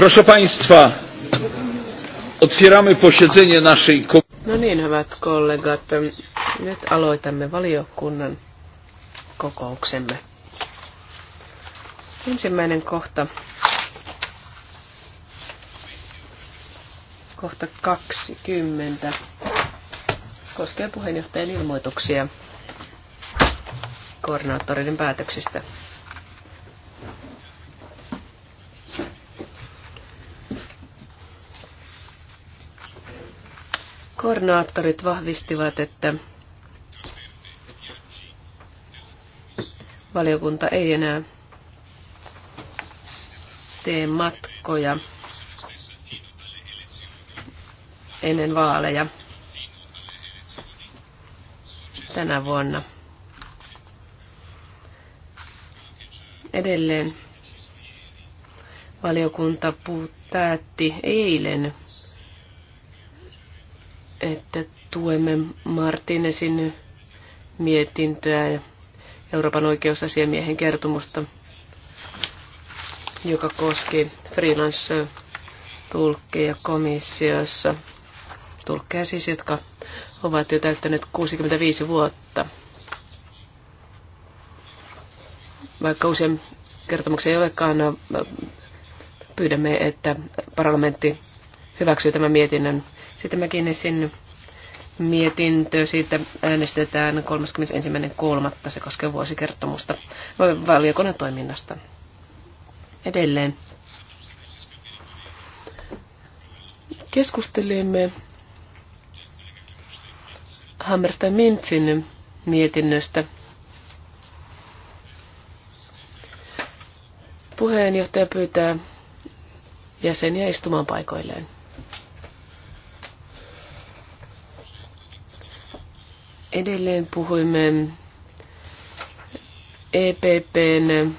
Proszę Państwa, otwieramy posiedzenie naszej komisji. No niin, hyvät kollegat, nyt aloitamme valiokunnan kokouksemme. Ensimmäinen kohta. Kohta 20 koskee puheenjohtajan ilmoituksia koordinaattoreiden päätöksistä. Koordinaattorit vahvistivat, että valiokunta ei enää tee matkoja ennen vaaleja tänä vuonna. Edelleen valiokunta päätti eilen että tuemme Martinesin mietintöä ja Euroopan oikeusasiamiehen kertomusta, joka koski freelance-tulkkeja komissiossa. Tulkkeja siis, jotka ovat jo täyttäneet 65 vuotta. Vaikka usein kertomuksia ei olekaan, no, pyydämme, että parlamentti hyväksyy tämän mietinnön sitten McKinneysin mietintö, siitä äänestetään 31.3. Se koskee vuosikertomusta valiokunnan toiminnasta. Edelleen keskustelimme Hammerstein Mintzin mietinnöstä. Puheenjohtaja pyytää jäseniä istumaan paikoilleen. Edelleen puhuimme EPPn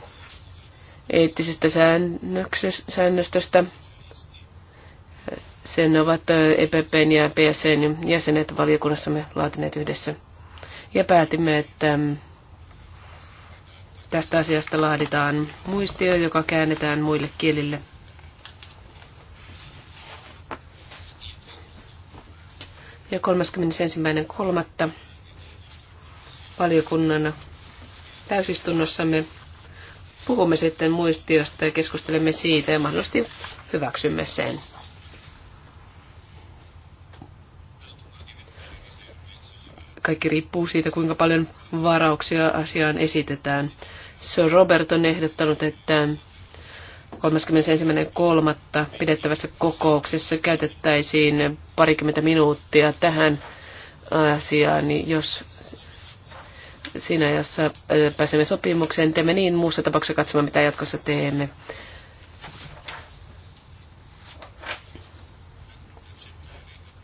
eettisestä säännöstöstä. Sen ovat EPPn ja PSCn jäsenet valiokunnassamme laatineet yhdessä. Ja päätimme, että tästä asiasta laaditaan muistio, joka käännetään muille kielille. Ja 31.3 valiokunnan täysistunnossamme puhumme sitten muistiosta ja keskustelemme siitä ja mahdollisesti hyväksymme sen. Kaikki riippuu siitä, kuinka paljon varauksia asiaan esitetään. Sir Robert on ehdottanut, että 31.3. pidettävässä kokouksessa käytettäisiin parikymmentä minuuttia tähän asiaan, jos siinä, jossa pääsemme sopimukseen. Teemme niin, muussa tapauksessa katsomaan, mitä jatkossa teemme.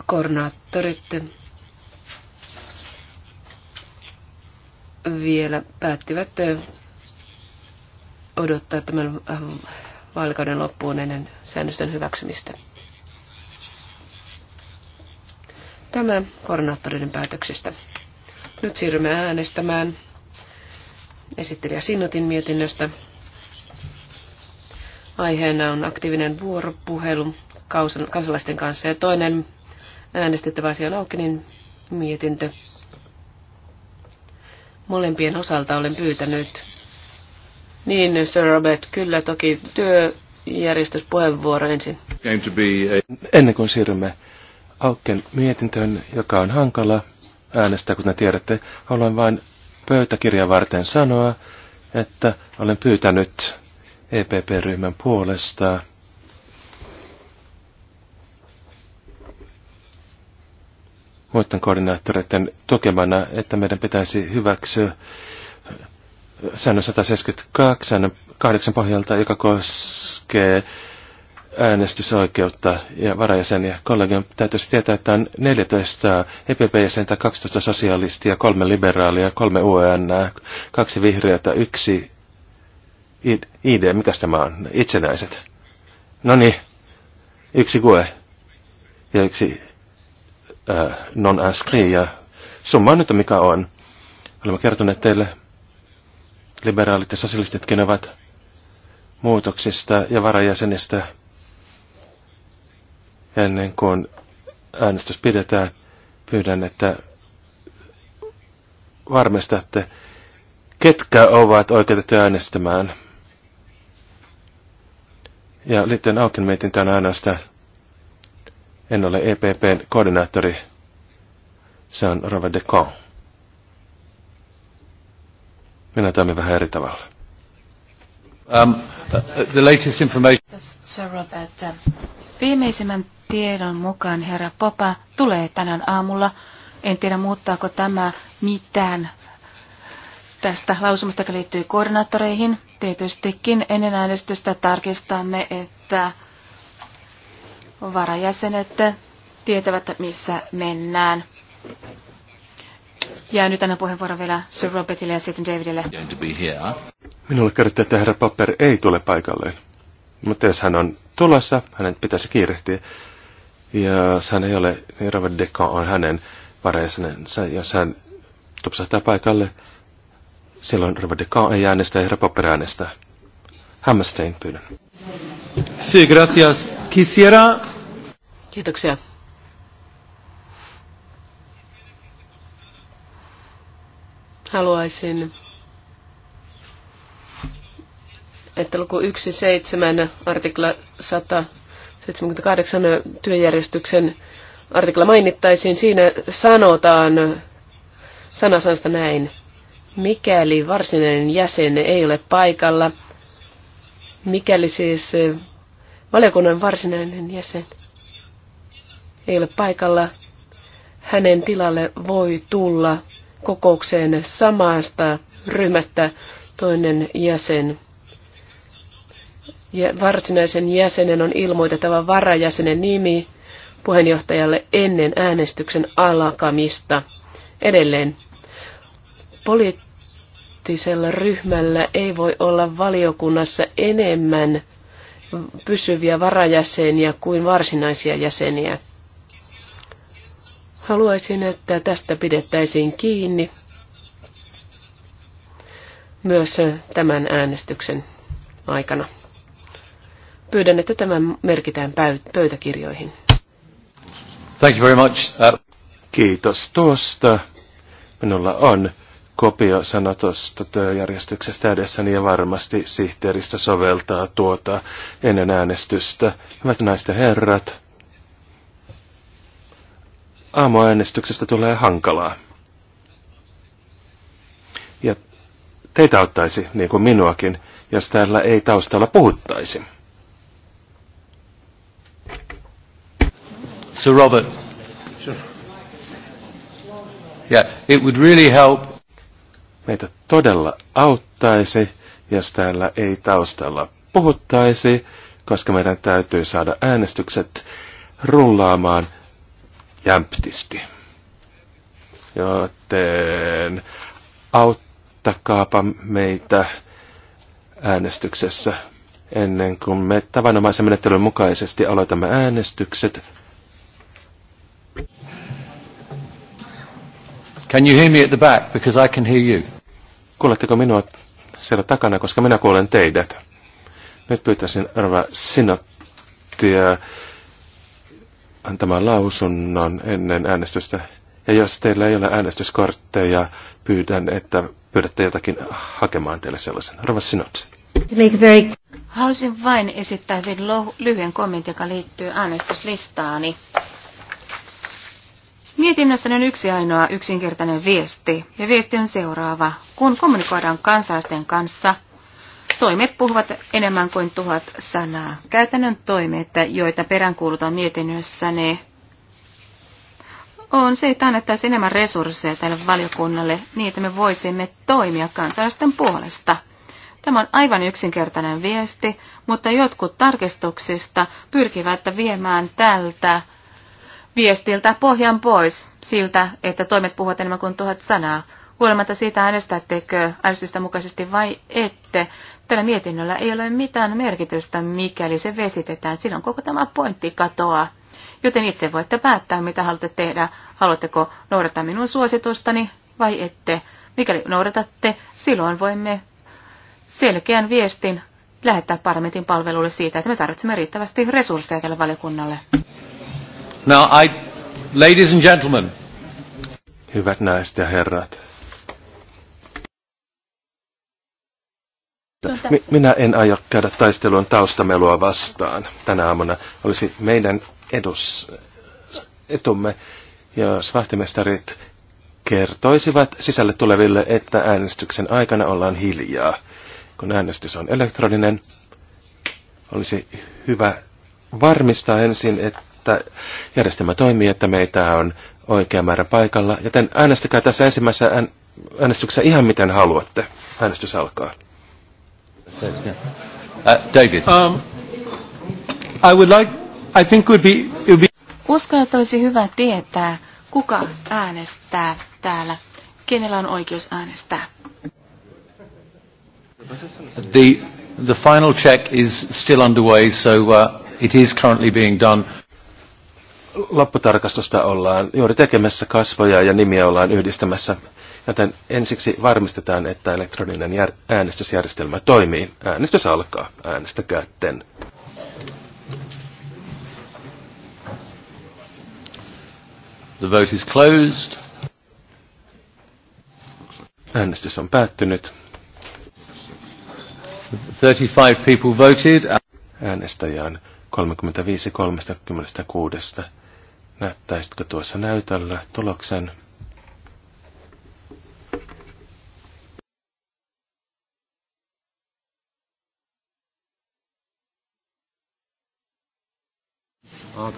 Koordinaattorit vielä päättivät odottaa tämän vaalikauden loppuun ennen säännösten hyväksymistä. Tämä koordinaattoreiden päätöksistä. Nyt siirrymme äänestämään esittelijä Sinnotin mietinnöstä. Aiheena on aktiivinen vuoropuhelu kansalaisten kanssa ja toinen äänestettävä asia on Aukinin mietintö. Molempien osalta olen pyytänyt. Niin, Sir Robert, kyllä toki työjärjestyspuheenvuoro ensin. Ennen kuin siirrymme Aukken mietintöön, joka on hankala, äänestää, kuten tiedätte. Haluan vain pöytäkirja varten sanoa, että olen pyytänyt EPP-ryhmän puolesta muiden koordinaattoreiden tukemana, että meidän pitäisi hyväksyä säännön 172, säännön 8 pohjalta, joka koskee äänestysoikeutta ja varajäseniä. Kollegion täytyisi tietää, että on 14 EPP-jäsentä, 12 sosialistia, kolme liberaalia, kolme UN, e kaksi vihreätä, yksi ID, mikä tämä on? Itsenäiset. No niin, yksi GUE ja yksi äh, non askri ja summa on nyt mikä on. Olemme kertoneet teille, liberaalit ja sosialistitkin ovat muutoksista ja varajäsenistä ennen kuin äänestys pidetään, pyydän, että varmistatte, ketkä ovat oikeutettu äänestämään. Ja liittyen Auken mietintään äänestää. En ole EPPn koordinaattori. Se on Robert de Con. Minä toimin vähän eri tavalla. Um, uh, the latest information... Sir Robert, um, viimeisimmän tiedon mukaan herra Popa tulee tänään aamulla. En tiedä muuttaako tämä mitään tästä lausumasta, joka liittyy koordinaattoreihin. Tietystikin ennen äänestystä tarkistamme, että varajäsenet tietävät, missä mennään. Ja nyt annan puheenvuoron vielä Sir Robertille ja sitten Davidille. Minulle kerrottiin, että herra Papper ei tule paikalleen. Mutta jos hän on tulossa, hänen pitäisi kiirehtiä. Ja jos hän ei ole, niin Robert Deco on hänen varaisensa. ja hän tupsahtaa paikalle, silloin Robert Deco ei äänestä ja herra Popper äänestää. Hammerstein pyydän. Sí, gracias. Quisiera... Kiitoksia. Haluaisin, että luku 1.7 artikla 100 78 työjärjestyksen artikla mainittaisiin, siinä sanotaan sanasanasta näin. Mikäli varsinainen jäsen ei ole paikalla, mikäli siis eh, valiokunnan varsinainen jäsen ei ole paikalla, hänen tilalle voi tulla kokoukseen samasta ryhmästä toinen jäsen varsinaisen jäsenen on ilmoitettava varajäsenen nimi puheenjohtajalle ennen äänestyksen alkamista. Edelleen, poliittisella ryhmällä ei voi olla valiokunnassa enemmän pysyviä varajäseniä kuin varsinaisia jäseniä. Haluaisin, että tästä pidettäisiin kiinni myös tämän äänestyksen aikana. Pyydän, että tämä merkitään pöytäkirjoihin. Thank you very much. Uh... Kiitos tuosta. Minulla on kopio sanatosta työjärjestyksestä edessäni ja varmasti sihteeristä soveltaa tuota ennen äänestystä. Hyvät naiset ja herrat, aamuäänestyksestä tulee hankalaa. Ja teitä auttaisi, niin kuin minuakin, jos täällä ei taustalla puhuttaisi. Sir Robert. Sure. Yeah, it would really help. Meitä todella auttaisi, jos täällä ei taustalla puhuttaisi, koska meidän täytyy saada äänestykset rullaamaan jämptisti. Joten auttakaapa meitä äänestyksessä ennen kuin me tavanomaisen menettelyn mukaisesti aloitamme äänestykset. Can you hear me at the back? Because I can hear you. Kuuletteko minua siellä takana, koska minä kuulen teidät? Nyt pyytäisin Rava Sinottia antamaan lausunnon ennen äänestystä. Ja jos teillä ei ole äänestyskortteja, pyydän, että pyydätte jotakin hakemaan teille sellaisen. Rava Sinot. Haluaisin vain esittää hyvin lyhyen kommentin, joka liittyy äänestyslistaani. Mietinnössä on yksi ainoa yksinkertainen viesti, ja viesti on seuraava. Kun kommunikoidaan kansalaisten kanssa, toimet puhuvat enemmän kuin tuhat sanaa. Käytännön toimet, joita peräänkuulutaan mietinnössä, ne on se, että annettaisiin enemmän resursseja tälle valiokunnalle, niin että me voisimme toimia kansalaisten puolesta. Tämä on aivan yksinkertainen viesti, mutta jotkut tarkistuksista pyrkivät viemään tältä viestiltä pohjan pois siltä, että toimet puhuvat enemmän kuin tuhat sanaa. Huolimatta siitä äänestättekö äänestystä mukaisesti vai ette, tällä mietinnöllä ei ole mitään merkitystä, mikäli se vesitetään. Silloin koko tämä pointti katoaa. Joten itse voitte päättää, mitä haluatte tehdä. Haluatteko noudattaa minun suositustani vai ette? Mikäli noudatatte, silloin voimme selkeän viestin lähettää parlamentin palveluille siitä, että me tarvitsemme riittävästi resursseja tälle valiokunnalle. Now I, ladies and gentlemen. Hyvät naiset ja herrat. Minä en aio käydä taistelun taustamelua vastaan tänä aamuna. Olisi meidän edus, etumme, jos vahtimestarit kertoisivat sisälle tuleville, että äänestyksen aikana ollaan hiljaa. Kun äänestys on elektroninen, olisi hyvä varmistaa ensin, että että järjestelmä toimii, että meitä on oikea määrä paikalla. Joten äänestäkää tässä ensimmäisessä äänestyksessä ihan miten haluatte. Äänestys alkaa. Uh, David. Um, I would like, I think would be, would be... Uskon, että olisi hyvä tietää, kuka äänestää täällä. Kenellä on oikeus äänestää? The, the final check is still underway, so uh, it is currently being done lopputarkastusta ollaan juuri tekemässä kasvoja ja nimiä ollaan yhdistämässä, joten ensiksi varmistetaan, että elektroninen jär- äänestysjärjestelmä toimii. Äänestys alkaa. Äänestäkää ten. The vote is closed. Äänestys on päättynyt. 35 people voted. Äänestäjä on 35 36. Näyttäisitkö tuossa näytöllä tuloksen? Ah,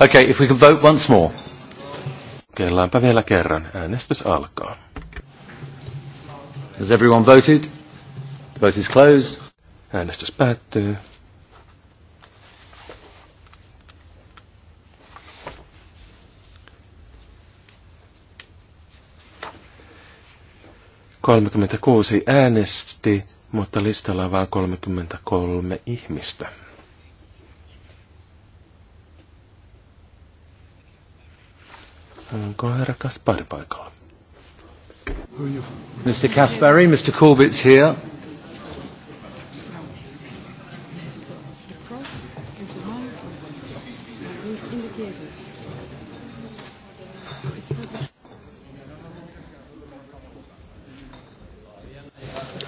okay, if we can vote once more. Kellaanpa vielä kerran. Äänestys alkaa. Has everyone voted? The vote is closed. Äänestys päättyy. 36 äänesti, mutta listalla on vain 33 ihmistä. Onko herra Kaspari paikalla? Mr. Kaspari, Mr. Corbett's here.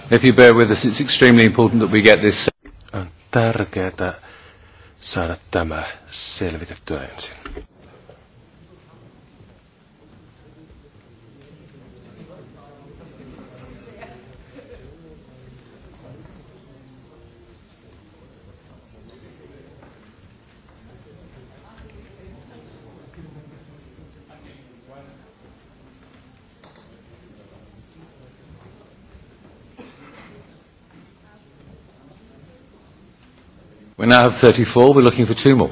If you bear with us, it's extremely important that we get this. On tärkeää saada tämä selvitettyä ensin. We now have 34. We're looking for two more.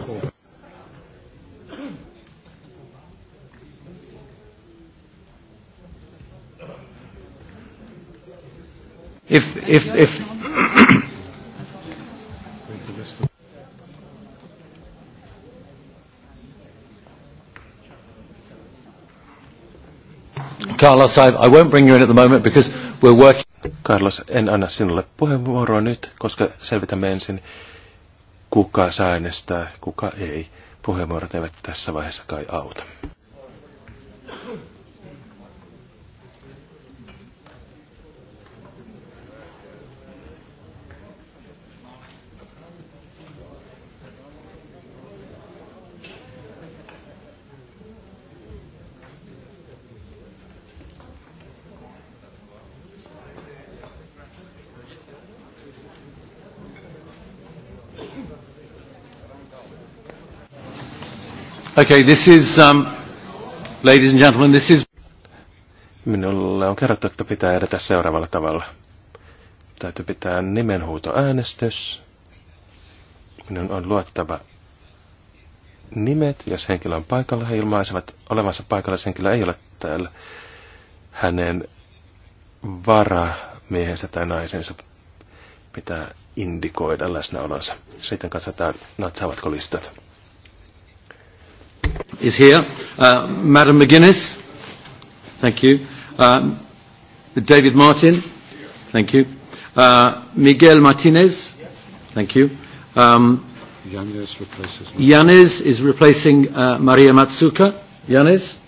If, if, if, Carlos, I, I won't bring you in at the moment because we're working. Carlos, en anna sinulle puheenvuoroa nyt, koska selvitämme ensin kuka saa äänestää, kuka ei. Puheenvuorot eivät tässä vaiheessa kai auta. Okay, this is, um, ladies and gentlemen, this is... Minulle on kerrottu, että pitää edetä seuraavalla tavalla. Täytyy pitää nimenhuuto äänestys. Minun on luottava nimet, jos henkilö on paikalla. He ilmaisevat olevansa paikalla, jos henkilö ei ole täällä. Hänen varamiehensä tai naisensa pitää indikoida läsnäolonsa. Sitten katsotaan, natsaavatko no, listat is here. Uh, Madam McGuinness, thank you. Uh, David Martin, thank you. Uh, Miguel Martinez, thank you. Um, Yanis replaces. Yanis is replacing uh, Maria Matsuka. Yanis?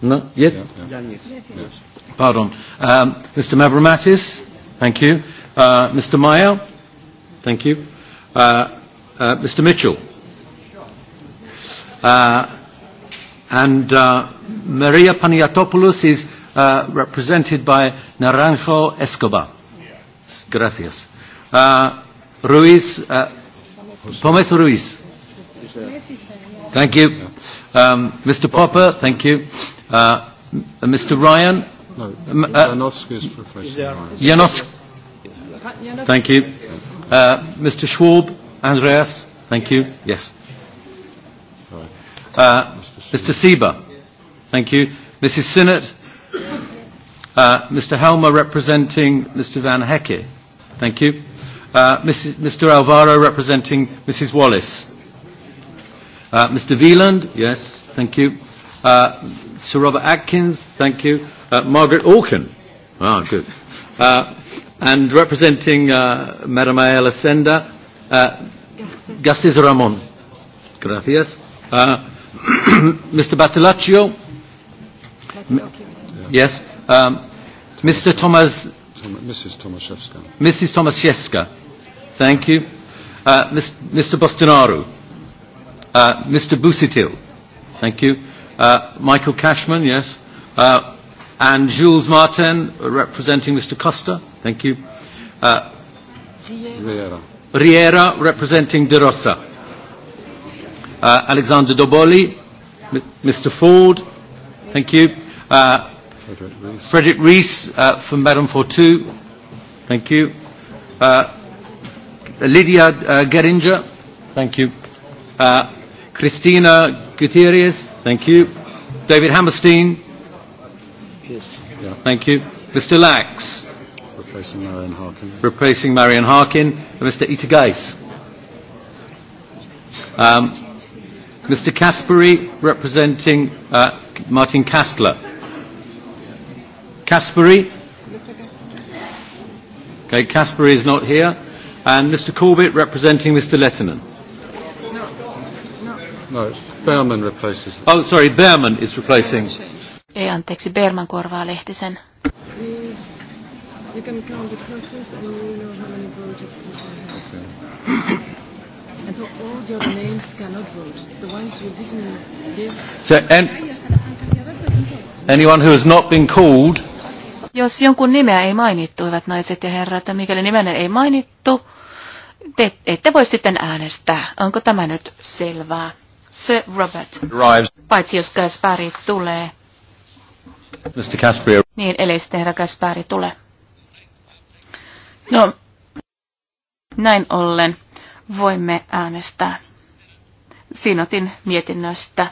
No, yet? Yeah, yeah. Yanis. Yes, yes. Pardon. Um, Mr. Mavromatis, thank you. Uh, Mr. Meyer, thank you. Uh, uh, Mr. Mitchell. Uh, and uh, Maria Paniatopoulos is uh, represented by Naranjo Escobar. Gracias. Uh, Ruiz, uh, Pomes Ruiz. Thank you. Um, Mr. Popper, thank you. Uh, Mr. Ryan. No, uh, Janowski is Professor Ryan. Janowski. Thank you. Uh, Mr. Schwab, Andreas, thank you. Yes. Uh, Mr. Sieber. Thank you. Mrs. Sinnott. Uh, Mr. Helmer representing Mr. Van Hecke. Thank you. Uh, Mrs. Mr. Alvaro representing Mrs. Wallace. Uh, Mr. Veland. Yes. Thank you. Uh, Sir Robert Atkins. Thank you. Uh, Margaret Orkin. Ah, good. Uh, and representing uh, Madame Ayala Senda, uh, Gassis Ramon. Gracias. Uh, Mr. Battellaccio? Yes. Um, Mr. Thomas. Mrs. Tomaszewska. Mrs. Tomaszewska. Thank you. Uh, Mr. Bostonaru. Uh, Mr. Busitil. Thank you. Uh, Michael Cashman, yes. Uh, and Jules Martin, representing Mr. Costa. Thank you. Uh, Riera. Riera, representing De Rosa. Uh, Alexander Doboli, Mr. Ford, thank you. Uh, Frederick Rees uh, from Madame Fortu, thank you. Uh, Lydia uh, Geringer, thank you. Uh, Christina Gutierrez, thank you. David Hammerstein, yes. yeah. thank you. Mr. Lax, replacing Marion Harkin. Replacing Marion Harkin, and Mr. Itagais. Um, Mr. Caspary, representing uh, Martin Kastler. Caspary? Okay, Caspary is not here. And Mr. Corbett, representing Mr. Lettinen. No, Berman replaces. Oh, sorry, Berman is replacing. Ei, anteeksi, Berman korvaa Lehtisen. Please, you can count the and you know how many votes you have. And so all the other names cannot vote. The ones who didn't give. So, and, anyone who has not been called. Jos jonkun nimeä ei mainittu, hyvät naiset ja herrat, mikäli nimenne ei mainittu, te ette voi sitten äänestää. Onko tämä nyt selvää? Se Robert. Arrives. Paitsi jos Gaspari tulee. Mr. Kasperi. Niin, eli sitten herra Gaspari tulee. No, näin ollen voimme äänestää Sinotin mietinnöstä.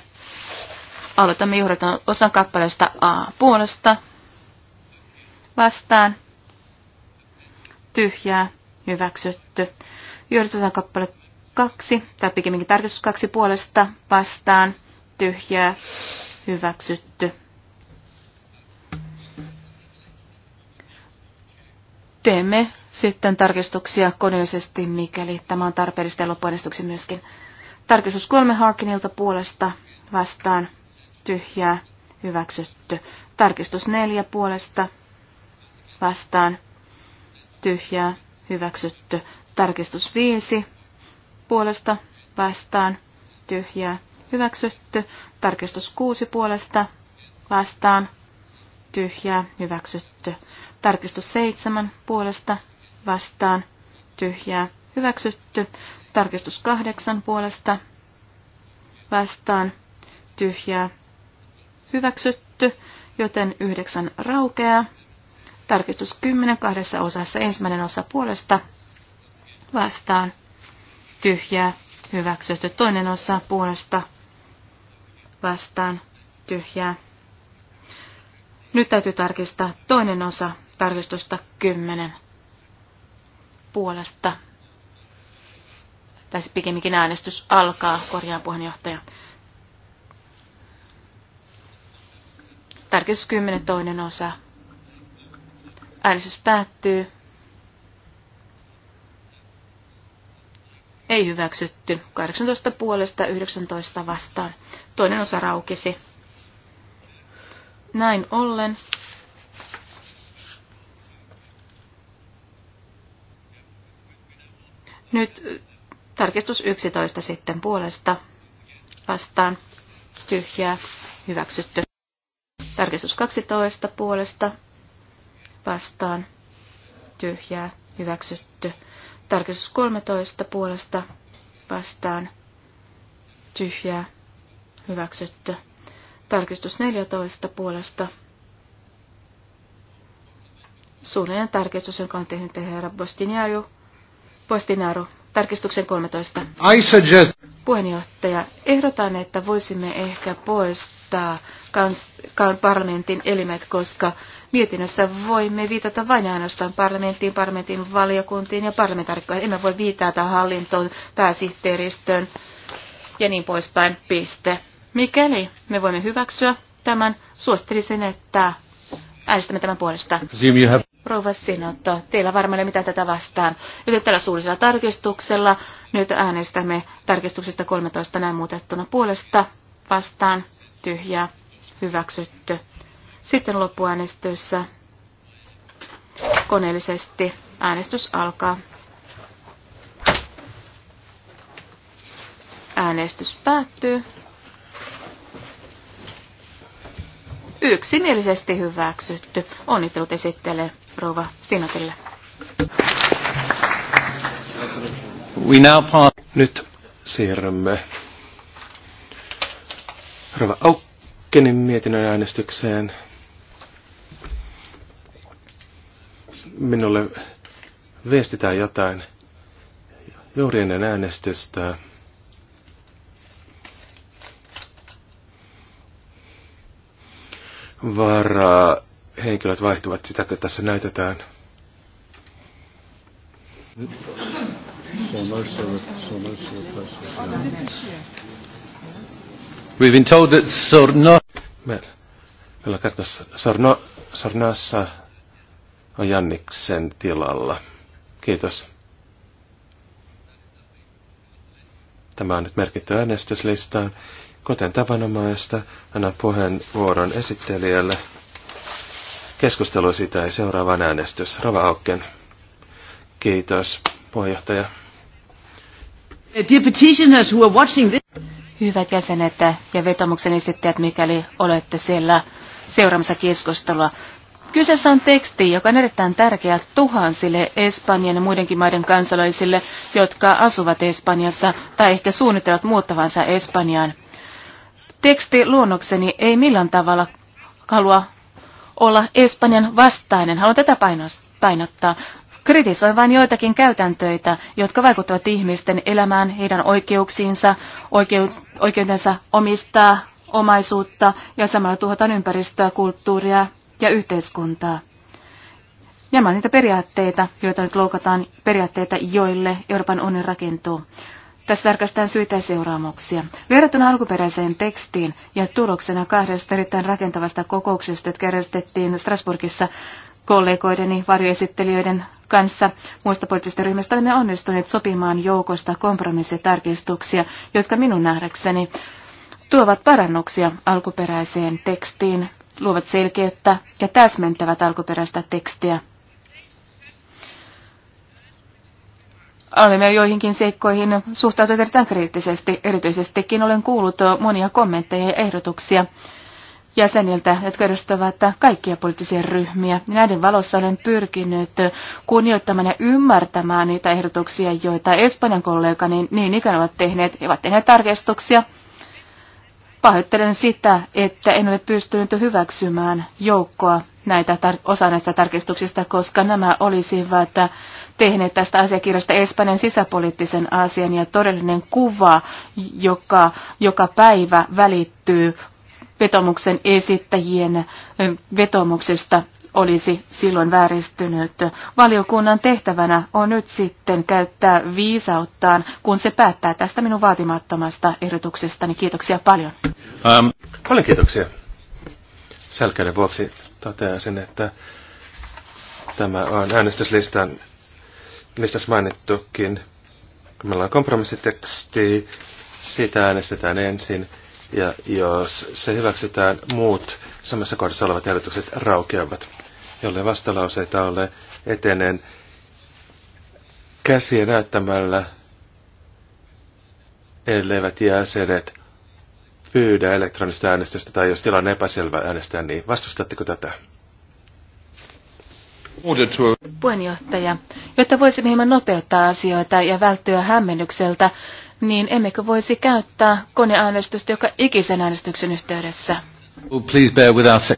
Aloitamme johdaton osan kappaleesta A puolesta. Vastaan. Tyhjää. Hyväksytty. osan kappale kaksi tai pikemminkin tarkistus kaksi puolesta. Vastaan. Tyhjää. Hyväksytty. Teemme sitten tarkistuksia koneellisesti, mikäli tämä on tarpeellista ja myöskin. Tarkistus kolme Harkinilta puolesta vastaan tyhjää hyväksytty. Tarkistus neljä puolesta vastaan tyhjää hyväksytty. Tarkistus viisi puolesta vastaan tyhjää hyväksytty. Tarkistus kuusi puolesta vastaan tyhjää hyväksytty. Tarkistus seitsemän puolesta vastaan tyhjää hyväksytty. Tarkistus kahdeksan puolesta vastaan tyhjää hyväksytty, joten yhdeksän raukeaa. Tarkistus kymmenen kahdessa osassa ensimmäinen osa puolesta vastaan tyhjää hyväksytty. Toinen osa puolesta vastaan tyhjää. Nyt täytyy tarkistaa toinen osa tarkistusta kymmenen puolesta. Tai siis pikemminkin äänestys alkaa, korjaa puheenjohtaja. Tarkistus 10 toinen osa. Äänestys päättyy. Ei hyväksytty. 18 puolesta 19 vastaan. Toinen osa raukesi. Näin ollen Nyt tarkistus 11 sitten puolesta vastaan tyhjää hyväksytty. Tarkistus 12 puolesta vastaan tyhjää hyväksytty. Tarkistus 13 puolesta vastaan tyhjää hyväksytty. Tarkistus 14 puolesta suullinen tarkistus, jonka on tehnyt herra Bostiniaju, Postinaru, tarkistuksen 13. I suggest... Puheenjohtaja, ehdotan, että voisimme ehkä poistaa kans, kan parlamentin elimet, koska mietinnössä voimme viitata vain ainoastaan parlamenttiin, parlamentin valiokuntiin ja parlamentaarikkoihin. Emme voi viitata hallintoon, pääsihteeristöön ja niin poispäin. Piste. Mikäli me voimme hyväksyä tämän, suosittelisin, että äänestämme tämän puolesta. Rouva Sinotto, teillä varmaan ei mitään tätä vastaan. Nyt tällä suullisella tarkistuksella nyt äänestämme tarkistuksesta 13 näin muutettuna puolesta vastaan tyhjä hyväksytty. Sitten loppuäänestyssä koneellisesti äänestys alkaa. Äänestys päättyy. Yksimielisesti hyväksytty. Onnittelut esittelee rouva Sinatille. We now pass. Nyt siirrymme rouva Aukkenin mietinnön äänestykseen. Minulle viestitään jotain juuri ennen äänestystä. Varaa henkilöt vaihtuvat, sitäkö tässä näytetään. We've been told that Sorno... Meillä kertoo kertomus Sorno, Sornassa on Janniksen tilalla. Kiitos. Tämä on nyt merkitty äänestyslistaan. Kuten tavanomaista, annan puheenvuoron esittelijälle keskustelua sitä ja seuraavaan äänestys. Rava Aukken. Kiitos, puheenjohtaja. Hyvät jäsenet ja vetomuksen esittäjät, mikäli olette siellä seuraamassa keskustelua. Kyseessä on teksti, joka on erittäin tärkeä tuhansille Espanjan ja muidenkin maiden kansalaisille, jotka asuvat Espanjassa tai ehkä suunnittelevat muuttavansa Espanjaan. Teksti luonnokseni ei millään tavalla halua olla Espanjan vastainen. Haluan tätä painottaa. Kritisoi vain joitakin käytäntöitä, jotka vaikuttavat ihmisten elämään, heidän oikeuksiinsa, oikeutensa omistaa omaisuutta ja samalla tuhotaan ympäristöä, kulttuuria ja yhteiskuntaa. Nämä ovat niitä periaatteita, joita nyt loukataan, periaatteita, joille Euroopan unioni rakentuu. Tässä tarkastetaan syitä ja seuraamuksia. Verrattuna alkuperäiseen tekstiin ja tuloksena kahdesta erittäin rakentavasta kokouksesta, jotka järjestettiin Strasburgissa kollegoideni varjoesittelijöiden kanssa muista poliittisista ryhmistä olemme onnistuneet sopimaan joukosta kompromissitarkistuksia, jotka minun nähdäkseni tuovat parannuksia alkuperäiseen tekstiin, luovat selkeyttä ja täsmentävät alkuperäistä tekstiä olemme joihinkin seikkoihin suhtautuneet erittäin kriittisesti. Erityisestikin olen kuullut monia kommentteja ja ehdotuksia jäseniltä, jotka edustavat kaikkia poliittisia ryhmiä. Näiden valossa olen pyrkinyt kunnioittamaan ja ymmärtämään niitä ehdotuksia, joita Espanjan kollegani niin ikään ovat tehneet. He ovat tehneet tarkistuksia. Pahoittelen sitä, että en ole pystynyt hyväksymään joukkoa näitä tar- osa näistä tarkistuksista, koska nämä olisivat tehneet tästä asiakirjasta Espanjan sisäpoliittisen asian ja todellinen kuva, joka joka päivä välittyy vetomuksen esittäjien vetomuksesta olisi silloin vääristynyt. Valiokunnan tehtävänä on nyt sitten käyttää viisauttaan, kun se päättää tästä minun vaatimattomasta ehdotuksestani. Kiitoksia paljon. Ähm, paljon kiitoksia. Selkeiden vuoksi totean sen, että tämä on äänestyslistan listassa mainittukin, kun meillä on kompromissiteksti, siitä äänestetään ensin. Ja jos se hyväksytään, muut samassa kohdassa olevat ehdotukset raukeavat, jolle vastalauseita ole etenen käsiä näyttämällä, elleivät jäsenet pyydä elektronista äänestystä tai jos tilanne epäselvä äänestää, niin vastustatteko tätä? Puheenjohtaja, jotta voisimme hieman nopeuttaa asioita ja välttyä hämmennykseltä, niin emmekö voisi käyttää koneäänestystä joka ikisen äänestyksen yhteydessä? please bear with us.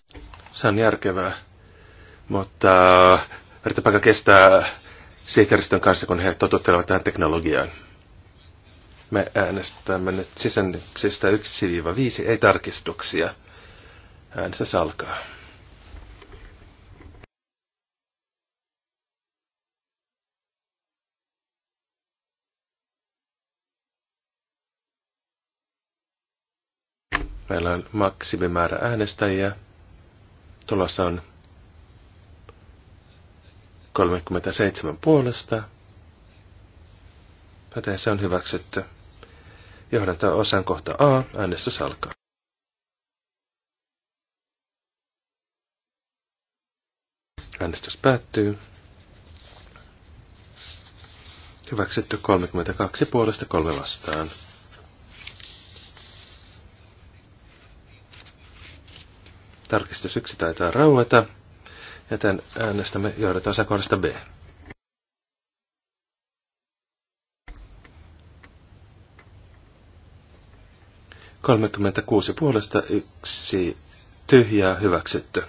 Se on järkevää, mutta äh, yritäpääkä kestää sihteeristön kanssa, kun he totuttelevat tähän teknologiaan. Me äänestämme nyt sisännyksistä 1-5, ei tarkistuksia. Äänestys alkaa. Meillä on maksimimäärä äänestäjiä. Tulossa on 37 puolesta. Joten se on hyväksytty. Johdantaa osan kohta A. Äänestys alkaa. Äänestys päättyy. Hyväksytty 32 puolesta kolme vastaan. Tarkistus 1 taitaa raueta, joten äänestämme johdotosakohdasta B. kuusi puolesta yksi tyhjää hyväksytty.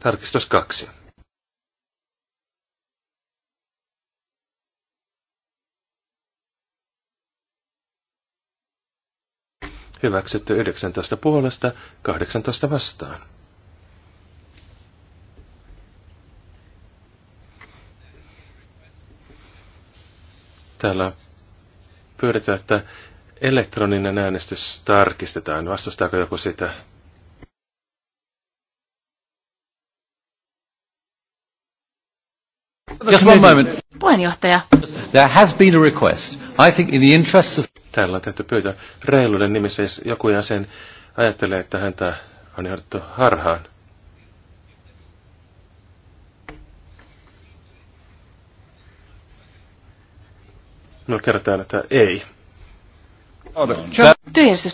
Tarkistus kaksi. Hyväksytty 19 puolesta, 18 vastaan. Täällä pyydetään, että elektroninen äänestys tarkistetaan. Vastustaako joku sitä? Just one moment. Puheenjohtaja. There has been a request. I think in the interest of... Täällä on tehty pyytä reiluuden nimissä, jos joku jäsen ajattelee, että häntä on johdettu harhaan. Minulle kerrotaan, että ei.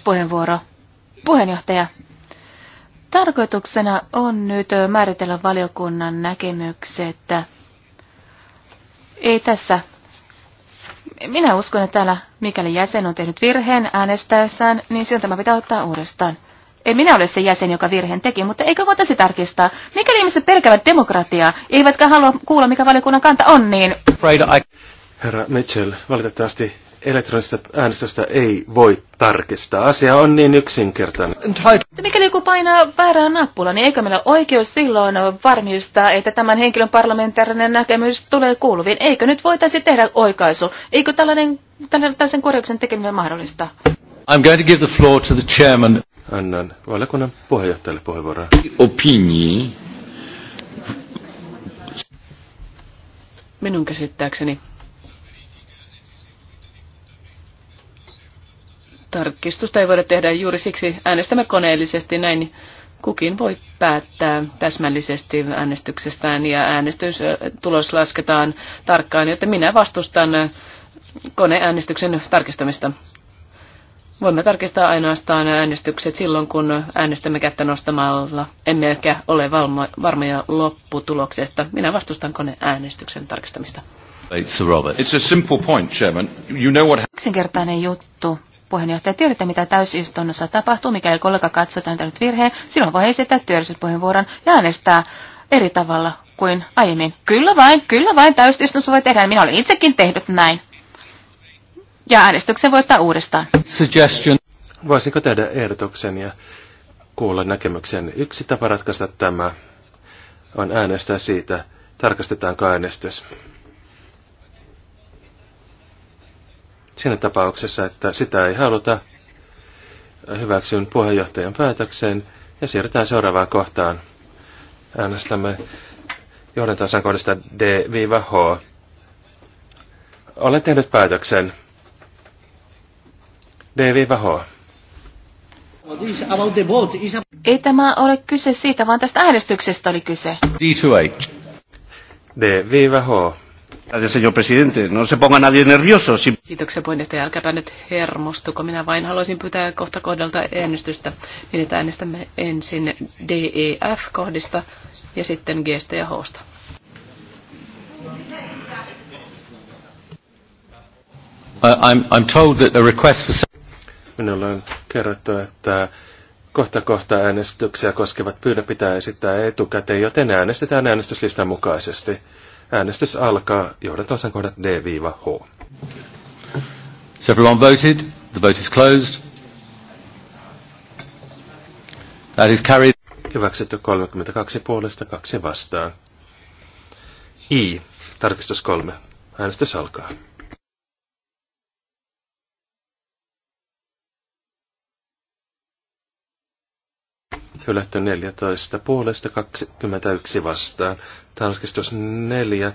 puheenvuoro. Puheenjohtaja. Tarkoituksena on nyt määritellä valiokunnan näkemykset että ei tässä. Minä uskon, että täällä, mikäli jäsen on tehnyt virheen äänestäessään, niin silloin tämä pitää ottaa uudestaan. Ei minä ole se jäsen, joka virheen teki, mutta eikö voitaisi tarkistaa? Mikäli ihmiset pelkävät demokratiaa, eivätkä halua kuulla, mikä valiokunnan kanta on, niin... Herra Mitchell, valitettavasti elektronista äänestystä ei voi tarkistaa. Asia on niin yksinkertainen. Mikäli joku painaa väärää nappula, niin eikö meillä oikeus silloin varmistaa, että tämän henkilön parlamentaarinen näkemys tulee kuuluviin? Eikö nyt voitaisi tehdä oikaisu? Eikö tällainen, tällaisen korjauksen tekeminen mahdollista? I'm going to give the floor to the chairman. Annan valiokunnan puheenjohtajalle puheenvuoroa. Opinion. Minun käsittääkseni Tarkistusta ei voida tehdä juuri siksi äänestämme koneellisesti näin. Kukin voi päättää täsmällisesti äänestyksestään ja äänestystulos lasketaan tarkkaan, joten minä vastustan koneäänestyksen tarkistamista. Voimme tarkistaa ainoastaan äänestykset silloin, kun äänestämme kättä nostamalla. Emme ehkä ole valmo, varmoja lopputuloksesta. Minä vastustan koneäänestyksen tarkistamista. It's a simple point, Chairman. You know what... Yksinkertainen juttu puheenjohtaja, tiedätte mitä täysistunnossa tapahtuu, mikäli kollega katsotaan nyt virheen, silloin voi esittää työllisyyspuheenvuoron ja äänestää eri tavalla kuin aiemmin. Kyllä vain, kyllä vain täysistunnossa voi tehdä, minä olen itsekin tehnyt näin. Ja äänestyksen voi ottaa uudestaan. Suggestion. Voisiko tehdä ehdotuksen ja kuulla näkemyksen? Yksi tapa ratkaista tämä on äänestää siitä, tarkastetaanko äänestys. Siinä tapauksessa, että sitä ei haluta, hyväksyn puheenjohtajan päätökseen ja siirrytään seuraavaan kohtaan. Äänestämme johdantosan kohdasta D-H. Olen tehnyt päätöksen. D-H. Ei tämä ole kyse siitä, vaan tästä äänestyksestä oli kyse. D-H. Gracias, señor presidente. No se ponga nadie nervioso. Si... Kiitoksia puheenjohtaja. Älkääpä nyt hermostuko. Minä vain haluaisin pyytää kohta kohdalta äänestystä. Niin, että äänestämme ensin DEF-kohdista ja sitten G ja H. I'm, I'm told that a request for... Minulle on kerrottu, että kohta kohta äänestyksiä koskevat pyydä pitää esittää etukäteen, joten äänestetään äänestyslistan mukaisesti. Äänestys alkaa johdantosan kohdat D-H. So everyone voted. The vote is closed. That is carried. Hyväksytty 32 puolesta, 2 vastaan. I. Tarkistus 3. Äänestys alkaa. hylätty 14 puolesta 21 vastaan. Tarkistus 4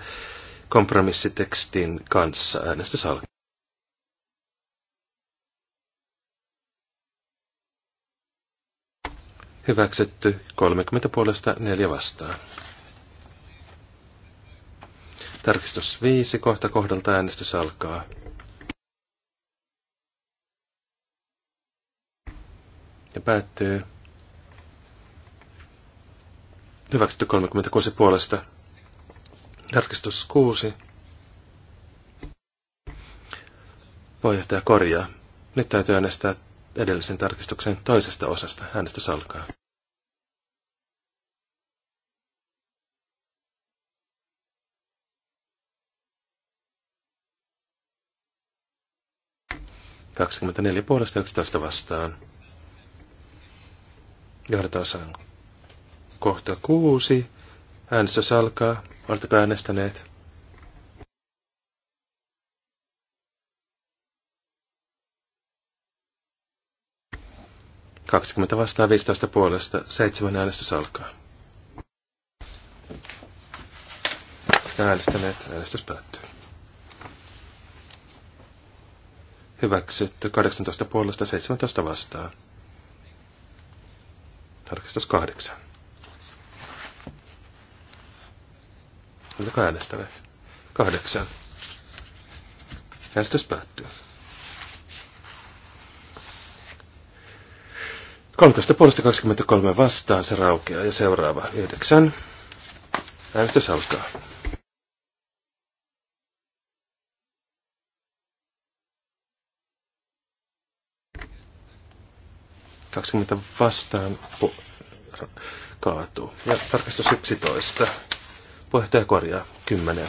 kompromissitekstin kanssa äänestys alkaa. Hyväksytty 30 puolesta 4 vastaan. Tarkistus 5 kohta kohdalta äänestys alkaa. Ja päättyy Hyväksytty 36 puolesta. Tarkistus 6. Puheenjohtaja korjaa. Nyt täytyy äänestää edellisen tarkistuksen toisesta osasta. Äänestys alkaa. Kaksikymmentäneljä puolesta yksitoista vastaan. Johdataan kohta kuusi. Äänestä salkaa. Oletteko äänestäneet? Kaksikymmentä vastaa 15 puolesta. Seitsemän äänestä salkaa. Äänestäneet. Äänestys päättyy. Hyväksytty. 18 puolesta 17 vastaan. Tarkistus 8. Oletko äänestäneet? Kahdeksan. Äänestys päättyy. 13 puolesta 23 vastaan se raukeaa ja seuraava 9. Äänestys alkaa. Kaksikymmentä vastaan kaatuu. Ja tarkastus 11. Puheenjohtaja korjaa. Kymmenen.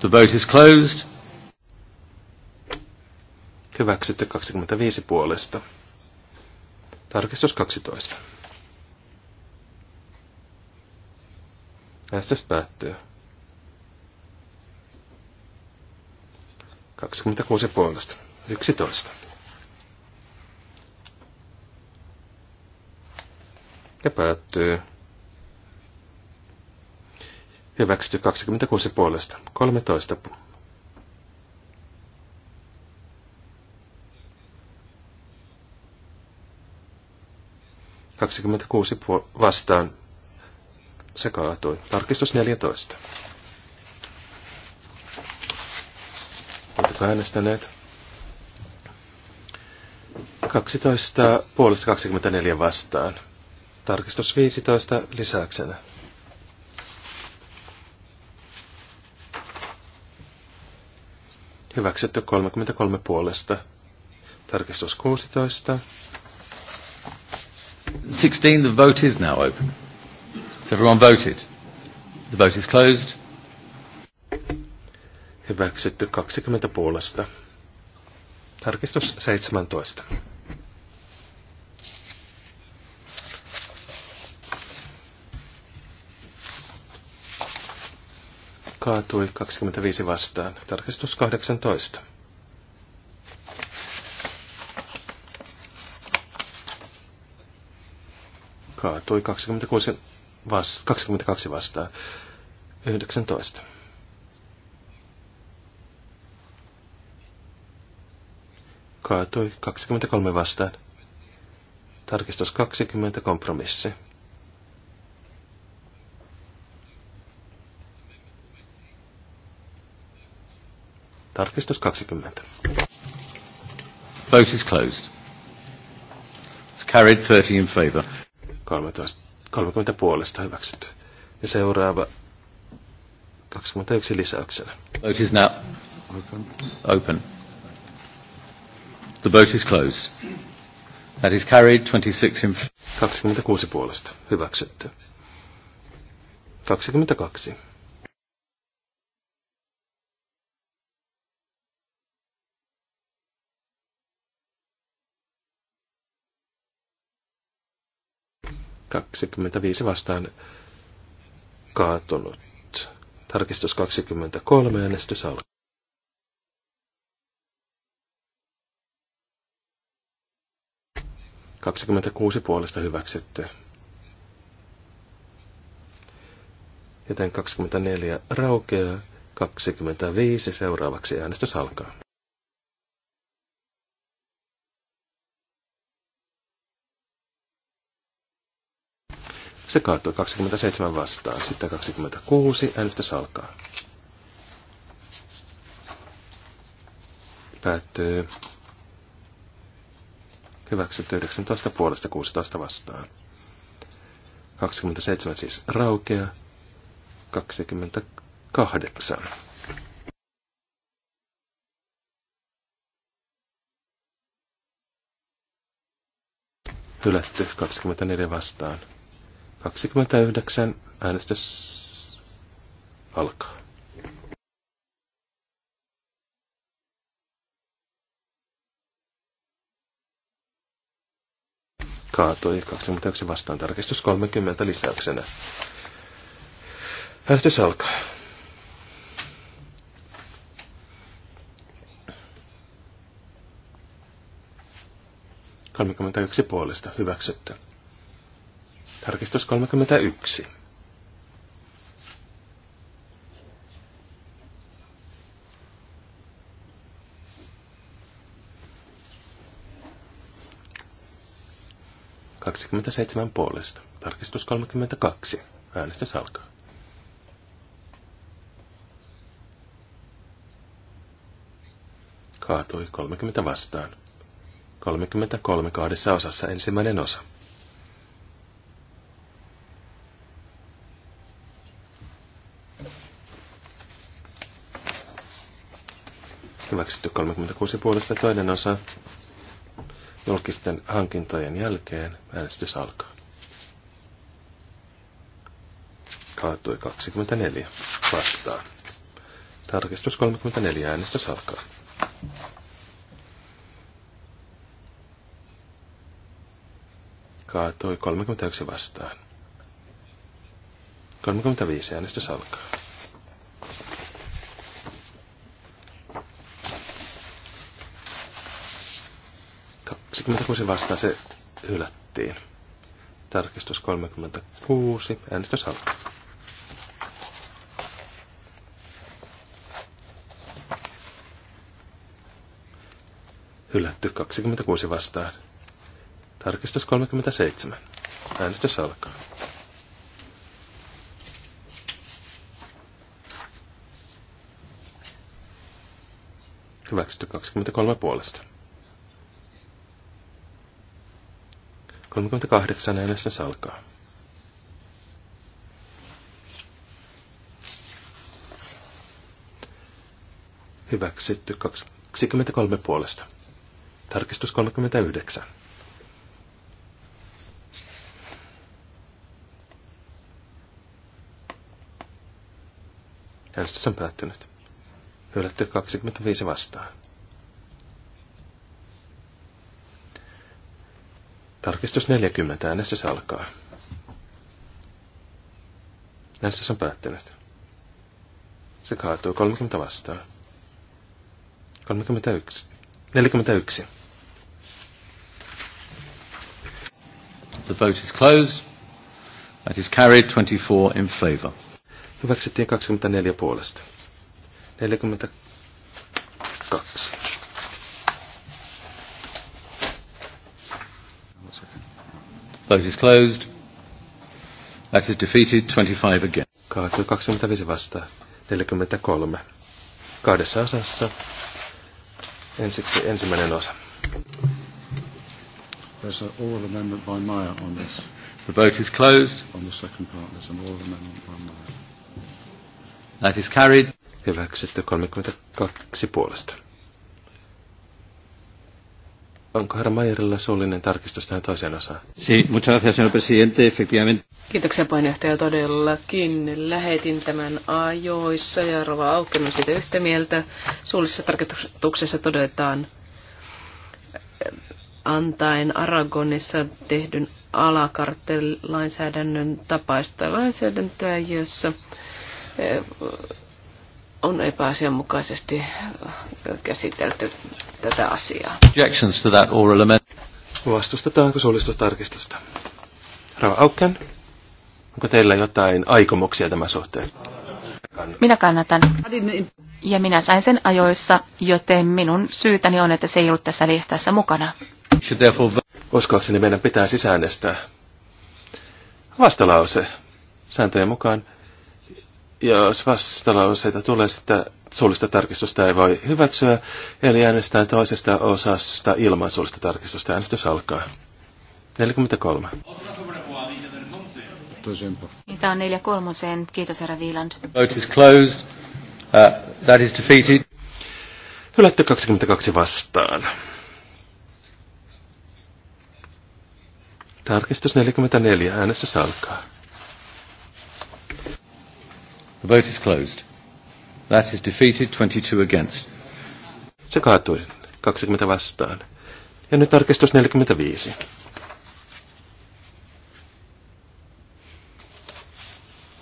The vote is closed. Hyväksytty 25 puolesta. Tarkistus 12. Äänestys päättyy. 26 puolesta. 11. Ja päättyy Hyväksytty 26 puolesta. 13. Kaksikymmentäkuusi vastaan. Se kaatui. Tarkistus 14. Oletko äänestäneet? 12 puolesta 24 vastaan. Tarkistus 15 lisäksenä. Hyväksytty 33 puolesta. Tarkistus 16. 16. The vote is now open. Has everyone voted? The vote is closed. Hyväksytty 20 puolesta. Tarkistus 17. kaatui 25 vastaan. Tarkistus 18. Kaatui 26 vas, 22 vastaan. 19. Kaatui 23 vastaan. Tarkistus 20 kompromissi. Tarkistus 20. Vote is closed. It's carried 30 in favor. 13, 30 puolesta hyväksytty. Ja seuraava 21 lisäyksenä. Vote is now open. open. The vote is closed. That is carried 26 in 26 puolesta hyväksytty. 22. 25 vastaan kaatunut. Tarkistus 23 äänestys alkaa. Kaksikymmentäkuusi puolesta hyväksytty. Joten 24 raukeaa, 25 seuraavaksi äänestys alkaa. Se kaatui 27 vastaan. Sitten 26. Äänestys alkaa. Päättyy. Hyväksytty 19 puolesta 16 vastaan. 27 siis raukea. 28. Hylätty 24 vastaan. 29 äänestys alkaa. Kaatoi 21 vastaan tarkistus 30 lisäyksenä. Äänestys alkaa. yksi puolesta hyväksytty. Tarkistus 31. Kaksikymmentäseitsemän puolesta. Tarkistus 32. Äänestys alkaa. Kaatui 30 vastaan. 33 kahdessa osassa ensimmäinen osa. hyväksytty 36 puolesta toinen osa julkisten hankintojen jälkeen äänestys alkaa. Kaatui 24 vastaan. Tarkistus 34 äänestys alkaa. Kaatui 31 vastaan. 35 äänestys alkaa. 26 vastaan se hylättiin. Tarkistus 36. Äänestys alkaa. Hylätty 26 vastaan. Tarkistus 37. Äänestys alkaa. Hyväksytty 23 puolesta. 38 äänestä salkaa. Hyväksytty 23 puolesta. Tarkistus 39. Äänestys on päättynyt. Hylätty 25 vastaan. Tarkistus 40. Äänestys se alkaa. Äänestys on päättynyt. Se kaatuu 30 vastaan. 31. 41. The vote is closed. That is carried 24 in favor. Hyväksyttiin 24 puolesta. 42. Vote is closed. That is defeated 25 again. Kaatu 25 vastaan. 43. Kahdessa osassa. Ensiksi ensimmäinen osa. There's an oral amendment by Maya on this. The vote is closed. On the second part, there's an oral amendment by Maya. That is carried. Hyväksytty 32 puolesta. Onko herra Mayerilla suullinen tarkistus tähän toiseen osaan? Sí, muchas gracias, señor presidente, efectivamente. Kiitoksia puheenjohtaja todellakin. Lähetin tämän ajoissa ja Rova Aukken on siitä yhtä mieltä. Suullisessa tarkistuksessa todetaan eh, antaen Aragonissa tehdyn alakarttelainsäädännön tapaista lainsäädäntöä, jossa eh, on epäasianmukaisesti äh, käsitelty tätä asiaa. Objections to that oral amendment. Vastustetaanko suolistotarkistusta? tarkistusta? Auken, onko teillä jotain aikomuksia tämän suhteen? Minä kannatan. Niin- ja minä sain sen ajoissa, joten minun syytäni on, että se ei ollut tässä listassa mukana. Uskoakseni meidän pitää sisäänestää. Vastalause. Sääntöjen mukaan ja jos vastalauseita tulee, sitä suullista tarkistusta ei voi hyväksyä, eli äänestään toisesta osasta ilman suullista tarkistusta. Äänestys alkaa. 43. Tämä on neljä kolmoseen. Kiitos, herra Wieland. Vote is closed. Uh, that is defeated. Hylätty 22 vastaan. Tarkistus 44. Äänestys alkaa. The vote is closed. That is defeated 22 against. Se kaatui 20 vastaan. Ja nyt tarkistus 45.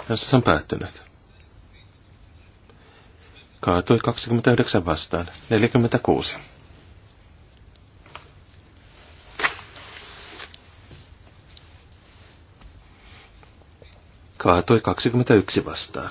Äänestys on päättynyt. Kaatui 29 vastaan. 46. Kaatui 21 vastaan.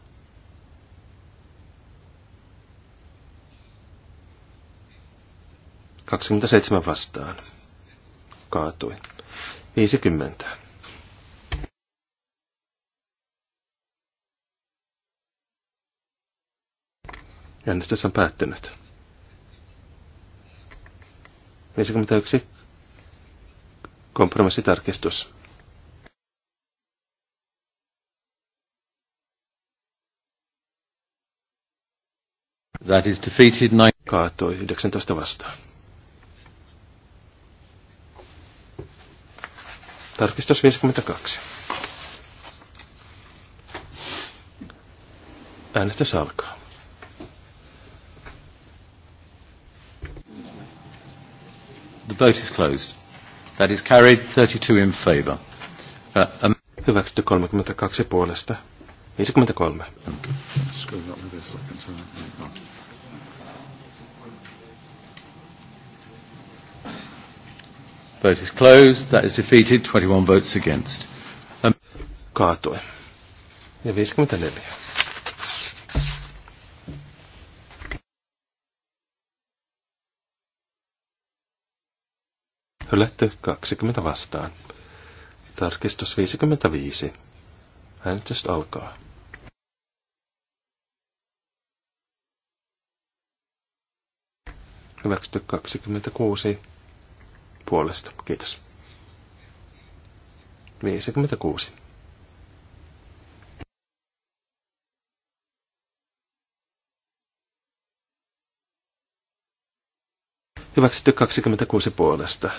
27 vastaan. Kaatui. 50. Äänestys on päättynyt. 51. Kompromissitarkistus. That is defeated 9. Kaatoi 19 vastaan. Tarkistus 52. Äänestys alkaa. The vote is closed. That is carried 32 in favor. Uh, um... Hyväksytty 32 puolesta. 53. Mm -hmm. Vote is closed. That is defeated. 21 votes against. Um, Kaatui. Ja 54. Hylätty 20 vastaan. Tarkistus 55. Äänestys alkaa. Hyväksytty 26 puolesta. Kiitos. 56. Hyväksytty 26 puolesta.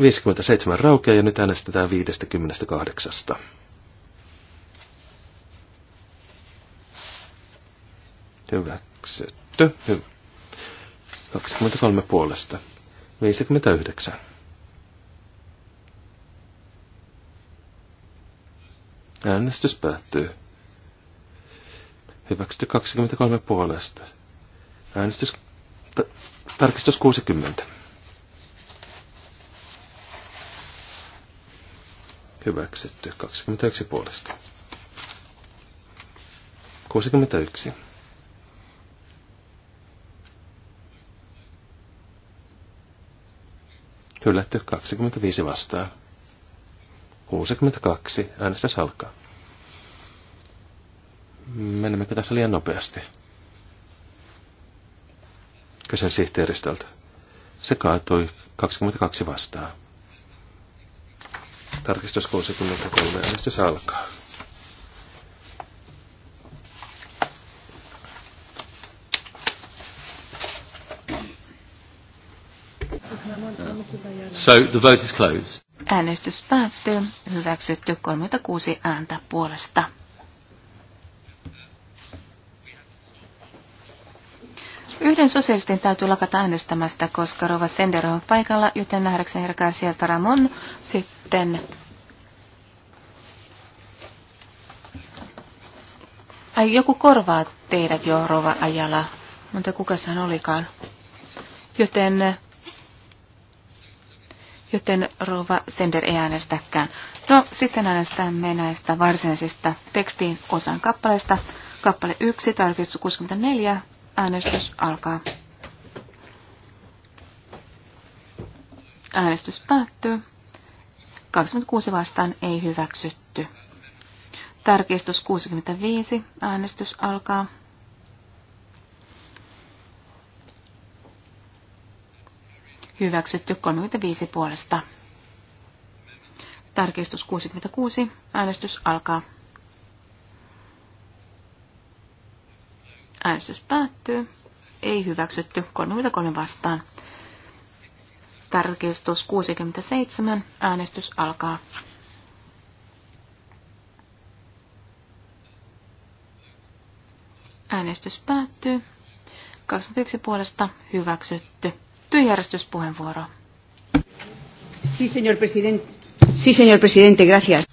57 raukea ja nyt äänestetään 58. Hyväksytty. Hy- 23 puolesta. 59. Äänestys päättyy. Hyväksytty 23 puolesta. Äänestys... tarkistus 60. Hyväksytty 21 puolesta. 61. Hylätty 25 vastaan. 62. Äänestys alkaa. Menemmekö tässä liian nopeasti? Kysyn sihteeristöltä. Se kaatui 22 vastaan. Tarkistus 63. Äänestys alkaa. So the vote is closed. Äänestys päättyy. Hyväksytty 36 ääntä puolesta. Yhden sosialistin täytyy lakata äänestämästä, koska Rova Sender on paikalla, joten nähdäkseni herkää sieltä Ramon sitten. Ai, joku korvaa teidät jo, Rova Ajala, mutta kuka sehän olikaan. Joten joten Rova Sender ei äänestäkään. No, sitten äänestämme näistä varsinaisista tekstiin osan kappaleista. Kappale 1, tarkistus 64, äänestys alkaa. Äänestys päättyy. 26 vastaan ei hyväksytty. Tarkistus 65, äänestys alkaa. Hyväksytty 35 puolesta. Tarkistus 66. Äänestys alkaa. Äänestys päättyy. Ei hyväksytty 33 vastaan. Tarkistus 67. Äänestys alkaa. Äänestys päättyy. 21 puolesta hyväksytty. Työjärjestyspuheenvuoro. Sí, señor presidente. Sí, señor presidente, gracias.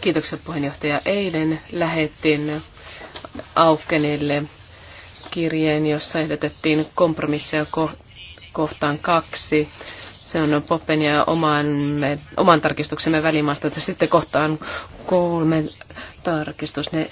Kiitokset puheenjohtaja. Eilen lähettiin Aukenille kirjeen, jossa ehdotettiin kompromisseja kohtaan kaksi se on Poppen ja oman, me, oman tarkistuksemme välimaasta. Sitten kohtaan kolme tarkistus, ne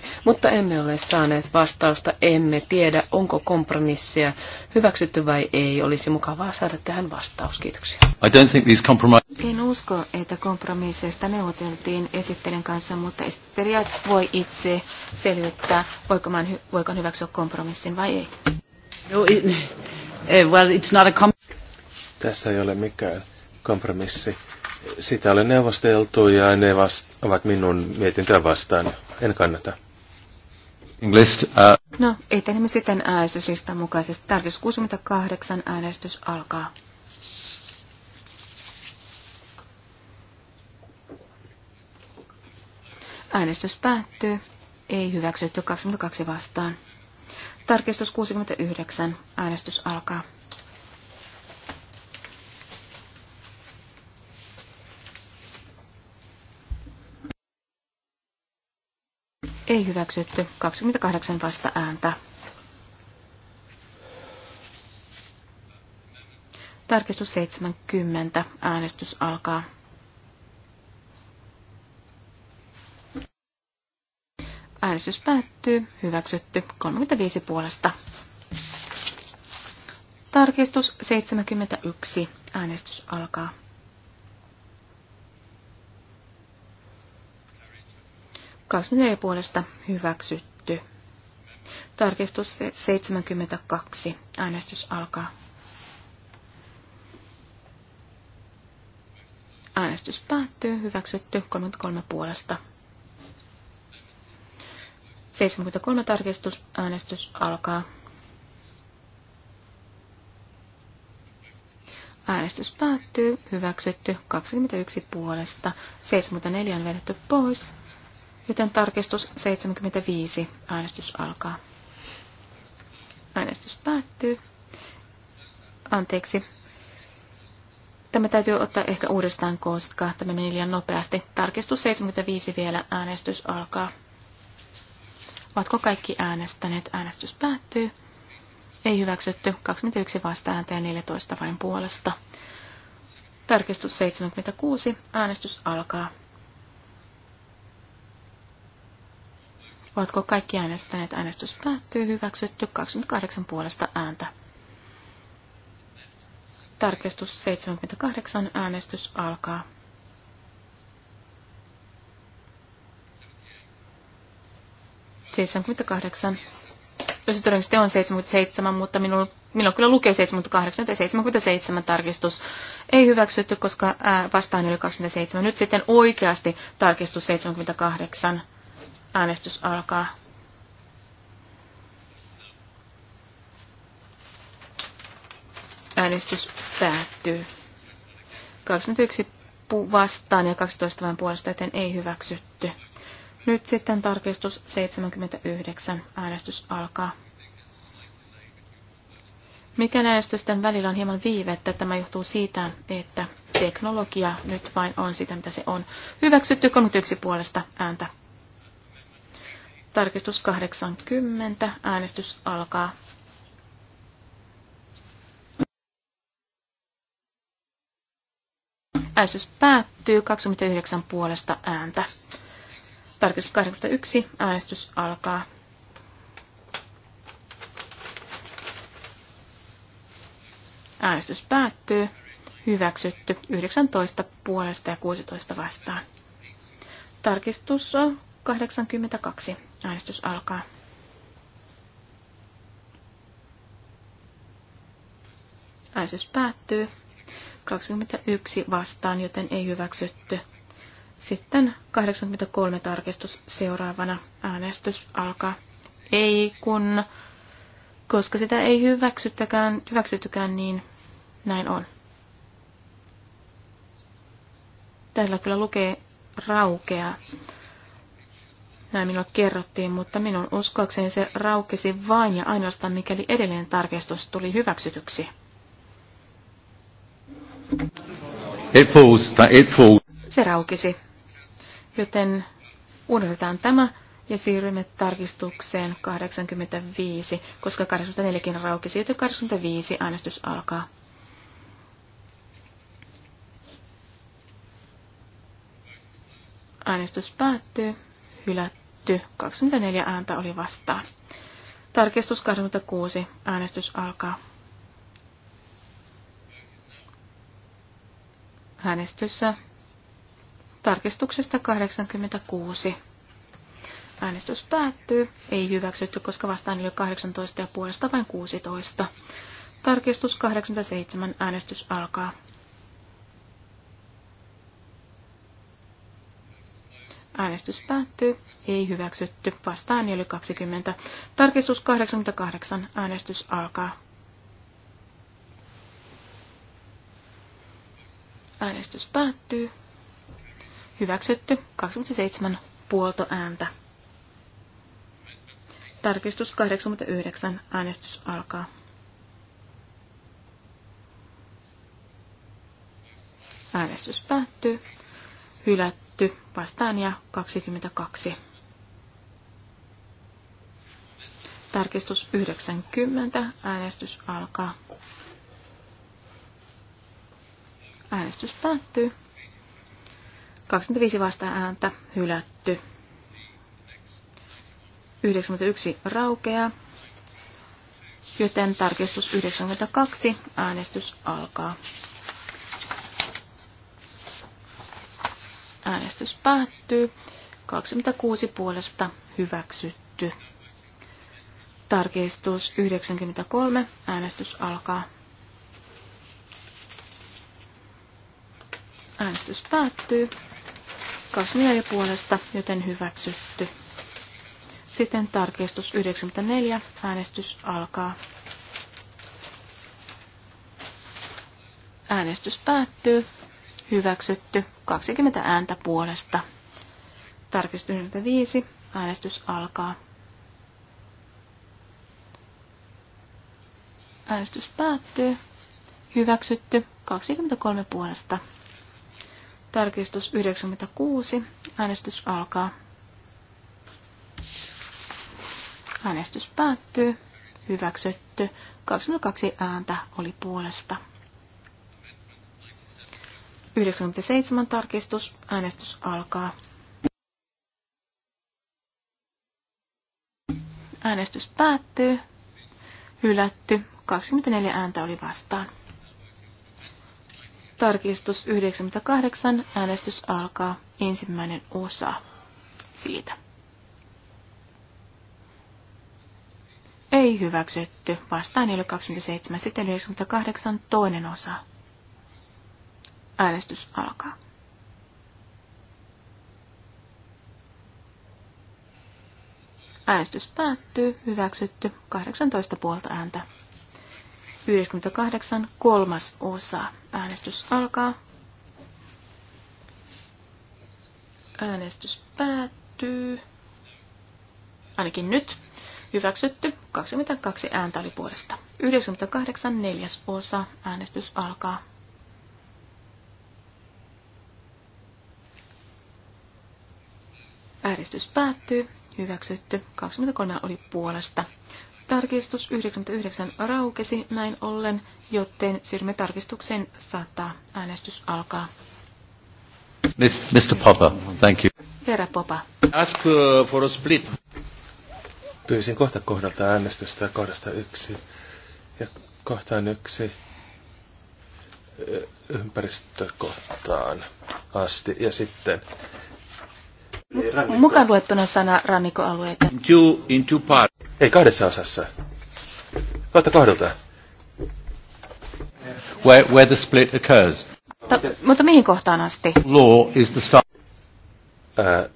74-76, mutta emme ole saaneet vastausta. Emme tiedä, onko kompromissia hyväksytty vai ei. Olisi mukavaa saada tähän vastaus. Kiitoksia. I don't think these compromise... En usko, että kompromisseista neuvoteltiin esittelen kanssa, mutta esittelijät voi itse selvittää, voiko, hy- voiko hyväksyä kompromissin vai ei. No, it, Eh, well, it's not a Tässä ei ole mikään kompromissi. Sitä olen neuvosteltu ja ne vast- ovat minun mietintöä vastaan. En kannata. English, uh... No, etenemme sitten äänestyslistan mukaisesti. Tarkistus 68 äänestys alkaa. Äänestys päättyy. Ei hyväksytty 22 vastaan. Tarkistus 69. Äänestys alkaa. Ei hyväksytty. 28 vasta ääntä. Tarkistus 70. Äänestys alkaa. Äänestys päättyy. Hyväksytty. 35 puolesta. Tarkistus 71. Äänestys alkaa. Kasvineen puolesta hyväksytty. Tarkistus 72. Äänestys alkaa. Äänestys päättyy. Hyväksytty 33 puolesta. 73 tarkistus. Äänestys alkaa. Äänestys päättyy. Hyväksytty 21 puolesta. 74 on vedetty pois. Joten tarkistus 75. Äänestys alkaa. Äänestys päättyy. Anteeksi. Tämä täytyy ottaa ehkä uudestaan, koska tämä meni liian nopeasti. Tarkistus 75 vielä. Äänestys alkaa. Ovatko kaikki äänestäneet? Äänestys päättyy. Ei hyväksytty. 21 vasta ääntä ja 14 vain puolesta. Tarkistus 76. Äänestys alkaa. Ovatko kaikki äänestäneet? Äänestys päättyy. Hyväksytty. 28 puolesta ääntä. Tarkistus 78. Äänestys alkaa. 78. Se todennäköisesti on 77, mutta minulla, minulla kyllä lukee 78 tai 77 tarkistus. Ei hyväksytty, koska ää, vastaan oli 27. Nyt sitten oikeasti tarkistus 78. Äänestys alkaa. Äänestys päättyy. 21 vastaan ja 12 vain puolesta, joten ei hyväksytty. Nyt sitten tarkistus 79. Äänestys alkaa. Mikä äänestysten välillä on hieman viivettä, tämä johtuu siitä, että teknologia nyt vain on sitä, mitä se on. Hyväksytty 31 puolesta ääntä. Tarkistus 80. Äänestys alkaa. Äänestys päättyy 29 puolesta ääntä. Tarkistus 81. Äänestys alkaa. Äänestys päättyy. Hyväksytty 19 puolesta ja 16 vastaan. Tarkistus 82. Äänestys alkaa. Äänestys päättyy. 21 vastaan, joten ei hyväksytty. Sitten 83 tarkistus seuraavana äänestys alkaa. Ei kun, koska sitä ei hyväksyttäkään, hyväksyttykään, niin näin on. Täällä kyllä lukee raukea. Näin minulle kerrottiin, mutta minun uskoakseni se raukesi vain ja ainoastaan, mikäli edellinen tarkistus tuli hyväksytyksi. It falls, it falls. Se raukesi. Joten unohdetaan tämä ja siirrymme tarkistukseen 85, koska 84kin raukesi, joten 85 äänestys alkaa. Äänestys päättyy, hylätty, 24 ääntä oli vastaan. Tarkistus 86, äänestys alkaa. Äänestys Tarkistuksesta 86. Äänestys päättyy. Ei hyväksytty, koska vastaan oli 18 ja puolesta vain 16. Tarkistus 87. Äänestys alkaa. Äänestys päättyy. Ei hyväksytty. Vastaan oli 20. Tarkistus 88. Äänestys alkaa. Äänestys päättyy. Hyväksytty 27 puolto ääntä. Tarkistus 89. Äänestys alkaa. Äänestys päättyy. Hylätty. Vastaan ja 22. Tarkistus 90. Äänestys alkaa. Äänestys päättyy. 25 vasta ääntä hylätty. 91 raukea, joten tarkistus 92, äänestys alkaa. Äänestys päättyy. 26 puolesta hyväksytty. Tarkistus 93, äänestys alkaa. Äänestys päättyy. 24 puolesta, joten hyväksytty. Sitten tarkistus 94. Äänestys alkaa. Äänestys päättyy. Hyväksytty. 20 ääntä puolesta. Tarkistus 95. Äänestys alkaa. Äänestys päättyy. Hyväksytty. 23 puolesta. Tarkistus 96. Äänestys alkaa. Äänestys päättyy. Hyväksytty. 22 ääntä oli puolesta. 97 tarkistus. Äänestys alkaa. Äänestys päättyy. Hylätty. 24 ääntä oli vastaan. Tarkistus 98. Äänestys alkaa. Ensimmäinen osa siitä. Ei hyväksytty. Vastaan 427. Sitten 98. Toinen osa. Äänestys alkaa. Äänestys päättyy. Hyväksytty. 18 puolta ääntä. 58 kolmas osa. Äänestys alkaa. Äänestys päättyy. Ainakin nyt. Hyväksytty. 22 ääntä oli puolesta. 98 neljäs osa. Äänestys alkaa. Äänestys päättyy. Hyväksytty. 23 oli puolesta. Tarkistus 99 raukesi näin ollen, joten siirrymme tarkistuksen 100. Äänestys alkaa. Mr. Popper, thank you. Herra Popa. Ask uh, for a split. Pyysin kohta kohdalta äänestystä kohdasta yksi. Ja kohtaan yksi ympäristökohtaan asti ja sitten Mukaan luettuna sana rannikkoalueita. In two, in two ei kahdessa osassa. Kohta kahdelta. Where, where the split occurs. Ta, mutta mihin kohtaan asti? Law is the start. Äh,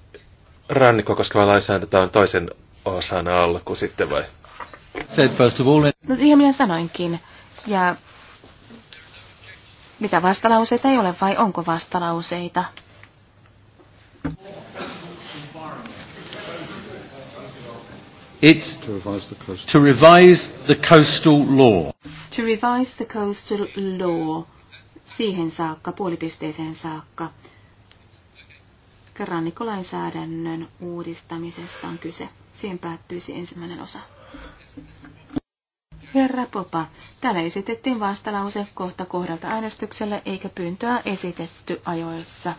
rannikko koskeva lainsäädäntö on toisen osan alku sitten vai? Said first of all... No ihan minä sanoinkin. Ja mitä vastalauseita ei ole vai onko vastalauseita? It's to revise the coastal, to revise the coastal law. To revise the coastal law. Siihen saakka, puolipisteeseen saakka. Rannikkolainsäädännön uudistamisesta on kyse. Siihen päättyisi ensimmäinen osa. Herra Popa, täällä esitettiin vastalause kohta kohdalta äänestykselle, eikä pyyntöä esitetty ajoissa.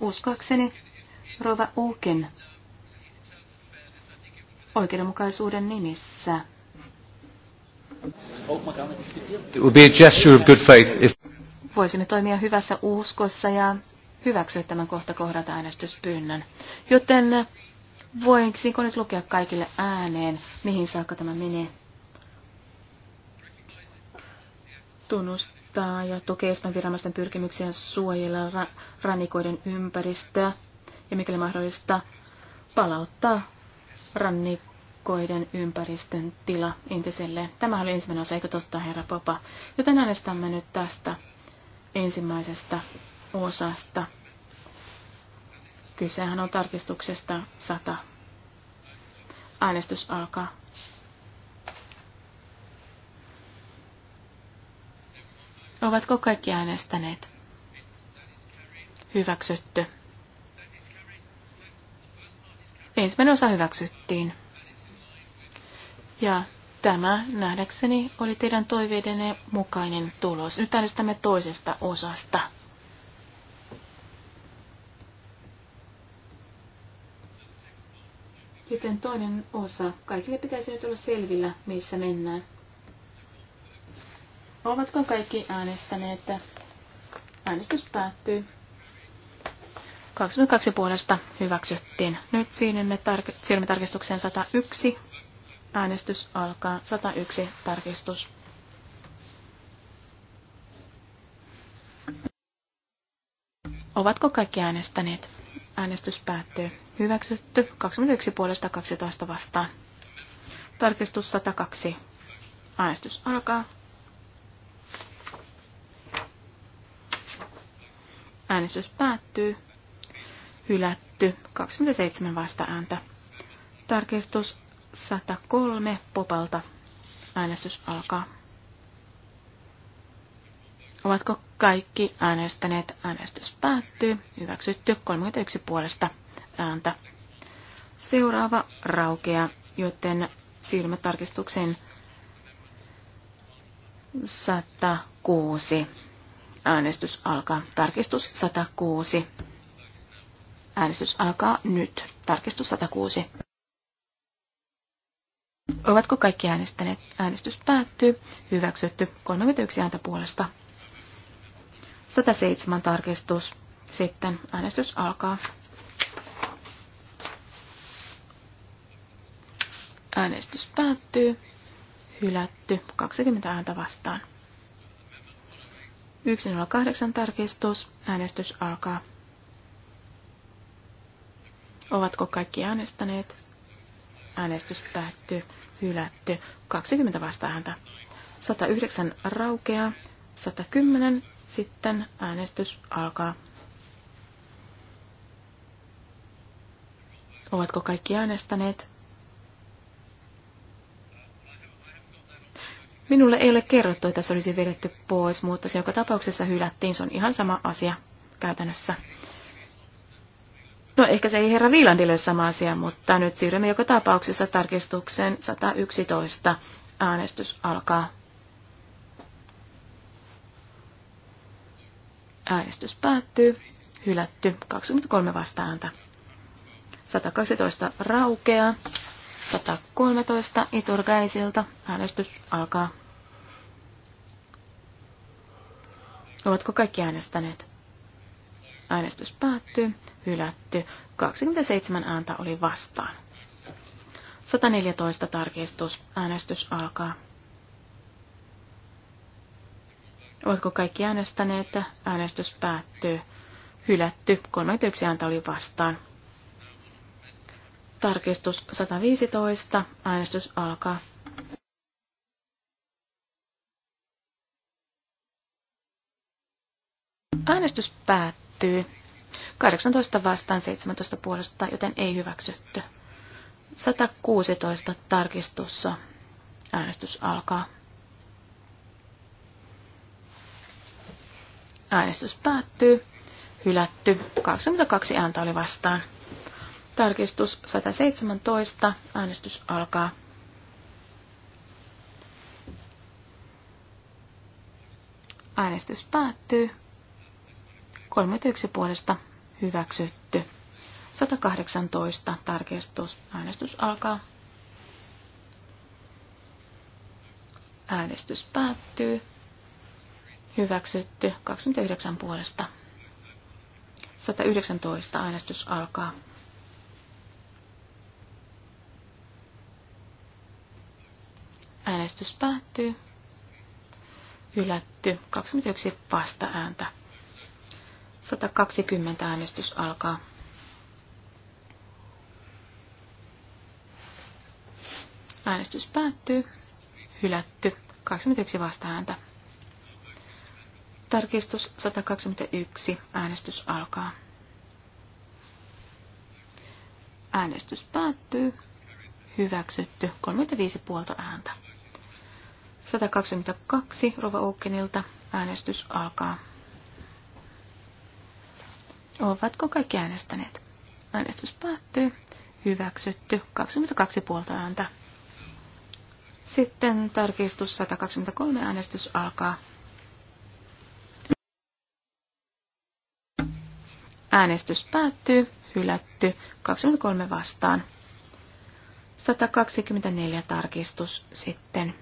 Uskoakseni Rova Uken oikeudenmukaisuuden nimissä. Voisimme toimia hyvässä uskossa ja hyväksyä tämän kohta kohdata äänestyspyynnön. Joten voinko nyt lukea kaikille ääneen, mihin saakka tämä menee? Tunnustaa ja tukee Espanjan viranomaisten pyrkimyksiä suojella ra- rannikoiden ympäristöä ja mikäli mahdollista palauttaa Rannikoiden ympäristön tila entiselleen. Tämä oli ensimmäinen osa, eikö totta, herra Popa? Joten äänestämme nyt tästä ensimmäisestä osasta. Kysehän on tarkistuksesta 100. Äänestys alkaa. Ovatko kaikki äänestäneet? Hyväksytty. Ensimmäinen osa hyväksyttiin. Ja tämä nähdäkseni oli teidän toiveidenne mukainen tulos. Nyt äänestämme toisesta osasta. Joten toinen osa. Kaikille pitäisi nyt olla selvillä, missä mennään. Ovatko kaikki äänestäneet? Äänestys päättyy. 22 puolesta hyväksyttiin. Nyt siirrymme, tar- siirrymme tarkistukseen 101. Äänestys alkaa. 101 tarkistus. Ovatko kaikki äänestäneet? Äänestys päättyy. Hyväksytty. 21 puolesta 12 vastaan. Tarkistus 102. Äänestys alkaa. Äänestys päättyy hylätty 27 vasta ääntä. Tarkistus 103 popalta. Äänestys alkaa. Ovatko kaikki äänestäneet? Äänestys päättyy. Hyväksytty 31 puolesta ääntä. Seuraava raukea, joten siirrymme tarkistukseen 106. Äänestys alkaa. Tarkistus 106. Äänestys alkaa nyt. Tarkistus 106. Ovatko kaikki äänestäneet? Äänestys päättyy. Hyväksytty. 31 ääntä puolesta. 107 tarkistus. Sitten äänestys alkaa. Äänestys päättyy. Hylätty. 20 ääntä vastaan. 108 tarkistus. Äänestys alkaa. Ovatko kaikki äänestäneet? Äänestys päättyy. Hylätty. 20 vastaääntä. 109 raukeaa. 110. Sitten äänestys alkaa. Ovatko kaikki äänestäneet? Minulle ei ole kerrottu, että se olisi vedetty pois, mutta se joka tapauksessa hylättiin. Se on ihan sama asia käytännössä ehkä se ei herra Viilandille ole sama asia, mutta nyt siirrymme joka tapauksessa tarkistukseen 111. Äänestys alkaa. Äänestys päättyy. Hylätty. 23 vastaanta. 112 raukeaa. 113 iturgaisilta. Äänestys alkaa. Ovatko kaikki äänestäneet? Äänestys päättyy. Hylätty. 27 ääntä oli vastaan. 114 tarkistus. Äänestys alkaa. Oletko kaikki äänestäneet? Äänestys päättyy. Hylätty. 31 ääntä oli vastaan. Tarkistus 115. Äänestys alkaa. Äänestys päättyy päättyy. 18 vastaan 17 puolesta, joten ei hyväksytty. 116 tarkistussa. Äänestys alkaa. Äänestys päättyy. Hylätty. 22 ääntä oli vastaan. Tarkistus 117. Äänestys alkaa. Äänestys päättyy. 31 puolesta hyväksytty. 118 tarkistus. Äänestys alkaa. Äänestys päättyy. Hyväksytty 29 puolesta. 119 äänestys alkaa. Äänestys päättyy. Hylätty 21 vasta ääntä. 120 äänestys alkaa. Äänestys päättyy. Hylätty. 21 vastaääntä. Tarkistus 121. Äänestys alkaa. Äänestys päättyy. Hyväksytty. 35 puolta ääntä. 122 Rova Oukkenilta. Äänestys alkaa. Ovatko kaikki äänestäneet? Äänestys päättyy. Hyväksytty. 22 puolta ääntä. Sitten tarkistus 123 äänestys alkaa. Äänestys päättyy, hylätty, 23 vastaan. 124 tarkistus sitten.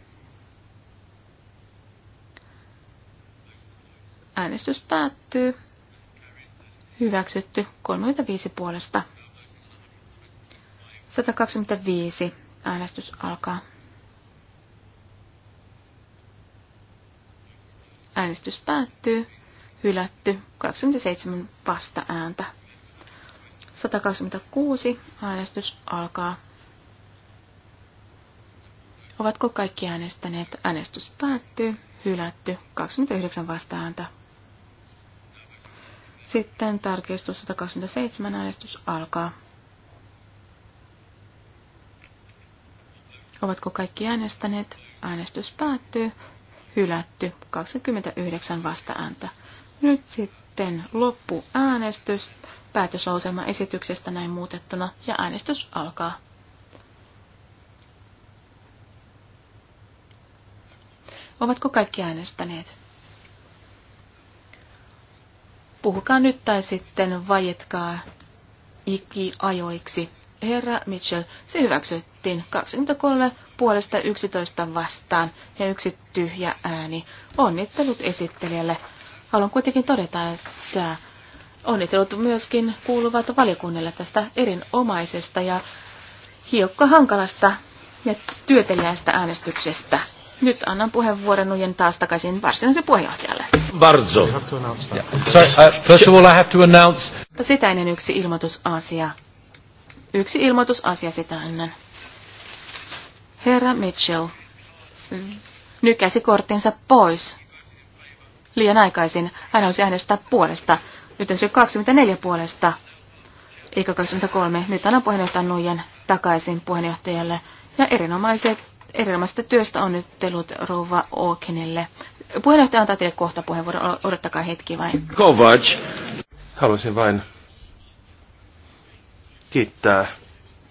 Äänestys päättyy, Hyväksytty 35 puolesta. 125. Äänestys alkaa. Äänestys päättyy. Hylätty 27 vasta ääntä. 126. Äänestys alkaa. Ovatko kaikki äänestäneet? Äänestys päättyy. Hylätty 29 vasta ääntä sitten tarkistus 127 äänestys alkaa. Ovatko kaikki äänestäneet? Äänestys päättyy. Hylätty. 29 vastaääntä. Nyt sitten loppu äänestys päätöslauselman esityksestä näin muutettuna ja äänestys alkaa. Ovatko kaikki äänestäneet? Puhukaa nyt tai sitten vajetkaa ikiajoiksi. Herra Mitchell, se hyväksyttiin 23 puolesta 11 vastaan ja yksi tyhjä ääni. Onnittelut esittelijälle. Haluan kuitenkin todeta, että onnittelut myöskin kuuluvat valiokunnille tästä erinomaisesta ja hiukka hankalasta ja työtelijästä äänestyksestä. Nyt annan puheenvuoron nujen taas takaisin varsinaisen puheenjohtajalle. Bardzo. Uh, first of all, I have to announce... No, sitä ennen yksi ilmoitusasia. Yksi ilmoitusasia sitä ennen. Herra Mitchell nykäsi korttinsa pois. Liian aikaisin hän olisi äänestää puolesta, joten se 24 puolesta, eikä 23. Nyt annan puheenjohtajan nuijan takaisin puheenjohtajalle ja erinomaiset Erilaisesta työstä onnittelut rouva Okenelle. Puheenjohtaja antaa teille kohta puheenvuoron. Odottakaa hetki vain. Kovac. Haluaisin vain kiittää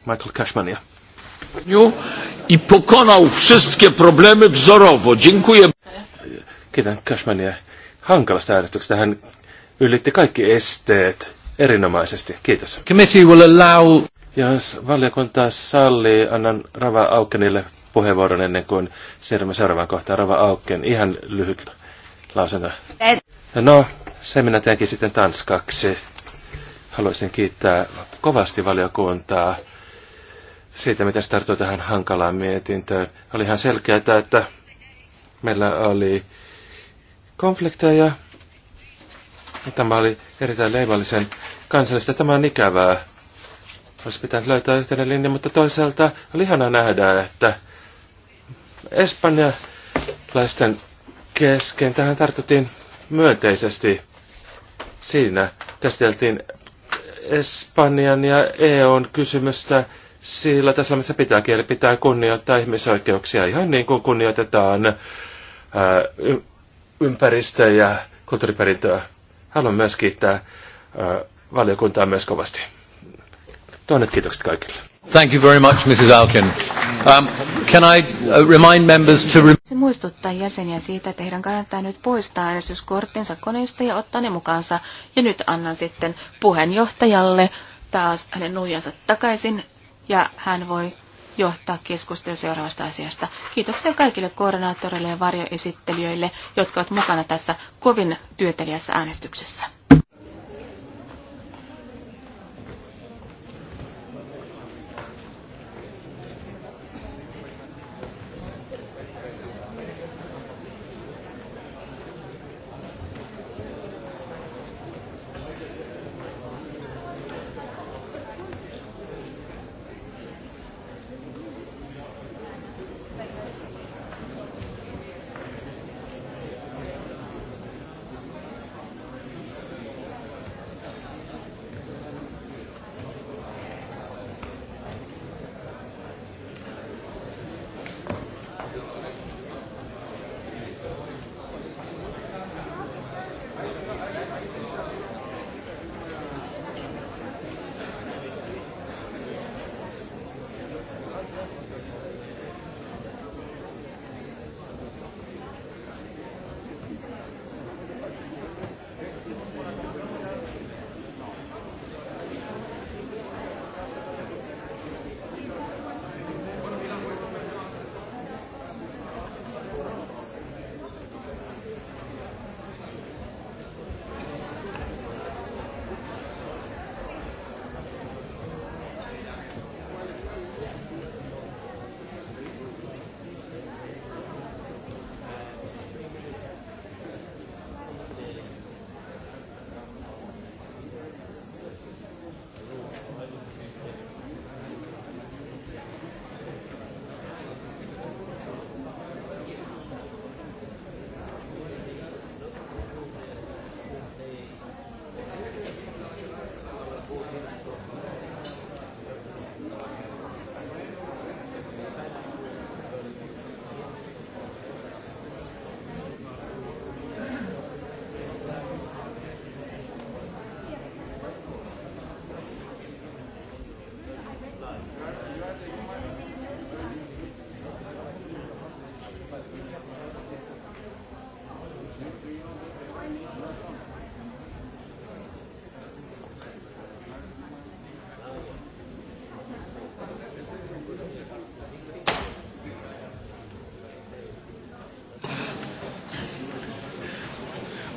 Michael Cashmania. I pokonał wszystkie problemy wzorowo. Dziękuję. Kiitän Cashmania hankalasta äänestyksestä. Hän ylitti kaikki esteet erinomaisesti. Kiitos. Committee will allow... Jos valiokunta sallii, annan Rava Aukenille puheenvuoron ennen kuin siirrymme seuraavaan kohtaan. Rova Aukken, ihan lyhyt lausunto. No, se minä teenkin sitten tanskaksi. Haluaisin kiittää kovasti valiokuntaa siitä, miten se tarttui tähän hankalaan mietintöön. Oli ihan selkeää, että meillä oli konflikteja. Tämä oli erittäin leivallisen kansallista. Tämä on ikävää. Olisi pitänyt löytää yhteinen linja, mutta toisaalta oli ihana nähdä, että espanjalaisten kesken. Tähän tartuttiin myönteisesti. Siinä käsiteltiin Espanjan ja EUn kysymystä sillä tässä missä pitääkin, eli pitää kunnioittaa ihmisoikeuksia ihan niin kuin kunnioitetaan ää, ympäristöä ja kulttuuriperintöä. Haluan myös kiittää ää, valiokuntaa myös kovasti. Toinen kiitokset kaikille. Thank you very much, Mrs. Alkin. Um, can I uh, remind members to... Se muistuttaa jäseniä siitä, että heidän kannattaa nyt poistaa äänestyskorttinsa koneista ja ottaa ne mukaansa. Ja nyt annan sitten puheenjohtajalle taas hänen nuijansa takaisin ja hän voi johtaa keskustelua seuraavasta asiasta. Kiitoksia kaikille koordinaattoreille ja varjoesittelijöille, jotka ovat mukana tässä kovin työtelijässä äänestyksessä.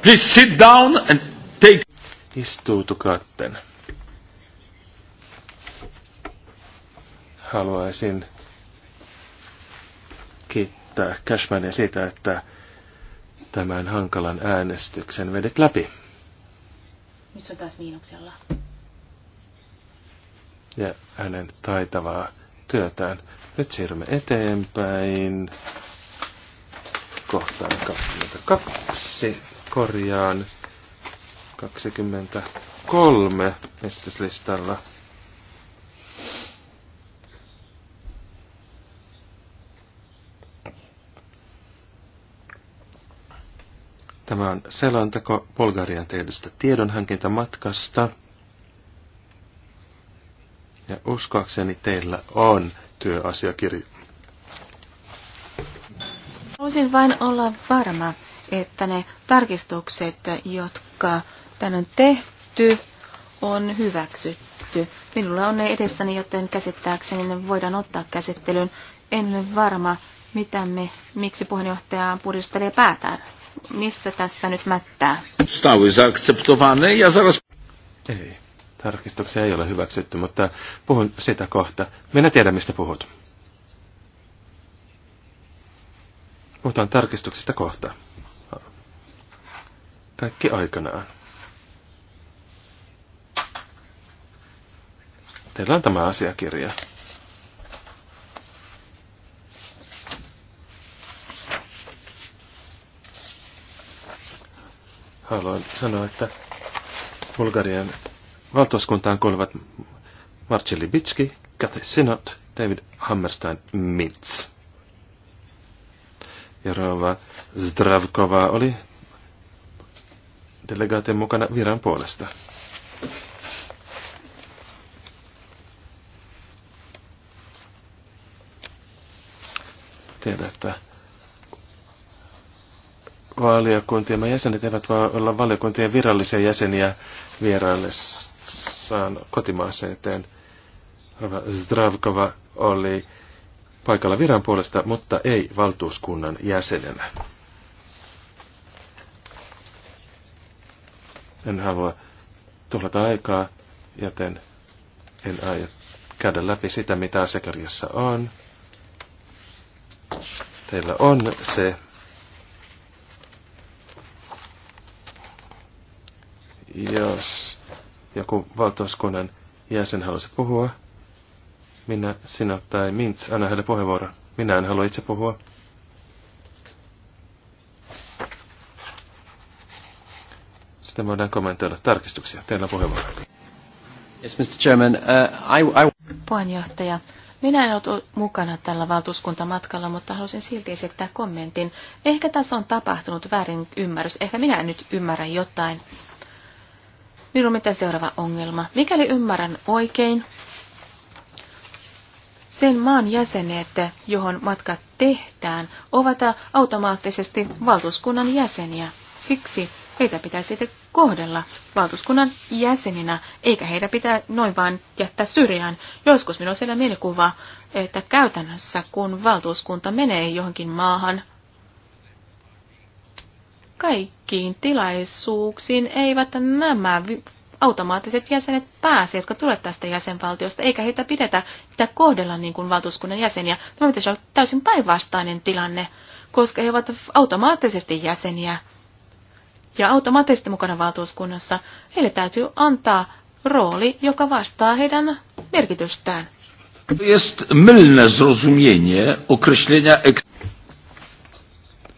Please sit down and take... Istuutukaatten. Haluaisin kiittää Cashmania siitä, että tämän hankalan äänestyksen vedet läpi. Nyt se on taas miinuksella. Ja hänen taitavaa työtään. Nyt siirrymme eteenpäin kohtaan 22 korjaan 23 esityslistalla. Tämä on selonteko Bulgarian tehdystä tiedonhankintamatkasta. Ja uskoakseni teillä on työasiakirja. Haluaisin vain olla varma, että ne tarkistukset, jotka tänne on tehty, on hyväksytty. Minulla on ne edessäni, joten käsittääkseni ne voidaan ottaa käsittelyyn. En ole varma, mitä me, miksi puheenjohtaja puristelee päätään. Missä tässä nyt mättää? Stały ja zaraz... Ei tarkistuksia ei ole hyväksytty, mutta puhun sitä kohta. Minä tiedän, mistä puhut. Puhutaan tarkistuksista kohta. Kaikki aikanaan. Teillä on tämä asiakirja. Haluan sanoa, että Bulgarian valtuuskuntaan kuuluvat Marcelli Bitski, Kate Sinot, David Hammerstein Mitz. Ja Rova Zdravkova oli delegaatien mukana viran puolesta. Tiedän, että valiokuntien jäsenet eivät voi olla valiokuntien virallisia jäseniä vieraillessaan kotimaassa, joten Zdravkova oli paikalla viran puolesta, mutta ei valtuuskunnan jäsenenä. En halua tuhlata aikaa, joten en aio käydä läpi sitä, mitä asiakirjassa on. Teillä on se. Jos joku valtuuskunnan jäsen halusi puhua, minä, sinä tai Mintz, anna heille puheenvuoron. Minä en halua itse puhua. Sitten voidaan kommentoida tarkistuksia. Teillä puheenvuoro. Yes, Mr. Chairman, uh, I, I... Puheenjohtaja, minä en ollut mukana tällä valtuuskuntamatkalla, mutta halusin silti esittää kommentin. Ehkä tässä on tapahtunut väärin ymmärrys. Ehkä minä nyt ymmärrän jotain. Minun mitä seuraava ongelma. Mikäli ymmärrän oikein, sen maan jäsenet, johon matkat tehdään, ovat automaattisesti valtuuskunnan jäseniä. Siksi Heitä pitää sitten kohdella valtuuskunnan jäseninä, eikä heitä pitää noin vaan jättää syrjään. Joskus minulla on siellä mielikuva, että käytännössä kun valtuuskunta menee johonkin maahan, kaikkiin tilaisuuksiin eivät nämä automaattiset jäsenet pääse, jotka tulevat tästä jäsenvaltiosta, eikä heitä pidetä pitää kohdella niin kuin valtuuskunnan jäseniä. Tämä pitäisi olla täysin päinvastainen tilanne, koska he ovat automaattisesti jäseniä ja automaattisesti mukana valtuuskunnassa, heille täytyy antaa rooli, joka vastaa heidän merkitystään.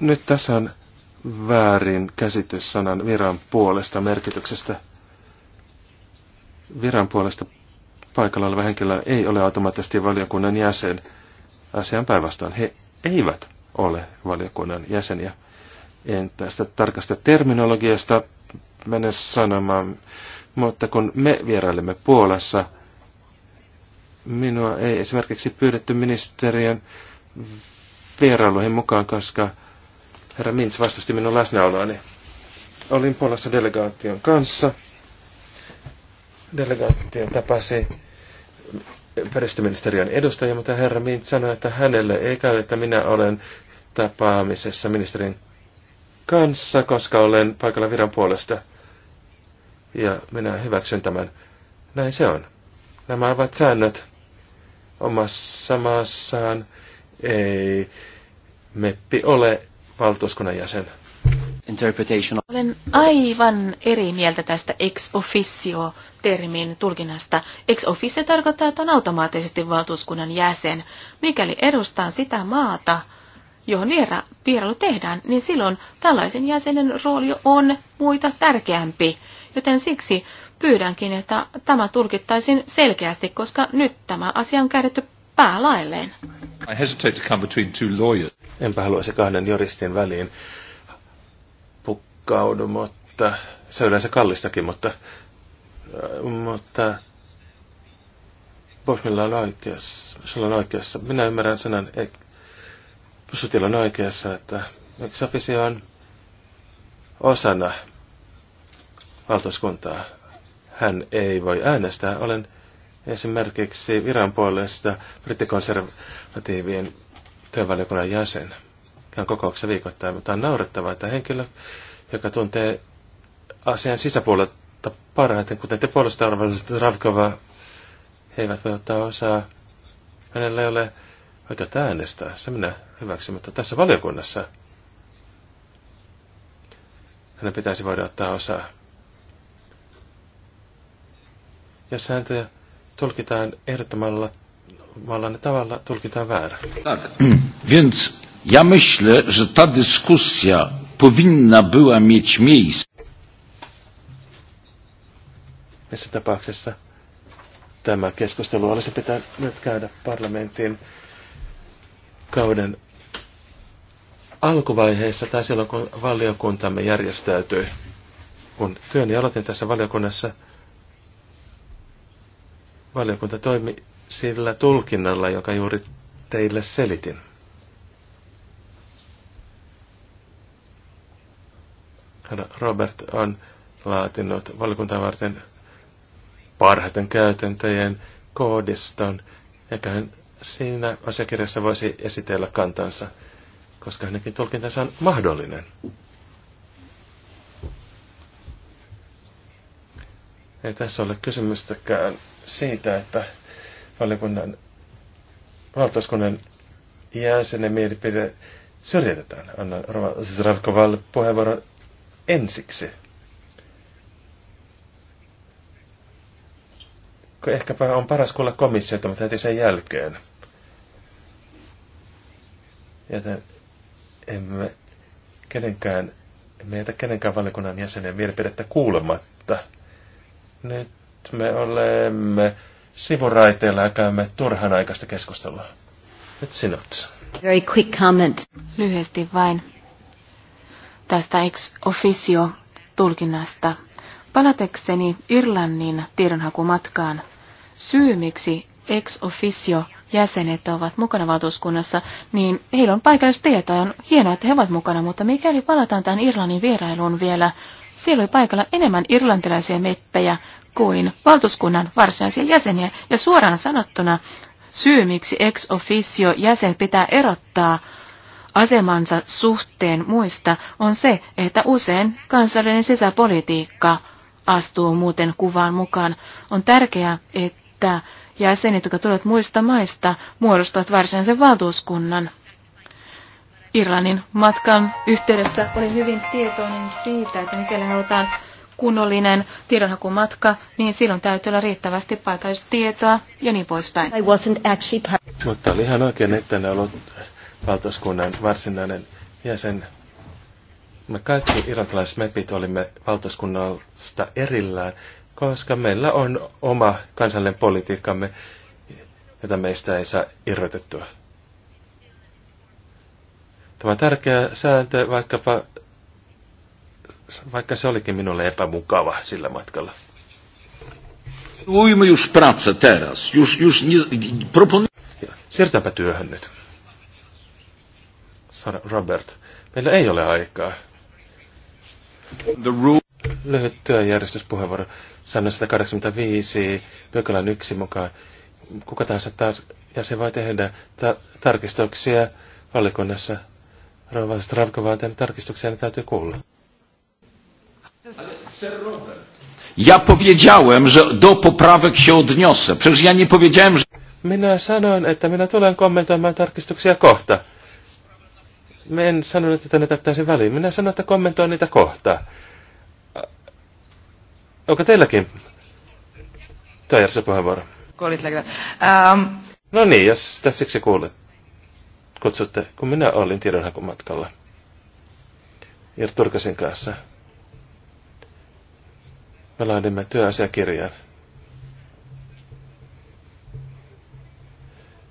Nyt tässä on väärin käsitys sanan viran puolesta merkityksestä. Viran puolesta paikalla oleva henkilö ei ole automaattisesti valiokunnan jäsen. Asian päinvastoin he eivät ole valiokunnan jäseniä. En tästä tarkasta terminologiasta mene sanomaan, mutta kun me vierailemme Puolassa, minua ei esimerkiksi pyydetty ministeriön vierailuihin mukaan, koska herra Mintz vastusti minun läsnäoloani. Olin Puolassa delegaation kanssa. Delegaatio tapasi ympäristöministeriön edustajia, mutta herra Mintz sanoi, että hänelle ei käy, että minä olen tapaamisessa ministerin kanssa, koska olen paikalla viran puolesta. Ja minä hyväksyn tämän. Näin se on. Nämä ovat säännöt omassa maassaan. Ei meppi ole valtuuskunnan jäsen. Olen aivan eri mieltä tästä ex officio-termin tulkinnasta. Ex officio tarkoittaa, että on automaattisesti valtuuskunnan jäsen. Mikäli edustan sitä maata, johon viera, vierailu tehdään, niin silloin tällaisen jäsenen rooli on muita tärkeämpi. Joten siksi pyydänkin, että tämä tulkittaisiin selkeästi, koska nyt tämä asia on käydetty päälailleen. I hesitate to come between two lawyers. Enpä haluaisi kahden juristin väliin pukkaudu, mutta se on yleensä kallistakin, mutta, äh, mutta Bosnilla on oikeassa. Sulla on oikeassa. Minä ymmärrän sanan Sutil on oikeassa, että miksi on osana valtuuskuntaa. Hän ei voi äänestää. Olen esimerkiksi viran puolesta brittikonservatiivien työvaliokunnan jäsen. Käyn kokouksessa viikoittain, mutta on naurettavaa, että henkilö, joka tuntee asian sisäpuolelta parhaiten, kuten te puolesta arvoisit Ravkova, he eivät voi ottaa osaa. Hänellä ei ole oikeutta äänestää. Se minä hyväksyn, mutta tässä valiokunnassa hänen pitäisi voida ottaa osaa. ja sääntöjä tulkitaan ehdottomalla vallan tavalla, tulkitaan väärä. Tak, więc ja myślę, że ta dyskusja powinna była mieć miejsce. Missä tapauksessa tämä keskustelu olisi pitänyt käydä parlamentin kauden alkuvaiheessa tai silloin, kun valiokuntamme järjestäytyi. Kun työni aloitin tässä valiokunnassa, valiokunta toimi sillä tulkinnalla, joka juuri teille selitin. Robert on laatinut valiokuntaa varten parhaiten käytäntöjen koodiston, ja hän siinä asiakirjassa voisi esitellä kantansa, koska hänenkin tulkintansa on mahdollinen. Ei tässä ole kysymystäkään siitä, että valiokunnan valtuuskunnan jäsenen mielipide syrjitetään. Annan Rova Zdravkovalle puheenvuoron ensiksi. ehkäpä on paras kuulla komissiota, mutta heti sen jälkeen. Joten emme kenenkään, emme jätä kenenkään valiokunnan jäsenen mielipidettä kuulematta. Nyt me olemme sivuraiteilla ja käymme turhan aikaista keskustelua. Nyt sinut. Very quick comment. Lyhyesti vain tästä ex officio tulkinnasta Palatekseni Irlannin tiedonhakumatkaan syy, miksi ex officio jäsenet ovat mukana valtuuskunnassa, niin heillä on tietoa ja on hienoa, että he ovat mukana, mutta mikäli palataan tämän Irlannin vierailuun vielä, siellä oli paikalla enemmän irlantilaisia meppejä kuin valtuuskunnan varsinaisia jäseniä, ja suoraan sanottuna syy, miksi ex officio jäsen pitää erottaa asemansa suhteen muista, on se, että usein kansallinen sisäpolitiikka – astuu muuten kuvaan mukaan. On tärkeää, että jäsenet, jotka tulevat muista maista, muodostavat varsinaisen valtuuskunnan. Irlannin matkan yhteydessä olin hyvin tietoinen siitä, että mikäli halutaan kunnollinen tiedonhakumatka, niin silloin täytyy olla riittävästi paikallista tietoa ja niin poispäin. I wasn't actually Mutta oli ihan oikein, että ne ollut valtuuskunnan varsinainen jäsen me kaikki irakilaismepit olimme valtuuskunnasta erillään, koska meillä on oma kansallinen politiikkamme, jota meistä ei saa irrotettua. Tämä on tärkeä sääntö, vaikkapa, vaikka se olikin minulle epämukava sillä matkalla. Siirtääpä työhön nyt. Sara Robert, meillä ei ole aikaa. The rule... Lyhyt työjärjestyspuheenvuoro. Säännön 185, pykälän yksi mukaan. Kuka tahansa tar- jäsen voi tehdä ta- tarkistuksia valikunnassa. Rouva Stravkova on tehnyt tarkistuksia, ne täytyy kuulla. Ja powiedziałem, że do poprawek się odniosę. Przecież ja nie powiedziałem, że... Minä sanoin, että minä tulen kommentoimaan tarkistuksia kohta. Mä en sanonut, että ne täyttäisi väliin. Minä sanon, että kommentoin niitä kohta. Onko teilläkin? Tämä järjestää puheenvuoro. Kuulit um... No niin, jos täsiksi kuulet. Kutsutte, kun minä olin tiedonhakumatkalla. Ja Turkasin kanssa. Me laadimme työasiakirjan.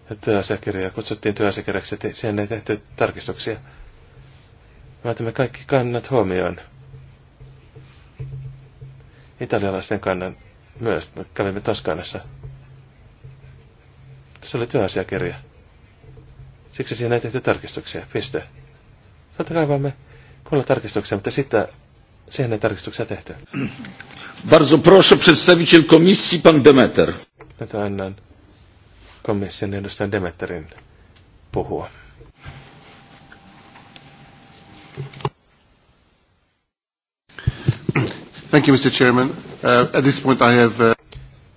ja työasiakirjoja kutsuttiin työasiakirjaksi, että siihen ei tehty tarkistuksia. Me otamme kaikki kannat huomioon. Italialaisten kannan myös. Me kävimme Toskanassa. Se oli työasiakirja. Siksi siihen ei tehty tarkistuksia. Piste. Totta kai vaan me kuulla tarkistuksia, mutta sitä, siihen ei tarkistuksia tehty. Bardzo proszę, przedstawiciel komisji, pan Demeter. Nyt annan komission edustajan Demeterin puhua. Thank you, Mr. Chairman. Uh, at this point I have... Uh...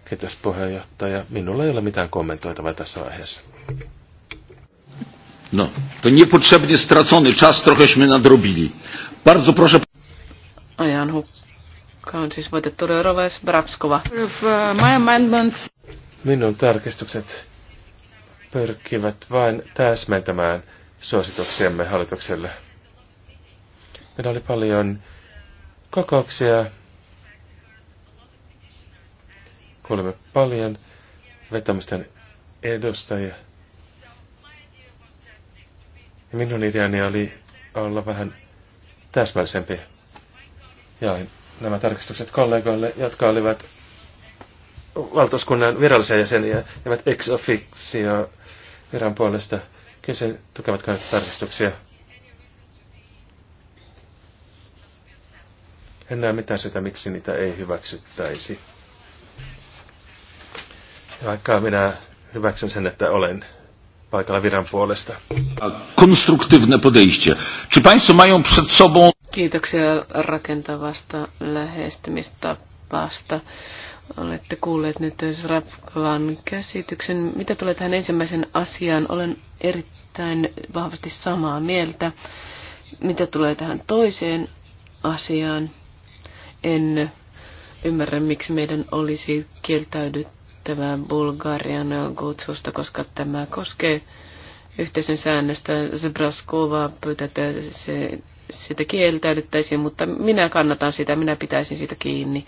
Kiitos puheenjohtaja. Minulla ei ole mitään kommentoitavaa tässä vaiheessa. No, to niepotrzebnie stracony czas trocheśmy nadrobili. Bardzo proszę... Ajan hukkaan siis voitettu Roves Brapskova. Uh, Minun tarkistukset pyrkivät vain täsmentämään suosituksiamme hallitukselle. Meillä oli paljon kokouksia. Kuulemme paljon vetämisten edustajia. Ja minun ideani oli olla vähän täsmällisempi. Jain nämä tarkistukset kollegoille, jotka olivat valtuuskunnan virallisia jäseniä, eivät ex officio viran puolesta. Kyse tukevatko näitä tarkistuksia? En näe mitään sitä, miksi niitä ei hyväksyttäisi. Ja vaikka minä hyväksyn sen, että olen paikalla viran puolesta. Konstruktiivne podejście. Czy państwo mają przed sobą... Kiitoksia rakentavasta lähestymistapasta. Olette kuulleet nyt Sravan käsityksen. Mitä tulee tähän ensimmäisen asiaan, olen erittäin vahvasti samaa mieltä. Mitä tulee tähän toiseen asiaan, en ymmärrä, miksi meidän olisi kieltäydyttävä Bulgarian kutsusta, koska tämä koskee yhteisön säännöstä. Zebraskova pyytää, että se, sitä kieltäydyttäisiin, mutta minä kannatan sitä, minä pitäisin sitä kiinni.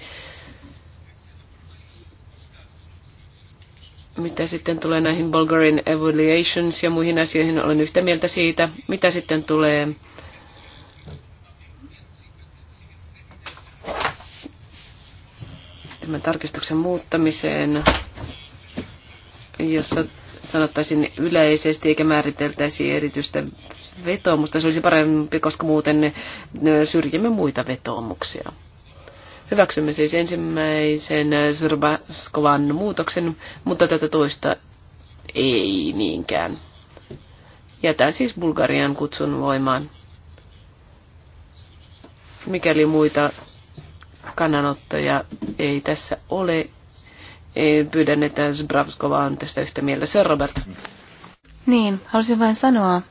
Mitä sitten tulee näihin Bulgarian evaluations ja muihin asioihin, olen yhtä mieltä siitä. Mitä sitten tulee tämän tarkistuksen muuttamiseen, jossa sanottaisiin yleisesti eikä määriteltäisi erityistä vetoomusta. Se olisi parempi, koska muuten syrjimme muita vetoomuksia. Hyväksymme siis ensimmäisen Zrbaskovan muutoksen, mutta tätä toista ei niinkään. Jätän siis Bulgarian kutsun voimaan. Mikäli muita kannanottoja ei tässä ole, pyydän, että Zbravskova on tästä yhtä mieltä. Se Robert. Niin, halusin vain sanoa,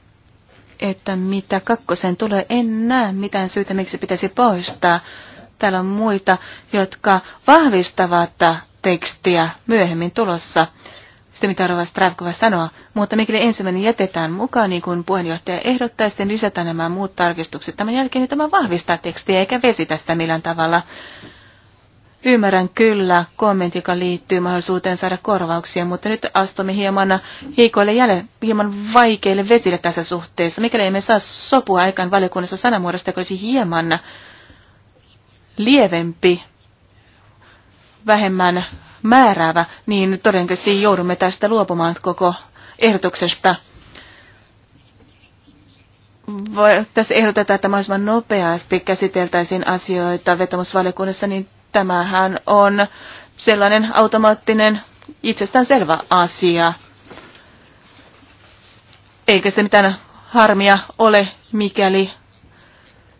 että mitä kakkosen tulee, en näe mitään syytä, miksi pitäisi poistaa Täällä on muita, jotka vahvistavat tekstiä myöhemmin tulossa sitä, mitä Rova Stravkova sanoa, mutta mikäli ensimmäinen jätetään mukaan, niin kuin puheenjohtaja ehdottaa, sitten lisätään nämä muut tarkistukset. Tämän jälkeen niin tämä vahvistaa tekstiä eikä vesitä sitä millään tavalla. Ymmärrän kyllä kommentti, joka liittyy mahdollisuuteen saada korvauksia, mutta nyt astumme hieman hiikoille jälle, hieman vaikeille vesille tässä suhteessa. Mikäli emme saa sopua aikaan valiokunnassa sanamuodosta, joka olisi hieman lievempi, vähemmän määräävä, niin todennäköisesti joudumme tästä luopumaan koko ehdotuksesta. Tässä ehdotetaan, että mahdollisimman nopeasti käsiteltäisiin asioita vetomusvaliokunnassa, niin tämähän on sellainen automaattinen itsestäänselvä asia. Eikä se mitään harmia ole, mikäli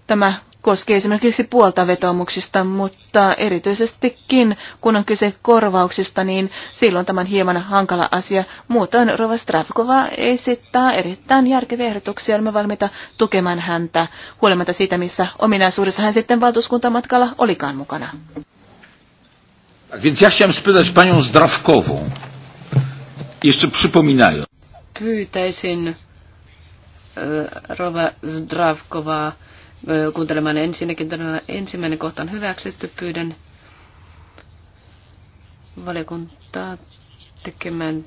tämä koskee esimerkiksi puolta vetomuksista, mutta erityisestikin kun on kyse korvauksista, niin silloin tämän hieman hankala asia. Muutoin Rova Stravkova esittää erittäin järkeviä ehdotuksia, olemme valmiita tukemaan häntä, huolimatta siitä, missä ominaisuudessa hän sitten valtuuskuntamatkalla olikaan mukana. Więc ja chciałem panią jeszcze przypominają. Pyytäisin e, Rova Zdravkovaa kuuntelemaan ensinnäkin todella ensimmäinen kohta on hyväksytty. Pyydän valiokuntaa tekemään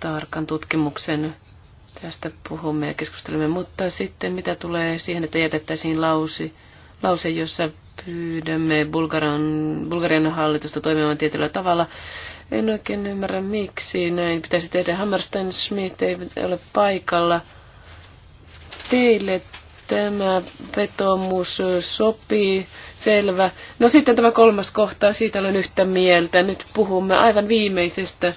tarkan tutkimuksen. Tästä puhumme ja keskustelemme. Mutta sitten mitä tulee siihen, että jätettäisiin lausi, lause, jossa pyydämme Bulgarian, Bulgarian hallitusta toimimaan tietyllä tavalla. En oikein ymmärrä, miksi näin pitäisi tehdä. Hammerstein Schmidt ei ole paikalla. Teille Tämä vetomus sopii, selvä. No sitten tämä kolmas kohta, siitä olen yhtä mieltä. Nyt puhumme aivan viimeisestä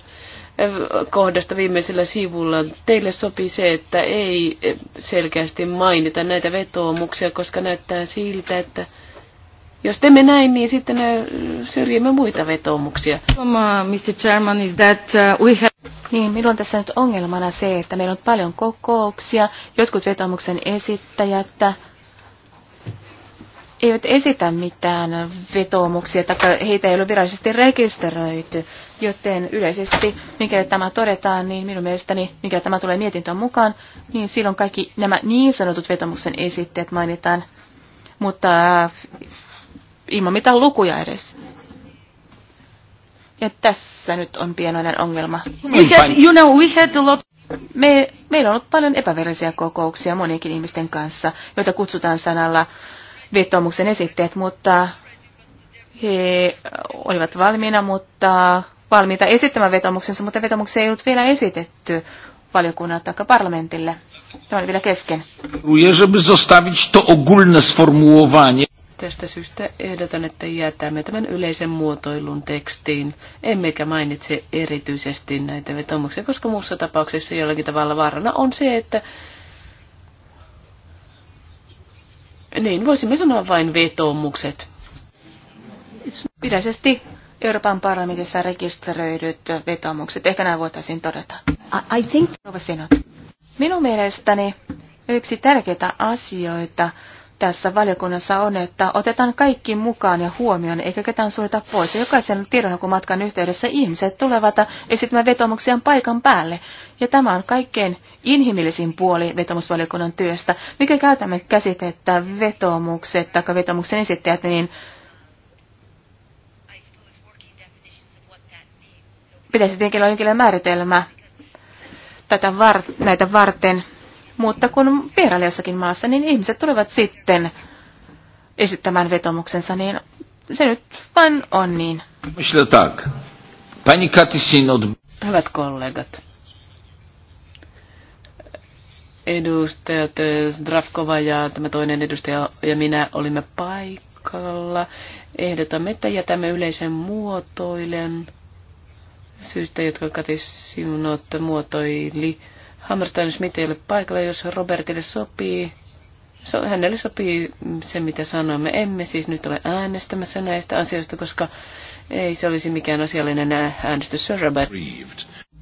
kohdasta viimeisellä sivulla. Teille sopii se, että ei selkeästi mainita näitä vetoomuksia, koska näyttää siltä, että jos teemme näin, niin sitten syrjimme muita vetoomuksia. Mr. Um, uh, Chairman, is that uh, we have... Niin, minulla on tässä nyt ongelmana se, että meillä on paljon kokouksia, jotkut vetoomuksen esittäjät äh, eivät esitä mitään vetoomuksia, tai heitä ei ole virallisesti rekisteröity, joten yleisesti, mikäli tämä todetaan, niin minun mielestäni, mikäli tämä tulee mietintöön mukaan, niin silloin kaikki nämä niin sanotut vetomuksen esitteet mainitaan, mutta äh, ilman mitään lukuja edes. Ja tässä nyt on pienoinen ongelma. We had, you know, we had a lot... Me, meillä on ollut paljon epävirallisia kokouksia monienkin ihmisten kanssa, joita kutsutaan sanalla vetomuksen esitteet, mutta he olivat valmiina, mutta valmiita esittämään vetomuksensa, mutta vetomuksia ei ollut vielä esitetty valiokunnan tai parlamentille. Tämä oli vielä kesken. żeby zostawić to ogólne sformułowanie. Tästä syystä ehdotan, että jätämme tämän yleisen muotoilun tekstiin, emmekä mainitse erityisesti näitä vetomuksia, koska muussa tapauksessa jollakin tavalla vaarana on se, että niin, voisimme sanoa vain vetomukset. Pidäisesti Euroopan parlamentissa rekisteröidyt vetomukset. Ehkä nämä voitaisiin todeta. I, I think... Minun mielestäni yksi tärkeitä asioita tässä valiokunnassa on, että otetaan kaikki mukaan ja huomioon, eikä ketään suojata pois. Ja jokaisen tiedonhakumatkan yhteydessä ihmiset tulevat esittämään vetomuksiaan paikan päälle. Ja tämä on kaikkein inhimillisin puoli vetomusvaliokunnan työstä. Mikä käytämme käsitettä vetomukset tai vetomuksen esittäjät, niin pitäisi tietenkin olla jonkinlainen määritelmä tätä var- näitä varten mutta kun vieraili jossakin maassa, niin ihmiset tulevat sitten esittämään vetomuksensa, niin se nyt vain on niin. tak. od... Hyvät kollegat. Edustajat eh, Zdravkova ja tämä toinen edustaja ja minä olimme paikalla. Ehdotamme, että jätämme yleisen muotoilen syystä, jotka Katisinot muotoili Hammerstein Smith ei ole paikalla, jos Robertille sopii. So, hänelle sopii se, mitä sanoimme. Emme siis nyt ole äänestämässä näistä asioista, koska ei se olisi mikään asiallinen äänestys, Sir Robert.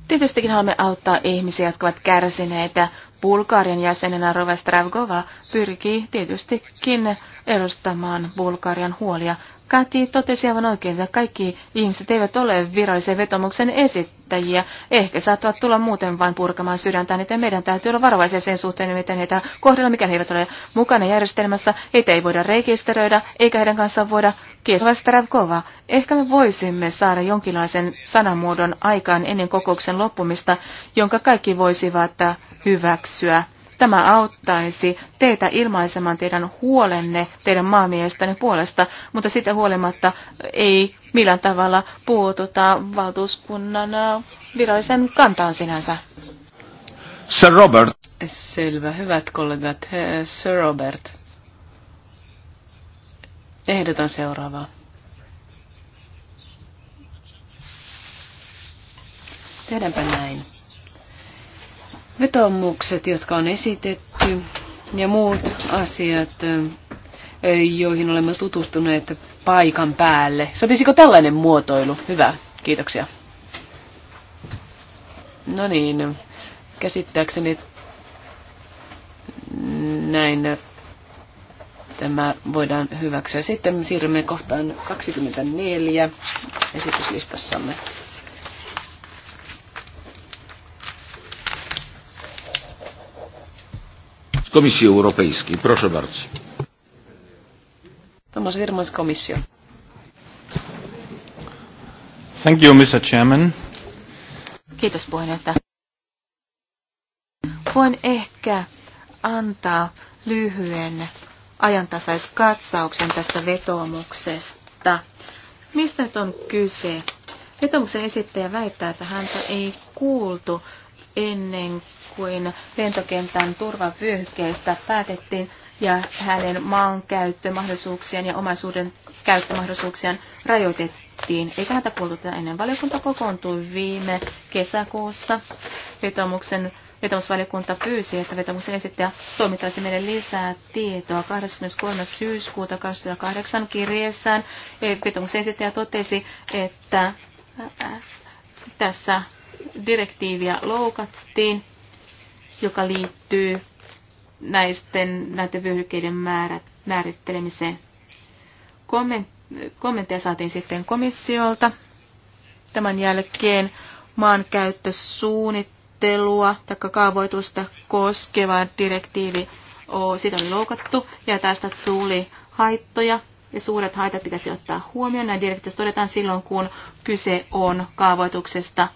Tietystikin haluamme auttaa ihmisiä, jotka ovat kärsineitä. Bulgarian jäsenenä Rova Stravgova pyrkii tietystikin edustamaan Bulgarian huolia. Kati totesi aivan oikein, että kaikki ihmiset eivät ole virallisen vetomuksen esittäjiä. Ehkä saattavat tulla muuten vain purkamaan sydäntään, joten meidän täytyy olla varovaisia sen suhteen, miten heitä kohdella, mikä he eivät ole mukana järjestelmässä. Heitä ei voida rekisteröidä, eikä heidän kanssaan voida keskustella. Ehkä me voisimme saada jonkinlaisen sanamuodon aikaan ennen kokouksen loppumista, jonka kaikki voisivat hyväksyä. Tämä auttaisi teitä ilmaisemaan teidän huolenne teidän maamiestänne puolesta, mutta sitä huolimatta ei millään tavalla puututa valtuuskunnan äh, virallisen kantaan sinänsä. Sir Robert. Selvä, hyvät kollegat. Sir Robert. Ehdotan seuraavaa. Tehdäänpä näin vetomukset, jotka on esitetty ja muut asiat, joihin olemme tutustuneet paikan päälle. Sopisiko tällainen muotoilu? Hyvä, kiitoksia. No niin, käsittääkseni näin tämä voidaan hyväksyä. Sitten siirrymme kohtaan 24 esityslistassamme. Komisji Europejskiej. Proszę bardzo. Tomasz Wierman z Komisji. Thank you, Mr. Chairman. Kiitos puheenjohtaja. Voin ehkä antaa lyhyen ajantasaiskatsauksen tästä vetoomuksesta. Mistä nyt on kyse? Vetomuksen esittäjä väittää, että häntä ei kuultu ennen kuin lentokentän turvavyöhykkeestä päätettiin ja hänen maankäyttömahdollisuuksien ja omaisuuden käyttömahdollisuuksien rajoitettiin. Eikä häntä kuultu tätä ennen. Valiokunta kokoontui viime kesäkuussa. Vetomuksen, vetomusvaliokunta pyysi, että vetomuksen esittäjä toimittaisi meille lisää tietoa. 23. syyskuuta 2008 kirjeessään eh, vetomuksen esittäjä totesi, että tässä direktiiviä loukattiin, joka liittyy näisten, näiden vyöhykkeiden määrät, määrittelemiseen. kommentteja saatiin sitten komissiolta. Tämän jälkeen maankäyttösuunnittelua tai kaavoitusta koskeva direktiivi, sitä oli loukattu ja tästä tuli haittoja ja suuret haitat pitäisi ottaa huomioon. Näin direktiivissä todetaan silloin, kun kyse on kaavoituksesta –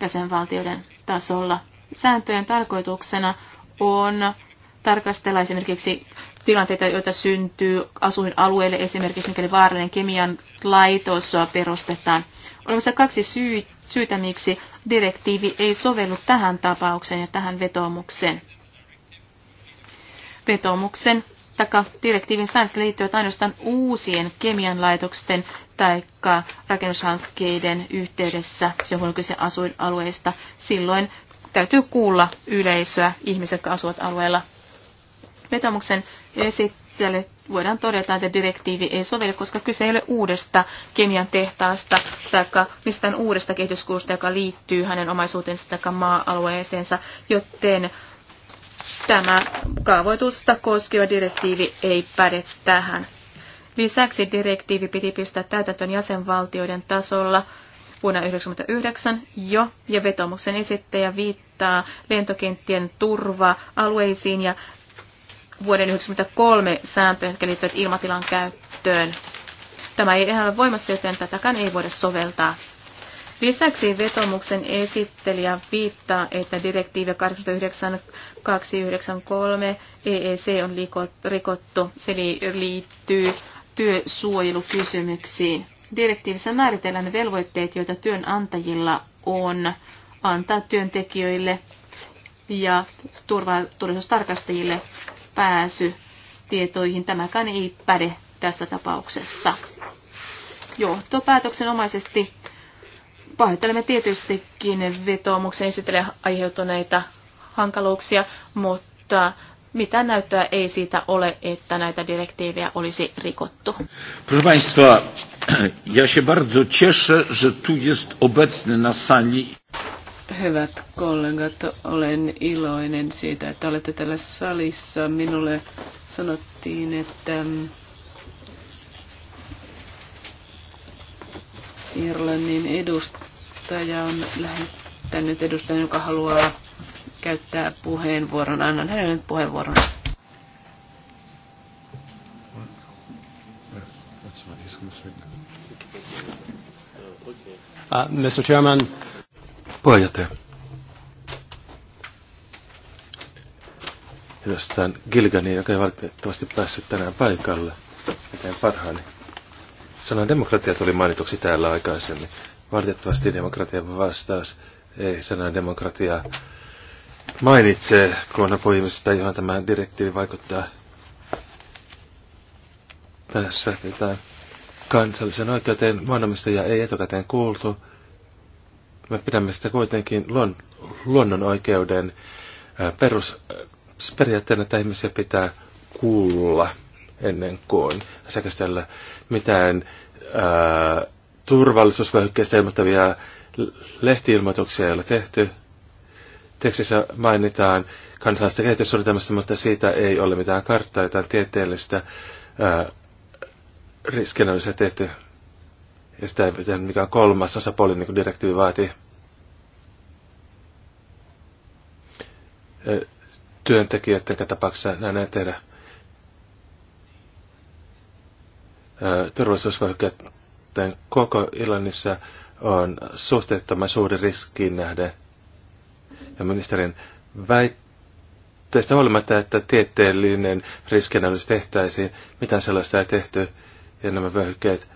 jäsenvaltioiden tasolla. Sääntöjen tarkoituksena on tarkastella esimerkiksi tilanteita, joita syntyy asuinalueelle, esimerkiksi mikäli vaarallinen kemian laitos perustetaan. Olemassa kaksi syy, syytä, miksi direktiivi ei sovellu tähän tapaukseen ja tähän vetoomukseen. Vetoomuksen taka direktiivin säännöt liittyvät ainoastaan uusien kemianlaitoksen tai rakennushankkeiden yhteydessä, silloin kun kyse asuinalueista. Silloin täytyy kuulla yleisöä, ihmiset, jotka asuvat alueella. Vetomuksen esittäjälle voidaan todeta, että direktiivi ei sovellu, koska kyse ei ole uudesta kemian tehtaasta tai mistään uudesta kehityskulusta, joka liittyy hänen omaisuutensa tai maa-alueeseensa, joten Tämä kaavoitusta koskeva direktiivi ei päde tähän. Lisäksi direktiivi piti pistää täytäntöön jäsenvaltioiden tasolla vuonna 1999 jo, ja vetomuksen esittäjä viittaa lentokenttien turva-alueisiin ja vuoden 1993 sääntöön, jotka liittyvät ilmatilan käyttöön. Tämä ei enää ole voimassa, joten tätäkään ei voida soveltaa Lisäksi vetomuksen esittelijä viittaa, että direktiivi 89293 EEC on rikottu. Se liittyy työsuojelukysymyksiin. Direktiivissä määritellään velvoitteet, joita työnantajilla on antaa työntekijöille ja turvallisuustarkastajille pääsy tietoihin. Tämäkään ei päde tässä tapauksessa. Johtopäätöksenomaisesti Pahoittelemme tietystikin vetoomuksen esitelle aiheutuneita hankaluuksia, mutta mitä näyttöä ei siitä ole, että näitä direktiivejä olisi rikottu. Proszę Państwa, ja się bardzo cieszę, że tu jest obecny na sali. Hyvät kollegat, olen iloinen siitä, että olette täällä salissa. Minulle sanottiin, että Irlannin edustaja on lähettänyt edustajan, joka haluaa käyttää puheenvuoron. Annan hänelle puheenvuoron. Uh, Mr. Chairman. Puheenjohtaja. Edustan Gilgani, joka ei valitettavasti päässyt tänään paikalle. Miten parhaani. Sanan demokratia tuli mainituksi täällä aikaisemmin. Valitettavasti demokratia vastaus ei sanan demokratia mainitse, kun on johon tämä direktiivi vaikuttaa. Tässä tätä kansallisen oikeuteen maanomistajia ei etukäteen kuultu. Me pidämme sitä kuitenkin luon, luonnon oikeuden perusperiaatteena, että ihmisiä pitää kuulla ennen kuin säkästellä mitään ää, ilmoittavia lehtiilmoituksia ei ole tehty. Tekstissä mainitaan kansallista kehityssuunnitelmasta, mutta siitä ei ole mitään karttaa, jotain tieteellistä ää, tehty. Ja sitä ei pitänyt mikään kolmas osapuoli, niin kuin direktiivi vaatii. Työntekijöiden tapauksessa näin ei tehdä. turvallisuusvahvuuden koko Irlannissa on suhteettoman suuri riski nähden. Ja ministerin väitteestä huolimatta, että tieteellinen riskinalyysi tehtäisiin, mitään sellaista ei tehty, ja nämä vyöhykkeet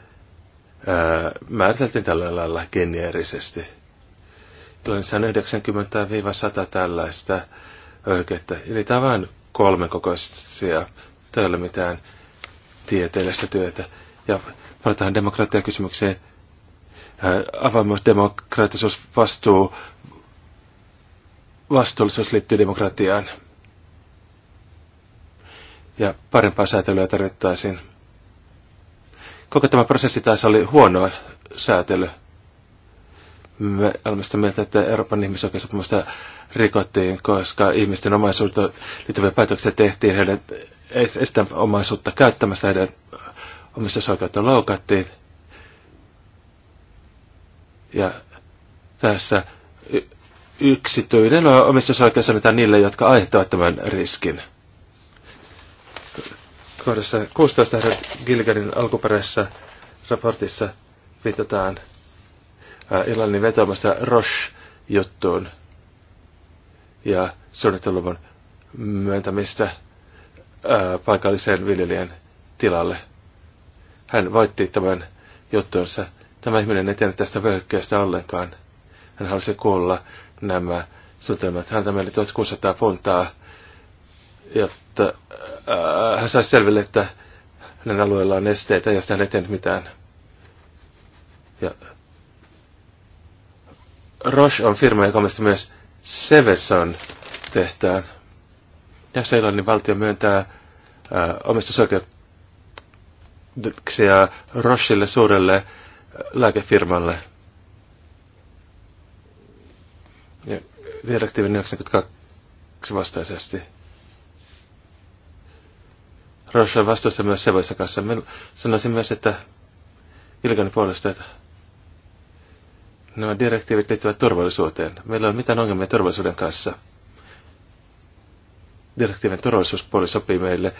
määriteltiin tällä lailla geneerisesti. Irlannissa on 90-100 tällaista vyöhykettä, eli tämä on kolmen kokoisia. ei ole mitään tieteellistä työtä. Ja palataan demokratiakysymykseen. Äh, Avoimuus, demokraattisuus, vastuu, vastuullisuus liittyy demokratiaan. Ja parempaa säätelyä tarvittaisiin. Koko tämä prosessi taas oli huonoa säätely. Me olemme sitä mieltä, että Euroopan ihmisoikeusopimusta rikottiin, koska ihmisten omaisuutta liittyviä päätöksiä tehtiin heidän estä omaisuutta käyttämästä heidän omistusoikeutta loukattiin. Ja tässä yksityinen omistusoikeus annetaan niille, jotka aiheuttavat tämän riskin. Kohdassa 16 Gilganin alkuperäisessä raportissa viitataan Irlannin vetoamasta Roche-juttuun ja suunnitteluvun myöntämistä – paikallisen viljelijän tilalle. Hän voitti tämän juttuunsa. Tämä ihminen ei tiennyt tästä vöhykkeestä ollenkaan. Hän halusi kuulla nämä suunnitelmat. Häntä meille 1600 puntaa, jotta ää, hän saisi selville, että hänen alueella on esteitä ja hän ei tiennyt mitään. Ja Roche on firma, joka myös Seveson tehtään jäsenvaltion valtio myöntää äh, omistusoikeuksia Rochelle suurelle äh, lääkefirmalle. Ja direktiivin 92 vastaisesti. Roche on vastuussa myös Sevoissa kanssa. Mä sanoisin myös, että Ilkan puolesta, että nämä direktiivit liittyvät turvallisuuteen. Meillä on mitään ongelmia turvallisuuden kanssa direktiivin turvallisuuspuoli sopii meille,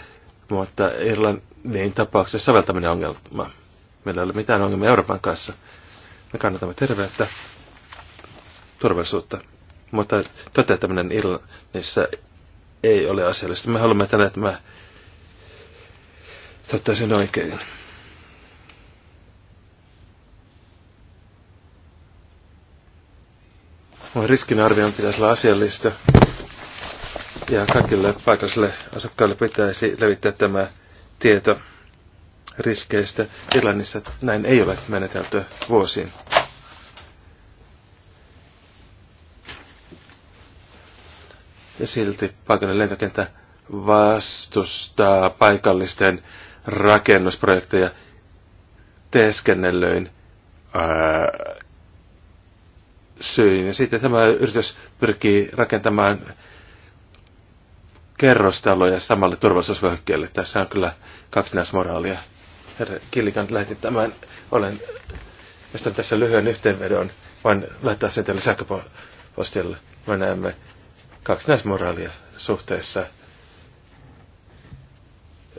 mutta Irlannin tapauksessa säveltäminen ongelma. Meillä ei ole mitään ongelmia Euroopan kanssa. Me kannatamme terveyttä, turvallisuutta, mutta toteuttaminen Irlannissa ei ole asiallista. Me haluamme tänne, että mä tottaisin oikein. Mun riskinarvion pitäisi olla asiallista. Ja kaikille paikallisille asukkaille pitäisi levittää tämä tieto riskeistä. Irlannissa näin ei ole menetelty vuosiin. Ja silti paikallinen lentokenttä vastustaa paikallisten rakennusprojekteja teeskennellöin syyn. Ja sitten tämä yritys pyrkii rakentamaan kerrostaloja samalle turvallisuusvyöhykkeelle. Tässä on kyllä kaksinaismoraalia. Herra Killikan lähti tämän. Olen Estän tässä lyhyen yhteenvedon. Voin laittaa sen teille sähköpostille. Me näemme kaksinaismoraalia suhteessa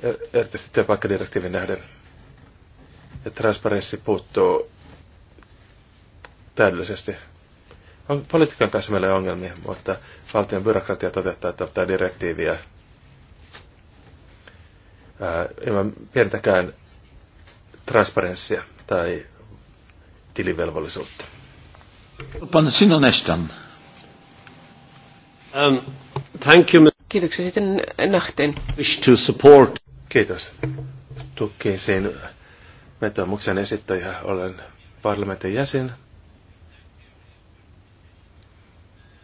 e- erityisesti työpaikkadirektiivin nähden. Ja transparenssi puuttuu täydellisesti on politiikan kanssa meillä on ongelmia, mutta valtion byrokratia toteuttaa tätä direktiiviä ää, ilman pientäkään transparenssia tai tilivelvollisuutta. Pan sinun Um, thank you. Kiitoksia sitten nähteen. Wish to support. Kiitos. Tukkiin siinä vetomuksen esittäjä. Olen parlamentin jäsen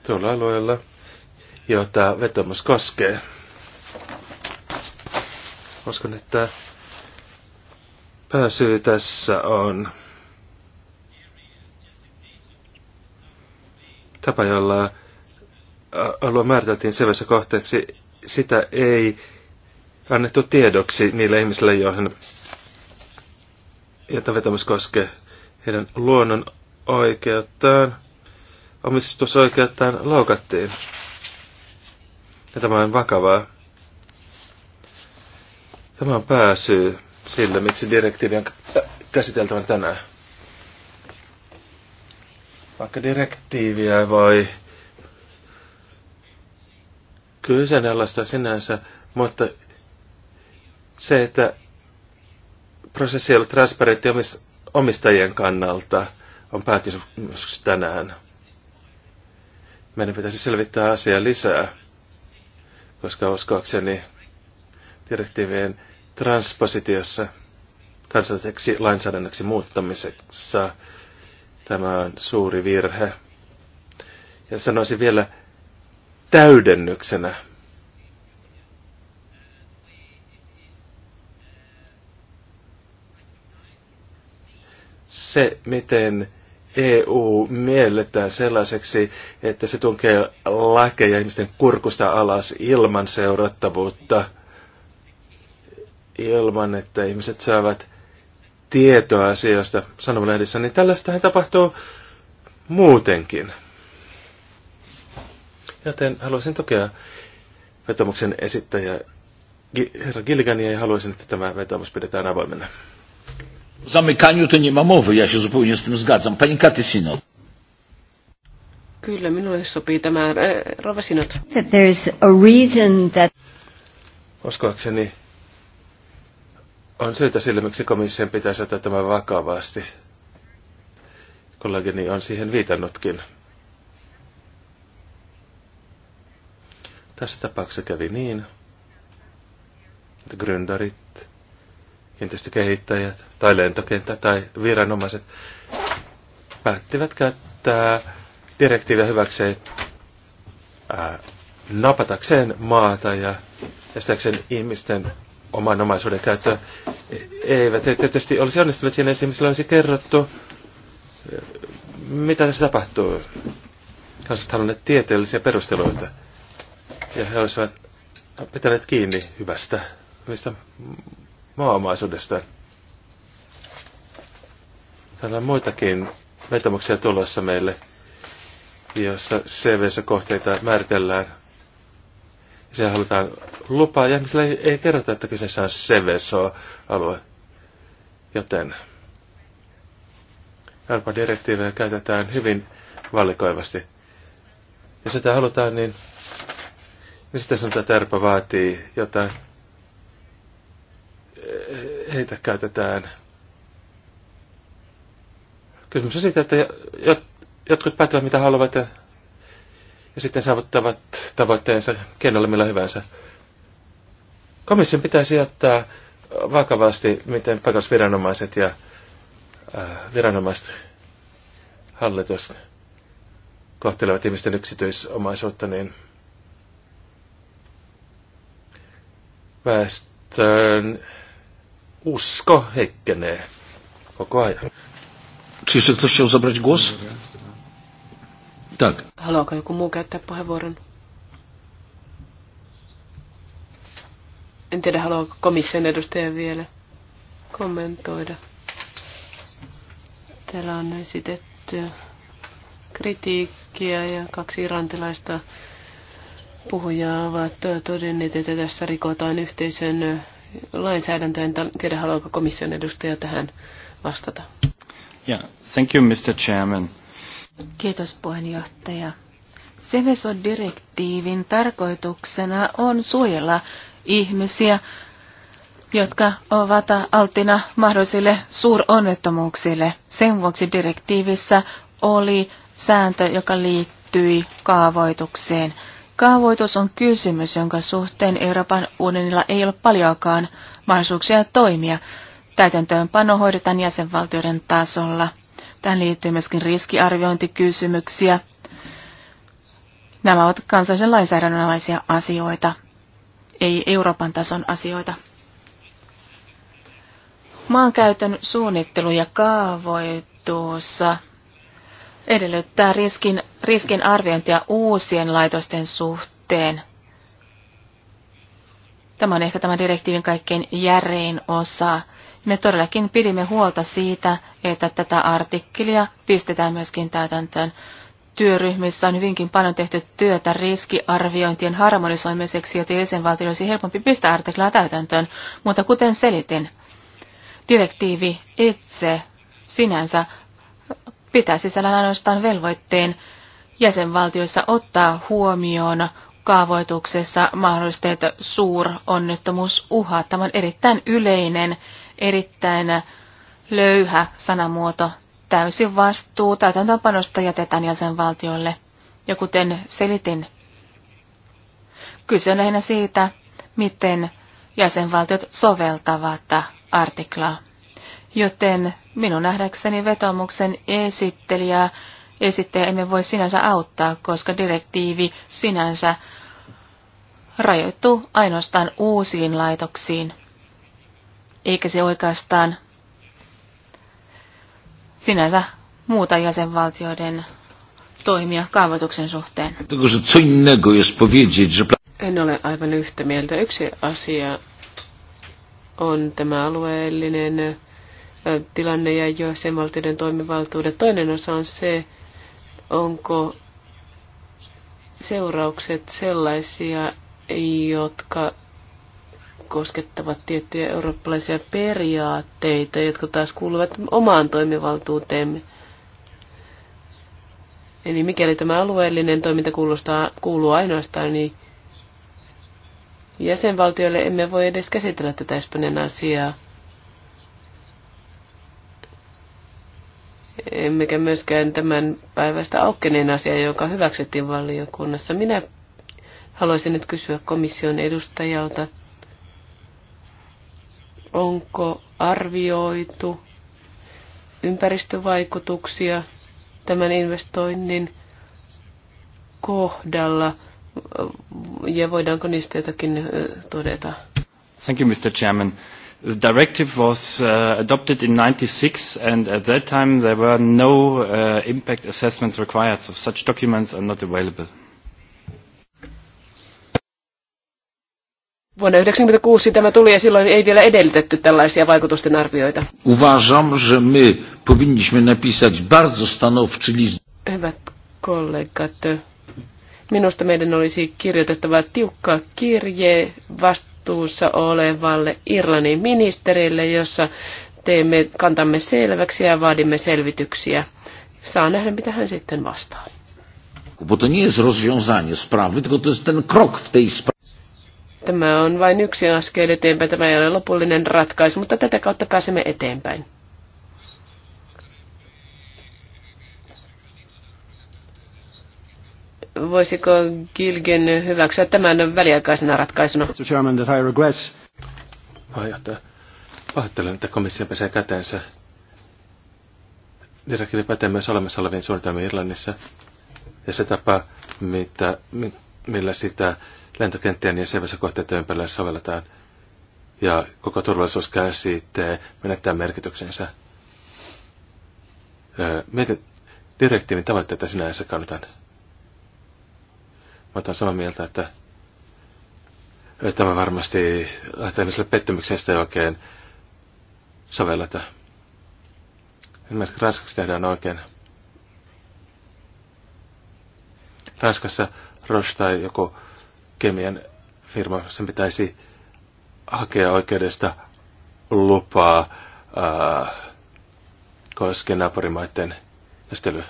tuolla alueella, jota vetomus koskee. Uskon, että pääsyy tässä on tapa, jolla alue määriteltiin selvässä kohteeksi. Sitä ei annettu tiedoksi niille ihmisille, joihin jota vetomus koskee heidän luonnon oikeuttaan omistusoikeuttaan loukattiin. Ja tämä on vakavaa. Tämä on pääsyy sille, miksi direktiivi on käsiteltävä tänään. Vaikka direktiiviä voi kyseenalaistaa sinänsä, mutta se, että prosessi ei ollut omistajien kannalta, on pääkysymys tänään meidän pitäisi selvittää asiaa lisää, koska uskoakseni direktiivien transpositiossa kansalliseksi lainsäädännöksi muuttamisessa tämä on suuri virhe. Ja sanoisin vielä täydennyksenä. Se, miten EU mielletään sellaiseksi, että se tunkee lakeja ihmisten kurkusta alas ilman seurattavuutta, ilman että ihmiset saavat tietoa asiasta sanomalehdissä, niin tällaistähän tapahtuu muutenkin. Joten haluaisin tukea vetomuksen esittäjä herra Gilligania ja haluaisin, että tämä vetomus pidetään avoimena. Zamykaniu to nie ma mowy, ja się zupełnie z tym zgadzam. Pani Katysino. Kyllä, minulle sopii tämä. E, Rova Sinot. That there's a reason that... Uskoakseni on syytä sille, miksi komission pitäisi ottaa tämä vakavasti. Kollegini on siihen viitannutkin. Tässä tapauksessa kävi niin, että gründarit kiinteistökehittäjät tai lentokenttä tai viranomaiset päättivät käyttää direktiiviä hyväkseen ää, napatakseen maata ja estääkseen ihmisten oman omaisuuden käyttöä. E-, eivät he tietysti olisi onnistuneet siinä, jos ihmisillä olisi kerrottu, mitä tässä tapahtuu. He olisivat halunneet tieteellisiä perusteluita. Ja he olisivat pitäneet kiinni hyvästä, mistä maaomaisuudestaan. Täällä on muitakin vetomuksia tulossa meille, jossa cv kohteita määritellään. Se halutaan lupaa ja ihmisille ei, ei kerrota, että kyseessä on CVSO-alue. Joten Euroopan-direktiivejä käytetään hyvin valikoivasti. Jos sitä halutaan, niin, niin sitten sanotaan, että Erpa vaatii jotain heitä käytetään. Kysymys on siitä, että jotkut päättävät mitä haluavat ja, ja sitten saavuttavat tavoitteensa keinolla millä hyvänsä. Komission pitäisi ottaa vakavasti, miten paikallisviranomaiset ja äh, viranomaiset hallitus kohtelevat ihmisten yksityisomaisuutta, niin väestön usko heikkenee koko ajan. Czy jeszcze ktoś chciał zabrać głos? Tak. Haluaako joku muu käyttää puheenvuoron? En tiedä, haluaako komission edustaja vielä kommentoida. Täällä on esitetty kritiikkiä ja kaksi irantilaista puhujaa ovat todenneet, että tässä rikotaan yhteisön lainsäädäntöön. Tiedä, haluaako komission edustaja tähän vastata. Yeah, thank you, Mr. Chairman. Kiitos puheenjohtaja. Seveso-direktiivin tarkoituksena on suojella ihmisiä, jotka ovat altina mahdollisille suuronnettomuuksille. Sen vuoksi direktiivissä oli sääntö, joka liittyi kaavoitukseen. Kaavoitus on kysymys, jonka suhteen Euroopan unionilla ei ole paljoakaan mahdollisuuksia toimia. Täytäntöönpano hoidetaan jäsenvaltioiden tasolla. Tähän liittyy myöskin riskiarviointikysymyksiä. Nämä ovat kansallisen lainsäädännön alaisia asioita, ei Euroopan tason asioita. Maankäytön suunnittelu ja kaavoitus edellyttää riskin, riskin arviointia uusien laitosten suhteen. Tämä on ehkä tämän direktiivin kaikkein järein osa. Me todellakin pidimme huolta siitä, että tätä artikkelia pistetään myöskin täytäntöön. Työryhmissä on hyvinkin paljon tehty työtä riskiarviointien harmonisoimiseksi, joten jäsenvaltio olisi helpompi pistää artiklaa täytäntöön. Mutta kuten selitin, direktiivi itse sinänsä pitää sisällään ainoastaan velvoitteen jäsenvaltioissa ottaa huomioon kaavoituksessa mahdollisteet suuronnettomuusuhat. Tämä on erittäin yleinen, erittäin löyhä sanamuoto. Täysin vastuu täytäntöönpanosta jätetään jäsenvaltiolle. Ja kuten selitin, kyse on lähinnä siitä, miten jäsenvaltiot soveltavat artiklaa. Joten Minun nähdäkseni vetomuksen esittelijä, esittäjä emme voi sinänsä auttaa, koska direktiivi sinänsä rajoittuu ainoastaan uusiin laitoksiin, eikä se oikeastaan sinänsä muuta jäsenvaltioiden toimia kaavoituksen suhteen. En ole aivan yhtä mieltä. Yksi asia on tämä alueellinen tilanne ja jäsenvaltioiden toimivaltuudet. Toinen osa on se, onko seuraukset sellaisia, jotka koskettavat tiettyjä eurooppalaisia periaatteita, jotka taas kuuluvat omaan toimivaltuuteemme. Eli mikäli tämä alueellinen toiminta kuulostaa, kuuluu ainoastaan, niin jäsenvaltioille emme voi edes käsitellä tätä Espanjan asiaa. emmekä myöskään tämän päivästä aukkeneen niin asia, joka hyväksyttiin valiokunnassa. Minä haluaisin nyt kysyä komission edustajalta, onko arvioitu ympäristövaikutuksia tämän investoinnin kohdalla ja voidaanko niistä jotakin todeta? Thank you, Mr. Chairman. The directive was uh, adopted in 96 and at that time there were no uh, impact assessments required, so such documents are not available. Vuonna 1996 tämä tuli ja silloin ei vielä edellytetty tällaisia vaikutusten arvioita. Uważam, że my powinniśmy napisać bardzo stanowczy list. Hyvät kollegat, Minusta meidän olisi kirjoitettava tiukka kirje vastuussa olevalle Irlannin ministerille, jossa teemme kantamme selväksi ja vaadimme selvityksiä. Saa nähdä, mitä hän sitten vastaa. Tämä on vain yksi askel eteenpäin, tämä ei ole lopullinen ratkaisu, mutta tätä kautta pääsemme eteenpäin. voisiko Gilgen hyväksyä tämän väliaikaisena ratkaisuna? Puheenjohtaja, pahoittelen, että komissio pesee käteensä. Direktiivi pätee myös olemassa oleviin suunnitelmiin Irlannissa. Ja se tapa, mitä, millä sitä lentokenttien ja selväsokohteiden ympärillä sovelletaan, ja koko turvallisuuskäsite menettää merkityksensä. Mietin direktiivin tavoitteita sinänsä kannatan. Mä otan samaa mieltä, että tämä varmasti lähtee ihmiselle pettymykseen sitä oikein sovelleta. Esimerkiksi Ranskaksi tehdään oikein. Ranskassa Roche tai joku kemian firma, sen pitäisi hakea oikeudesta lupaa koskien naapurimaiden testelyä.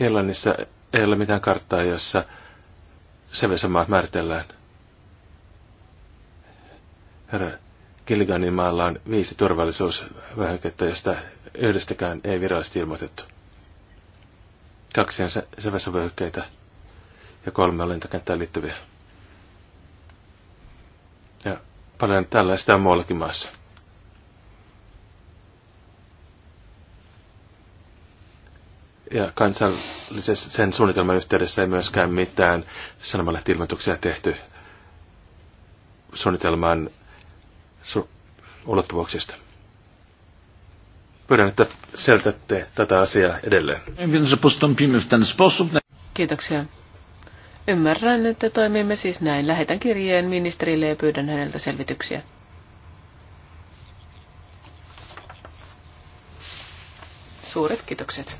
Irlannissa ei ole mitään karttaa, jossa Sevesomaat määritellään. Herra Kilganin maalla on viisi turvallisuusvyöhykettä, josta yhdestäkään ei virallisesti ilmoitettu. Kaksi on Sevesovyöhykkeitä ja kolme on lentokenttään liittyviä. Ja paljon tällaista on muuallakin maassa. ja kansallisen sen suunnitelman yhteydessä ei myöskään mitään sanomalehti-ilmoituksia tehty suunnitelman su- ulottuvuuksista. Pyydän, että seltätte tätä asiaa edelleen. Kiitoksia. Ymmärrän, että toimimme siis näin. Lähetän kirjeen ministerille ja pyydän häneltä selvityksiä. Suuret kiitokset.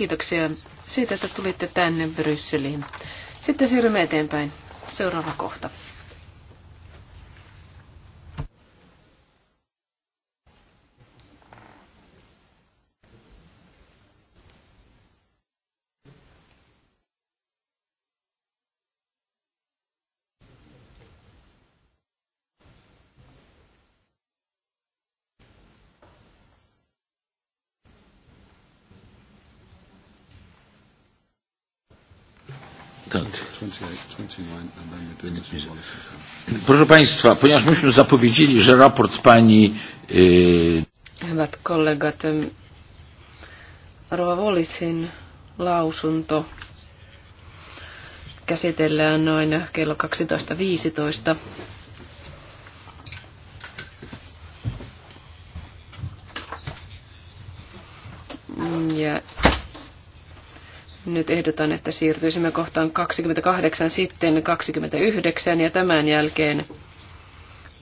Kiitoksia siitä, että tulitte tänne Brysseliin. Sitten siirrymme eteenpäin. Seuraava kohta. Proszę Państwa, ponieważ myśmy zapowiedzieli, że raport Pani... Hyvät kollegat, Rova Wallisin lausunto käsitellään noin kello 12.15. Ja nyt ehdotan, että siirtyisimme kohtaan 28, sitten 29 ja tämän jälkeen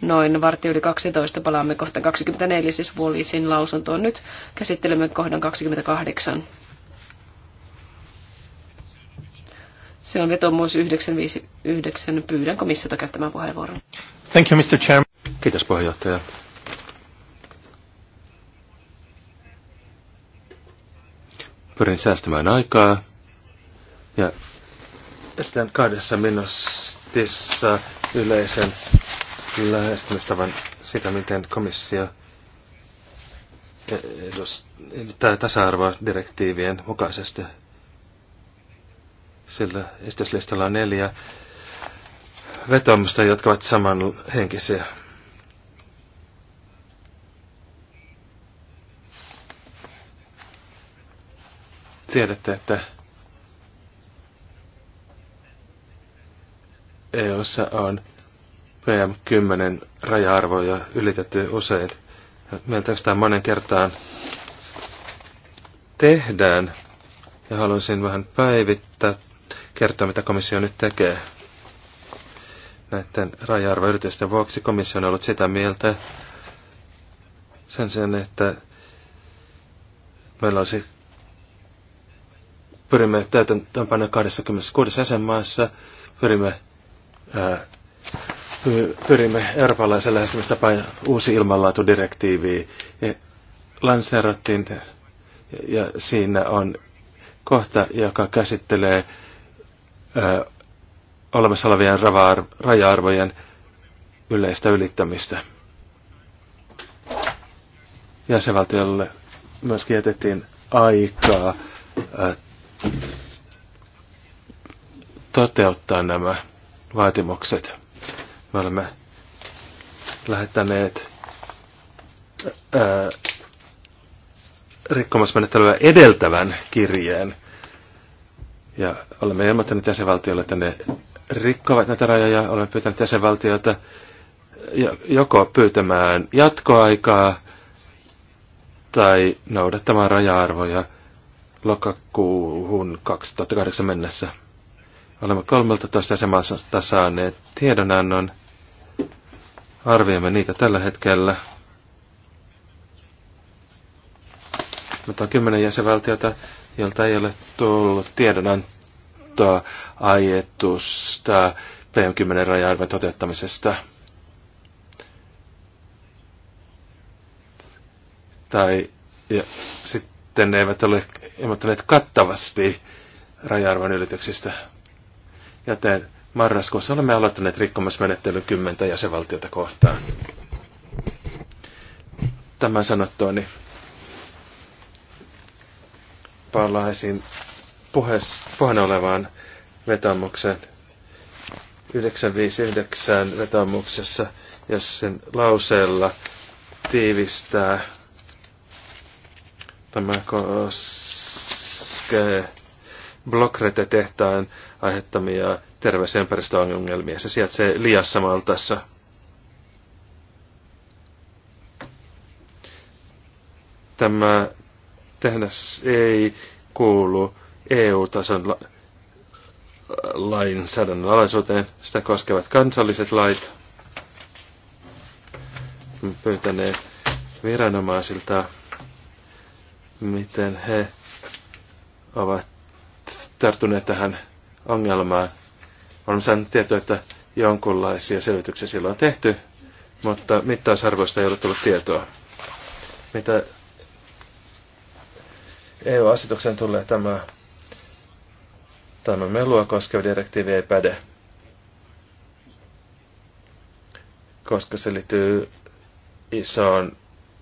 noin vartti yli 12 palaamme kohtaan 24, siis vuolisin lausuntoon. Nyt käsittelemme kohdan 28. Se on vetomuus 959. Pyydän komissiota käyttämään puheenvuoron. Thank you, Mr. Chairman. Kiitos puheenjohtaja. Pyrin säästämään aikaa. Ja esitän kahdessa minuutissa yleisen lähestymistavan sitä, miten komissio edustaa tasa-arvodirektiivien mukaisesti. Sillä esityslistalla on neljä vetoomusta, jotka ovat samanhenkisiä. tiedätte, että EUssa on PM10 raja-arvoja ylitetty usein. Meiltä tämä monen kertaan tehdään. Ja haluaisin vähän päivittää, kertoa mitä komissio nyt tekee. Näiden raja-arvoyritysten vuoksi komissio on ollut sitä mieltä sen sen, että meillä olisi pyrimme täytäntöönpanoon 26 jäsenmaassa, pyrimme, pyrimme eurooppalaisen lähestymistapaan uusi ilmanlaatudirektiivi lanseerattiin ja siinä on kohta, joka käsittelee olemassa olevien raja-arvojen yleistä ylittämistä. Jäsenvaltiolle myöskin jätettiin aikaa toteuttaa nämä vaatimukset. Me olemme lähettäneet rikkomusmenettelyä edeltävän kirjeen. Ja olemme ilmoittaneet jäsenvaltioille, että ne rikkovat näitä rajoja. Olemme pyytäneet jäsenvaltioita joko pyytämään jatkoaikaa tai noudattamaan raja-arvoja – lokakuuhun 2008 mennessä. Olemme 13 jäsenmaasta saaneet tiedonannon. Arvioimme niitä tällä hetkellä. Mutta on kymmenen jäsenvaltiota, joilta ei ole tullut tiedonantoa aietusta PM10 raja-arven toteuttamisesta. Tai ja sit sitten ne eivät ole ilmoittaneet kattavasti raja-arvon ylityksistä. Joten marraskuussa olemme aloittaneet rikkomusmenettelyn kymmentä jäsenvaltiota kohtaan. Tämän sanottuani palaisin puheen olevaan vetomukseen 959 vetomuksessa, jos sen lauseella tiivistää Tämä koskee Blokrete-tehtaan aiheuttamia terveysympäristöongelmia. Se sijaitsee Liassa Maltassa. Tämä tehdas ei kuulu EU-tason la- lainsäädännön alaisuuteen. Sitä koskevat kansalliset lait. Pyytäneet viranomaisilta miten he ovat tarttuneet tähän ongelmaan. Olen saanut tietoa, että jonkunlaisia selvityksiä silloin on tehty, mutta mittausarvoista ei ole tullut tietoa. Mitä EU-asetuksen tulee tämä, tämä melua koskeva direktiivi ei päde, koska se liittyy isoon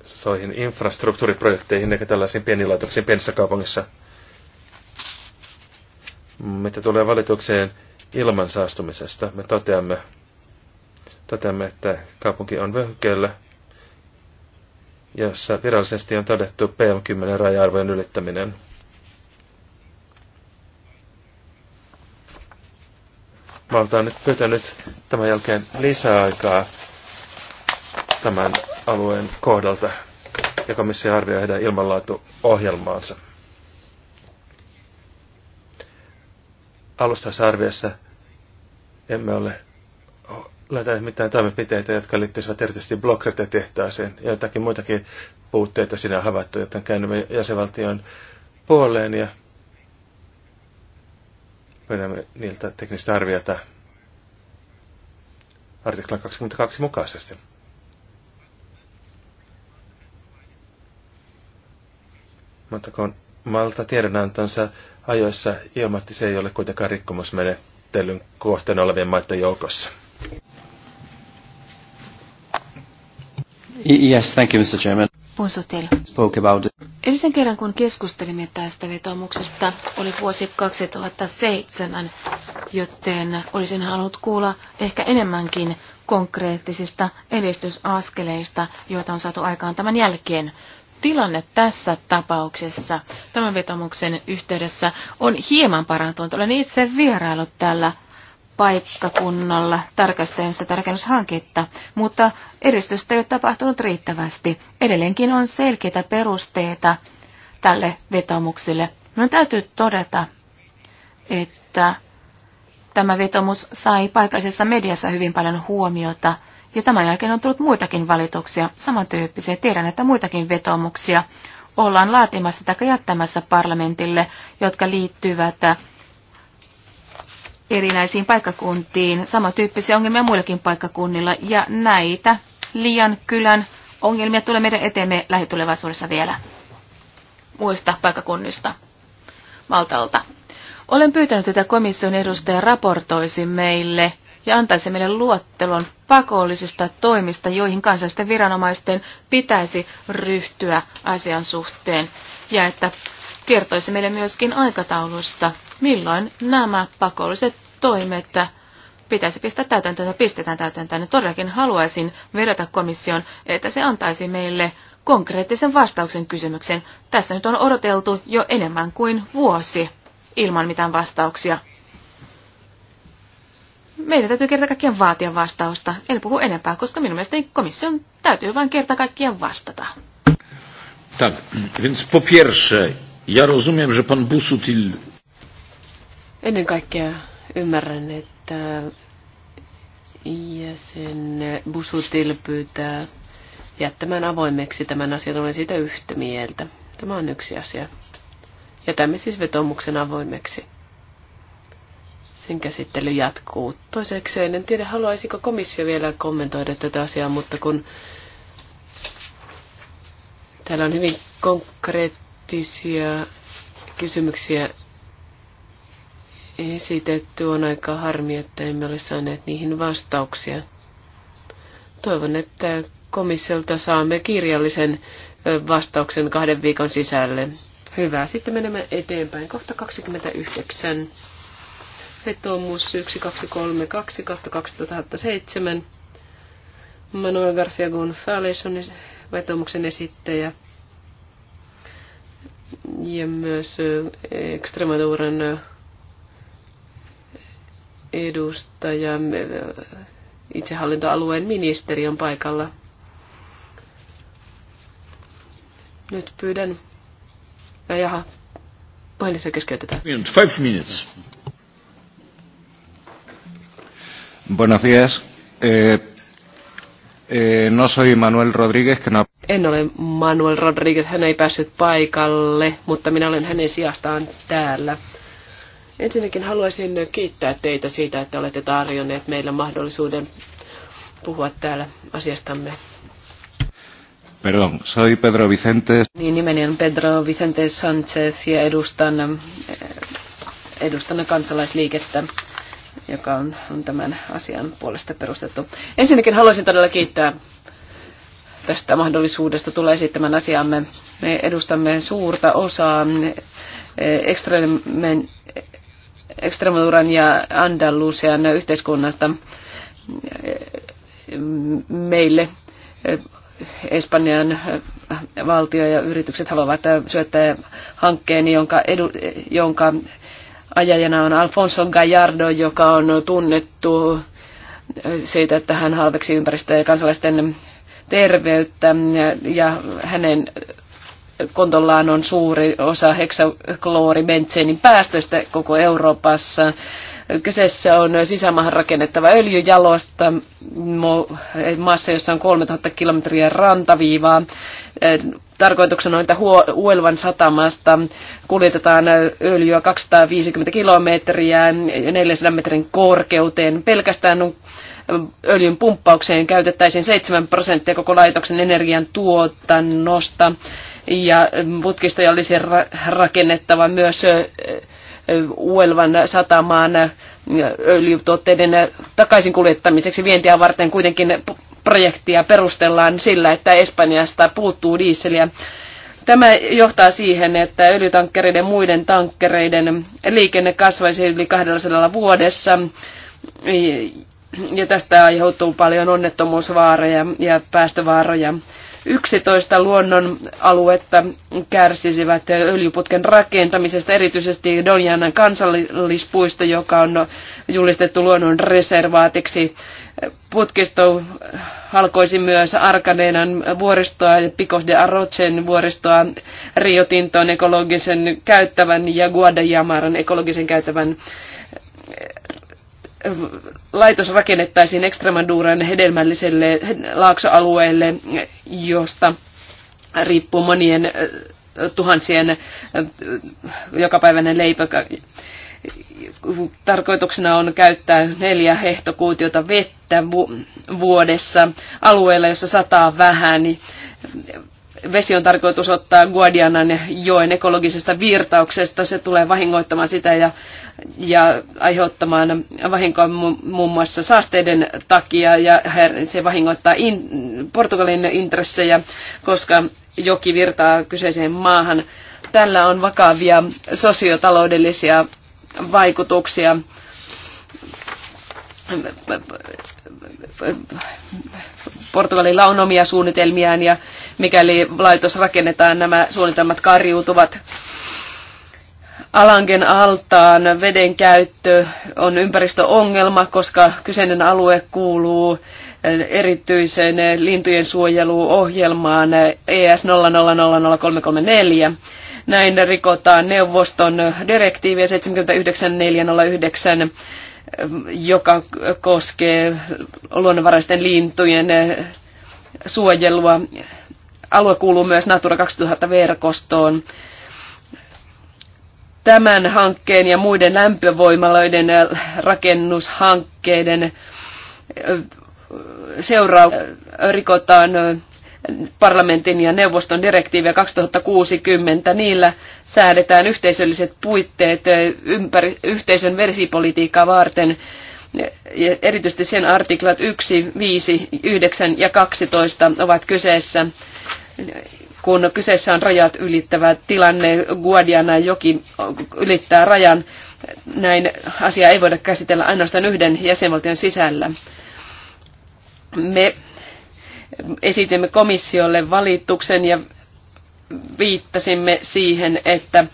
soihin infrastruktuuriprojekteihin eikä tällaisiin pieniin laitoksiin pienessä kaupungissa. Mitä tulee valitukseen ilman saastumisesta, me toteamme, toteamme että kaupunki on vöhykkeellä, jossa virallisesti on todettu PM10 raja-arvojen ylittäminen. Mä nyt pyytänyt tämän jälkeen lisäaikaa tämän alueen kohdalta, ja komissio arvioi heidän ilmanlaatuohjelmaansa. Alustaisessa arviossa emme ole löytäneet mitään toimenpiteitä, jotka liittyisivät erityisesti blokkretetehtaaseen ja jotakin muitakin puutteita siinä on havaittu, joten käännymme jäsenvaltion puoleen ja pyydämme niiltä teknistä arviota artiklan 22 mukaisesti. mutta Malta tiedonantonsa ajoissa ilmoitti, se ei ole kuitenkaan rikkomusmenettelyn kohteena olevien maiden joukossa. Yes, thank you, Mr. Chairman. Punsuttil. Spoke about it. Edellisen kerran, kun keskustelimme tästä vetomuksesta, oli vuosi 2007, joten olisin halunnut kuulla ehkä enemmänkin konkreettisista edistysaskeleista, joita on saatu aikaan tämän jälkeen tilanne tässä tapauksessa tämän vetomuksen yhteydessä on hieman parantunut. Olen itse vieraillut tällä paikkakunnalla tarkastelemassa tarkennushanketta, mutta edistystä ei ole tapahtunut riittävästi. Edelleenkin on selkeitä perusteita tälle vetomukselle. Minun täytyy todeta, että tämä vetomus sai paikallisessa mediassa hyvin paljon huomiota – ja tämän jälkeen on tullut muitakin valituksia, samantyyppisiä. Tiedän, että muitakin vetomuksia ollaan laatimassa tai jättämässä parlamentille, jotka liittyvät erinäisiin paikkakuntiin, samantyyppisiä ongelmia muillakin paikkakunnilla, ja näitä liian kylän ongelmia tulee meidän eteemme lähitulevaisuudessa vielä muista paikkakunnista Maltalta. Olen pyytänyt, että komission edustaja raportoisi meille – ja antaisi meille luottelon pakollisista toimista, joihin kansallisten viranomaisten pitäisi ryhtyä asian suhteen, ja että kertoisi meille myöskin aikataulusta, milloin nämä pakolliset toimet pitäisi pistää täytäntöön ja pistetään täytäntöön. Ja todellakin haluaisin vedota komission, että se antaisi meille konkreettisen vastauksen kysymykseen. Tässä nyt on odoteltu jo enemmän kuin vuosi ilman mitään vastauksia meidän täytyy kerta kaikkiaan vaatia vastausta. En puhu enempää, koska minun mielestäni komission täytyy vain kerta kaikkiaan vastata. Tak, więc po pierwsze, ja rozumiem, że pan Busutil... Ennen kaikkea ymmärrän, että jäsen Busutil pyytää jättämään avoimeksi tämän asian. Olen siitä yhtä mieltä. Tämä on yksi asia. Jätämme siis vetomuksen avoimeksi sen käsittely jatkuu. Toisekseen en tiedä, haluaisiko komissio vielä kommentoida tätä asiaa, mutta kun täällä on hyvin konkreettisia kysymyksiä esitetty, on aika harmi, että emme ole saaneet niihin vastauksia. Toivon, että komissiolta saamme kirjallisen vastauksen kahden viikon sisälle. Hyvä, sitten menemme eteenpäin. Kohta 29 vetomus 1232 2007. Manuel Garcia González on vetomuksen esittäjä. Ja myös Extremaduran edustaja, itsehallintoalueen ministeri on paikalla. Nyt pyydän. Ja jaha, puheenjohtaja keskeytetään. Five minutes. Buenos días. Eh, eh, no soy Manuel Rodríguez, que no... En ole Manuel Rodríguez, hän ei päässyt paikalle, mutta minä olen hänen sijastaan täällä. Ensinnäkin haluaisin kiittää teitä siitä, että olette tarjonneet meille mahdollisuuden puhua täällä asiastamme. Perdón, soy Pedro Vicente. Niin, nimeni on Pedro Vicente Sánchez ja edustan, eh, edustan kansalaisliikettä joka on, on tämän asian puolesta perustettu. Ensinnäkin haluaisin todella kiittää tästä mahdollisuudesta tulla esittämään asiamme. Me edustamme suurta osaa eh, Extremoduran ja Andalusian yhteiskunnasta eh, meille eh, Espanjan valtio ja yritykset haluavat syöttää hankkeen, jonka, edu, jonka ajajana on Alfonso Gallardo, joka on tunnettu siitä, että hän halveksi ympäristöä ja kansalaisten terveyttä ja hänen kontollaan on suuri osa heksakloorimetseenin päästöistä koko Euroopassa. Kyseessä on sisämaahan rakennettava öljyjalosta maassa, jossa on 3000 kilometriä rantaviivaa Tarkoituksena on, että Huelvan satamasta kuljetetaan öljyä 250 kilometriä 400 metrin korkeuteen. Pelkästään öljyn pumppaukseen käytettäisiin 7 prosenttia koko laitoksen energian tuotannosta. Ja mm, putkistoja olisi rakennettava myös Uelvan satamaan öljytuotteiden takaisin kuljettamiseksi vientiä varten kuitenkin projektia perustellaan sillä, että Espanjasta puuttuu diiseliä. Tämä johtaa siihen, että öljytankkereiden muiden tankkereiden liikenne kasvaisi yli 200 vuodessa ja tästä aiheutuu paljon onnettomuusvaaroja ja päästövaaroja. 11 luonnonaluetta kärsisivät öljyputken rakentamisesta, erityisesti Donjanan kansallispuisto, joka on julistettu luonnonreservaatiksi putkisto halkoisi myös Arkadenan vuoristoa ja Picos de Arrochen vuoristoa, Rio ekologisen käyttävän ja Guadajamaran ekologisen käyttävän laitos rakennettaisiin Extremaduran hedelmälliselle laaksoalueelle, josta riippuu monien tuhansien jokapäiväinen leipä Tarkoituksena on käyttää neljä hehtokuutiota vettä vuodessa alueella, jossa sataa vähän. Niin vesi on tarkoitus ottaa Guadianan joen ekologisesta virtauksesta. Se tulee vahingoittamaan sitä ja, ja aiheuttamaan vahinkoa muun muassa saasteiden takia. Ja se vahingoittaa in, Portugalin intressejä, koska joki virtaa kyseiseen maahan. Tällä on vakavia sosiotaloudellisia vaikutuksia Portugalilla on omia suunnitelmiaan ja mikäli laitos rakennetaan, nämä suunnitelmat karjuutuvat. Alangen altaan veden käyttö on ympäristöongelma, koska kyseinen alue kuuluu erityisen lintujen suojeluohjelmaan ES 000334 näin rikotaan neuvoston direktiiviä 79409 joka koskee luonnonvaraisten lintujen suojelua. Alue kuuluu myös Natura 2000-verkostoon. Tämän hankkeen ja muiden lämpövoimaloiden rakennushankkeiden seuraus rikotaan parlamentin ja neuvoston direktiiviä 2060. Niillä säädetään yhteisölliset puitteet eh, ympäri, yhteisön vesipolitiikkaa varten, erityisesti sen artiklat 1, 5, 9 ja 12 ovat kyseessä kun kyseessä on rajat ylittävä tilanne, Guadiana joki ylittää rajan, näin asiaa ei voida käsitellä ainoastaan yhden jäsenvaltion sisällä. Me esitimme komissiolle valituksen ja viittasimme siihen, että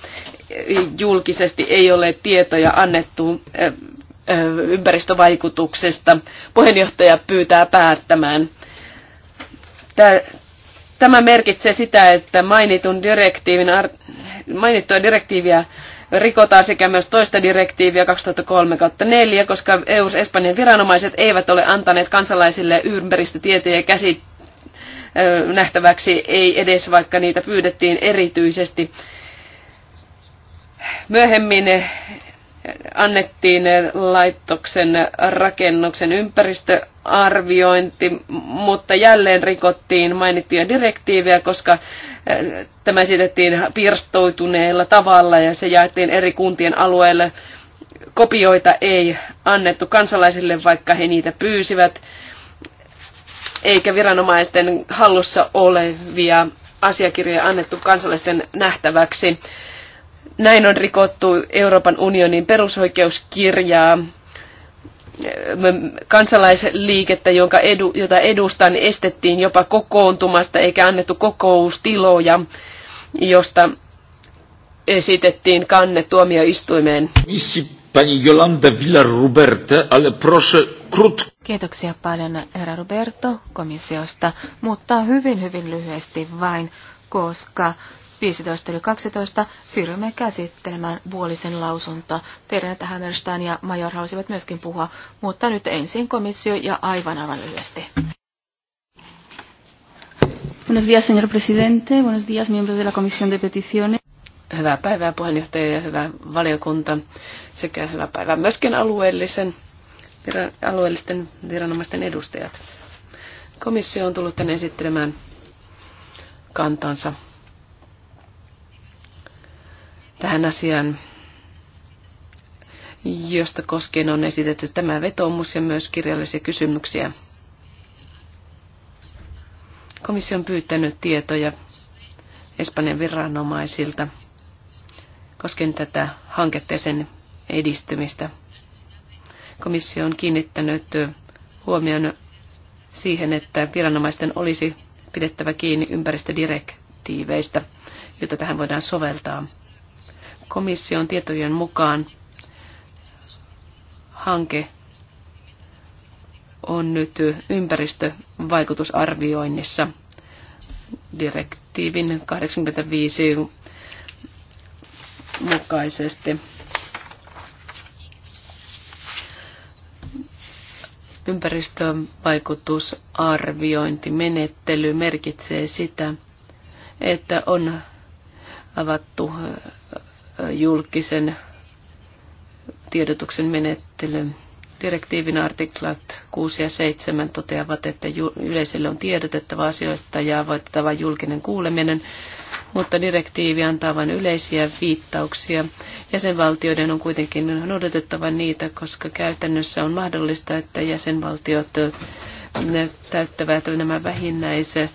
julkisesti ei ole tietoja annettu ympäristövaikutuksesta. Puheenjohtaja pyytää päättämään. Tämä merkitsee sitä, että mainitun direktiivin, mainittua direktiiviä rikotaan sekä myös toista direktiiviä 2003-4, koska EU-Espanjan viranomaiset eivät ole antaneet kansalaisille ympäristötietoja käsi nähtäväksi, ei edes vaikka niitä pyydettiin erityisesti. Myöhemmin annettiin laitoksen rakennuksen ympäristö arviointi, mutta jälleen rikottiin mainittuja direktiivejä, koska eh, tämä esitettiin pirstoituneella tavalla ja se jaettiin eri kuntien alueelle. Kopioita ei annettu kansalaisille, vaikka he niitä pyysivät, eikä viranomaisten hallussa olevia asiakirjoja annettu kansalaisten nähtäväksi. Näin on rikottu Euroopan unionin perusoikeuskirjaa kansalaisliikettä, jonka edu, jota edustan, estettiin jopa kokoontumasta eikä annettu kokoustiloja, josta esitettiin kanne tuomioistuimeen. Missi pani Jolanda Villaruberte, ale proszę krótko. Kiitoksia paljon herra Roberto komissiosta, mutta hyvin hyvin lyhyesti vain, koska 15 yli 12 siirrymme käsittelemään vuolisen lausunta. Tiedän, että Hammerstein ja Major halusivat myöskin puhua, mutta nyt ensin komissio ja aivan aivan lyhyesti. Buenos días, señor presidente. Buenos días, miembros de la Comisión de Peticiones. Hyvää päivää puheenjohtaja ja hyvää valiokunta sekä hyvää päivää myöskin alueellisen, alueellisten viranomaisten edustajat. Komissio on tullut tänne esittelemään kantansa tähän asiaan, josta koskien on esitetty tämä vetoomus ja myös kirjallisia kysymyksiä. Komissio on pyytänyt tietoja Espanjan viranomaisilta koskien tätä hanketta ja sen edistymistä. Komissio on kiinnittänyt huomioon siihen, että viranomaisten olisi pidettävä kiinni ympäristödirektiiveistä, jota tähän voidaan soveltaa. Komission tietojen mukaan hanke on nyt ympäristövaikutusarvioinnissa direktiivin 85 mukaisesti. Ympäristövaikutusarviointimenettely merkitsee sitä, että on avattu julkisen tiedotuksen menettely. Direktiivin artiklat 6 ja 7 toteavat, että yleisölle on tiedotettava asioista ja avoitettava julkinen kuuleminen, mutta direktiivi antaa vain yleisiä viittauksia. Jäsenvaltioiden on kuitenkin noudatettava niitä, koska käytännössä on mahdollista, että jäsenvaltiot täyttävät nämä vähinnäiset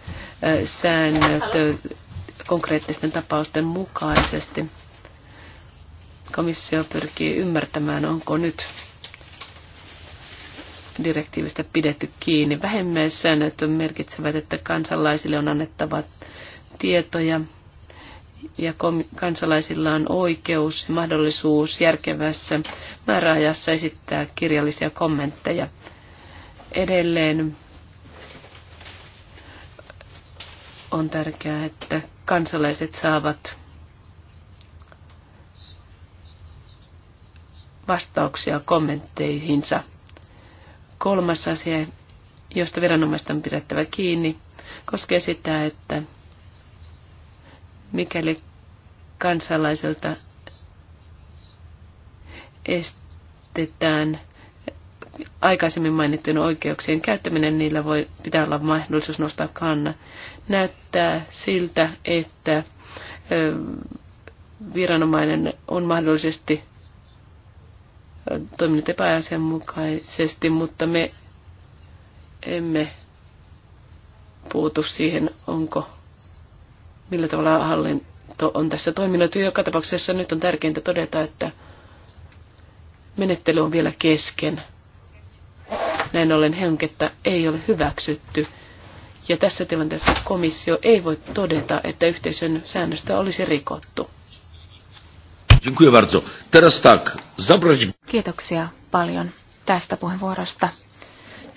säännöt konkreettisten tapausten mukaisesti. Komissio pyrkii ymmärtämään, onko nyt direktiivistä pidetty kiinni. Vähimmäissäännöt merkitsevät, että kansalaisille on annettava tietoja ja kansalaisilla on oikeus ja mahdollisuus järkevässä määräajassa esittää kirjallisia kommentteja. Edelleen on tärkeää, että kansalaiset saavat vastauksia kommentteihinsa. Kolmas asia, josta viranomaista on pidettävä kiinni, koskee sitä, että mikäli kansalaiselta estetään aikaisemmin mainittujen oikeuksien käyttäminen, niillä voi pitää olla mahdollisuus nostaa kanna. Näyttää siltä, että viranomainen on mahdollisesti toiminut epäasianmukaisesti, mutta me emme puutu siihen, onko, millä tavalla hallinto on tässä toiminut. Joka tapauksessa nyt on tärkeintä todeta, että menettely on vielä kesken. Näin ollen henkettä ei ole hyväksytty. Ja tässä tilanteessa komissio ei voi todeta, että yhteisön säännöstä olisi rikottu. Dziękuję bardzo. Teraz tak, zabrać... Kiitoksia paljon tästä puheenvuorosta.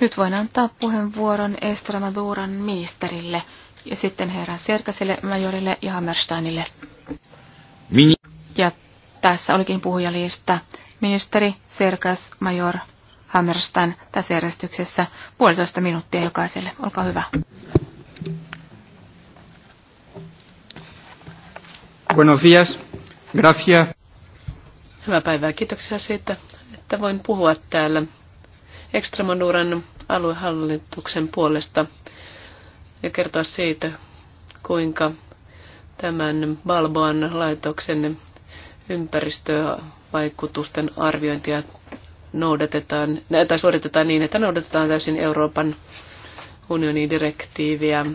Nyt voin antaa puheenvuoron Estramaduran ministerille ja sitten herra Serkaselle, Majorille ja Hammersteinille. Min... Ja tässä olikin puhujalista ministeri Serkas, Major, Hammerstein tässä järjestyksessä puolitoista minuuttia jokaiselle. Olkaa hyvä. Buenos días. Gracias. Hyvää päivää. Kiitoksia siitä, että voin puhua täällä Extremonuran aluehallituksen puolesta ja kertoa siitä, kuinka tämän Balboan laitoksen ympäristövaikutusten arviointia noudatetaan, äh, tai suoritetaan niin, että noudatetaan täysin Euroopan unionin direktiiviä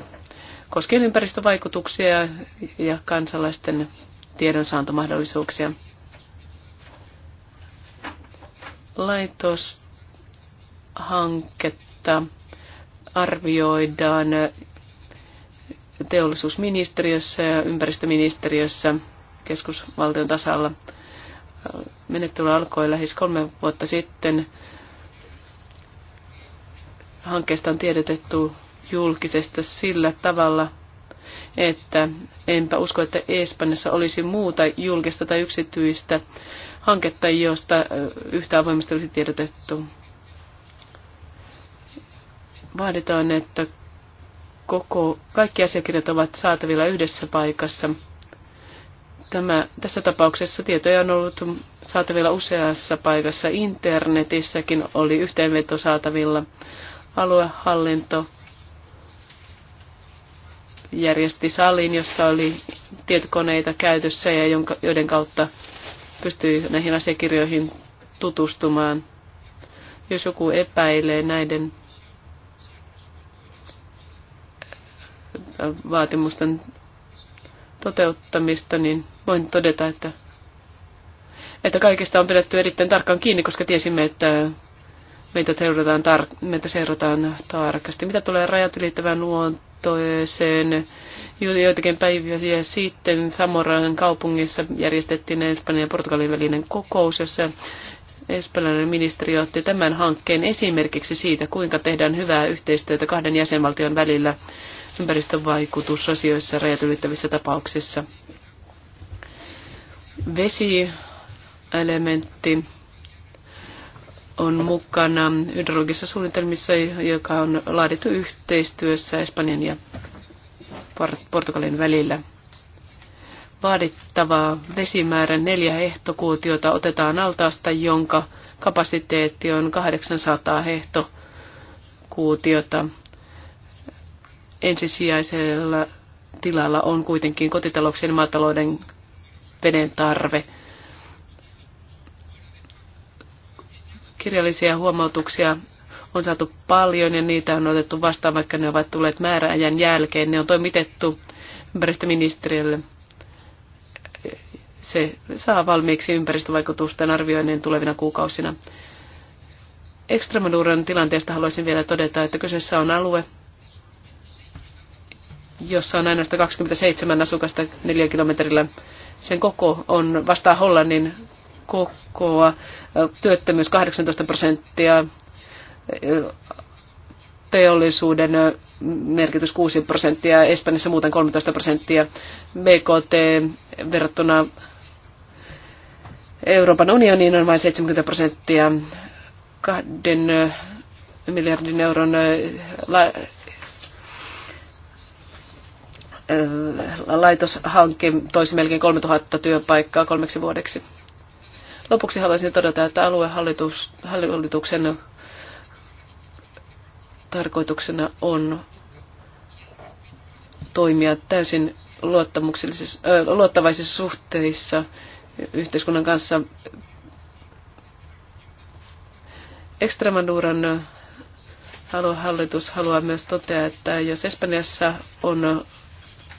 koskien ympäristövaikutuksia ja kansalaisten tiedonsaantomahdollisuuksia. laitoshanketta arvioidaan teollisuusministeriössä ja ympäristöministeriössä keskusvaltion tasalla. Menettely alkoi lähes kolme vuotta sitten. Hankkeesta on tiedotettu julkisesta sillä tavalla, että enpä usko, että Espanjassa olisi muuta julkista tai yksityistä hanketta, josta yhtä avoimesta olisi tiedotettu. Vaaditaan, että koko, kaikki asiakirjat ovat saatavilla yhdessä paikassa. Tämä, tässä tapauksessa tietoja on ollut saatavilla useassa paikassa. Internetissäkin oli yhteenveto saatavilla. Aluehallinto järjesti salin, jossa oli tietokoneita käytössä ja jonka, joiden kautta pystyy näihin asiakirjoihin tutustumaan. Jos joku epäilee näiden äh, vaatimusten toteuttamista, niin voin todeta, että, että kaikista on pidetty erittäin tarkkaan kiinni, koska tiesimme, että meitä seurataan, tar- meitä seurataan tarkasti. Mitä tulee rajat ylittävään luontoeseen, joitakin päiviä sitten Samoran kaupungissa järjestettiin Espanjan ja Portugalin välinen kokous, jossa espanjalainen ministeri otti tämän hankkeen esimerkiksi siitä, kuinka tehdään hyvää yhteistyötä kahden jäsenvaltion välillä ympäristövaikutusasioissa rajat ylittävissä tapauksissa. Vesi-elementti on mukana hydrologisissa suunnitelmissa, joka on laadittu yhteistyössä Espanjan ja Portugalin välillä. vaadittava vesimäärä neljä hehtokuutiota otetaan altaasta, jonka kapasiteetti on 800 hehtokuutiota. Ensisijaisella tilalla on kuitenkin kotitalouksien maatalouden veden tarve. Kirjallisia huomautuksia on saatu paljon ja niitä on otettu vastaan, vaikka ne ovat tulleet määräajan jälkeen. Ne on toimitettu ympäristöministeriölle. Se saa valmiiksi ympäristövaikutusten arvioinnin tulevina kuukausina. Extremaduran tilanteesta haluaisin vielä todeta, että kyseessä on alue, jossa on ainoastaan 27 asukasta neljä kilometrillä. Sen koko on vastaa Hollannin kokoa, työttömyys 18 prosenttia, teollisuuden merkitys 6 prosenttia, Espanjassa muuten 13 prosenttia, BKT verrattuna Euroopan unioniin on vain 70 prosenttia, kahden miljardin euron laitoshanke toisi melkein 3000 työpaikkaa kolmeksi vuodeksi. Lopuksi haluaisin todeta, että aluehallituksen tarkoituksena on toimia täysin luottavaisissa suhteissa yhteiskunnan kanssa. Extremaduran hallitus haluaa myös totea, että jos Espanjassa on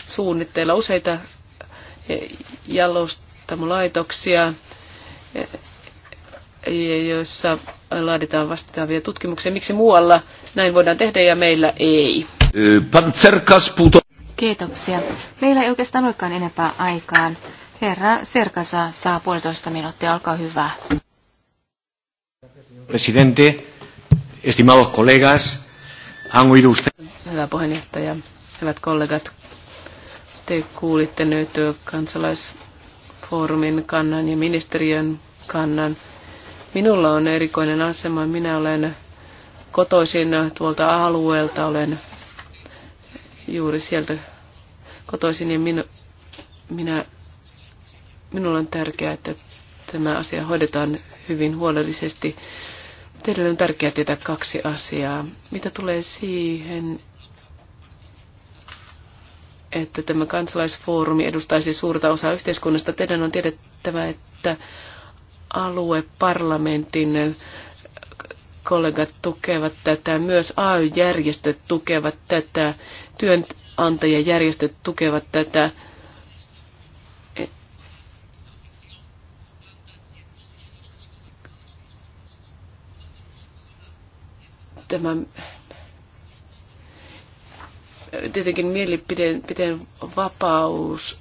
suunnitteilla useita e- jalostamolaitoksia, joissa laaditaan vastaavia tutkimuksia. Miksi muualla näin voidaan tehdä ja meillä ei? Kiitoksia. Meillä ei oikeastaan olekaan enempää aikaan. Herra Serkasa saa puolitoista minuuttia. Olkaa hyvä. Presidente, estimados colegas, han oído usted... Hyvä puheenjohtaja, hyvät kollegat. Te kuulitte nyt kansalaisfoorumin kannan ja ministeriön kannan. Minulla on erikoinen asema. Minä olen kotoisin tuolta alueelta, olen juuri sieltä kotoisin ja minu, minä, minulla on tärkeää, että tämä asia hoidetaan hyvin huolellisesti. Teille on tärkeää tietää kaksi asiaa. Mitä tulee siihen, että tämä kansalaisfoorumi edustaisi suurta osaa yhteiskunnasta, teidän on tiedettävä, että alueparlamentin kollegat tukevat tätä, myös AY-järjestöt tukevat tätä, työnantajajärjestöt tukevat tätä. Tämä tietenkin mielipiteen vapaus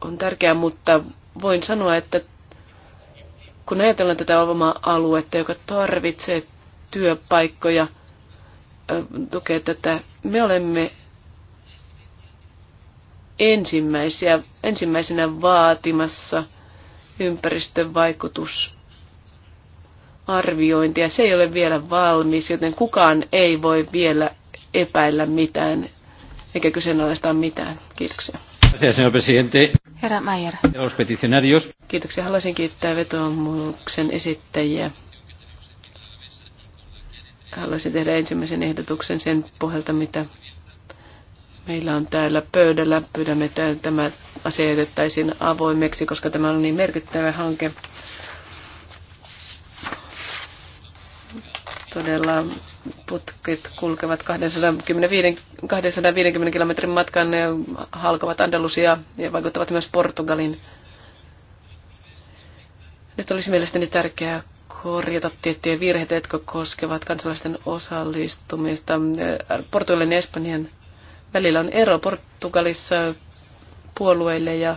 on tärkeää, mutta voin sanoa, että kun ajatellaan tätä omaa aluetta, joka tarvitsee työpaikkoja, tukee tätä, me olemme ensimmäisiä, ensimmäisenä vaatimassa ympäristövaikutus arviointia. Se ei ole vielä valmis, joten kukaan ei voi vielä epäillä mitään eikä kyseenalaistaa mitään. Kiitoksia. Herra Mayer. Kiitoksia. Haluaisin kiittää vetoomuksen esittäjiä. Haluaisin tehdä ensimmäisen ehdotuksen sen pohjalta, mitä meillä on täällä pöydällä. Pyydämme, että tämä asia jätettäisiin avoimeksi, koska tämä on niin merkittävä hanke. todella putket kulkevat 250, 250 kilometrin matkan ja halkovat Andalusia ja vaikuttavat myös Portugalin. Nyt olisi mielestäni tärkeää korjata tiettyjä virheitä, jotka koskevat kansalaisten osallistumista. Portugalin ja Espanjan välillä on ero Portugalissa puolueille ja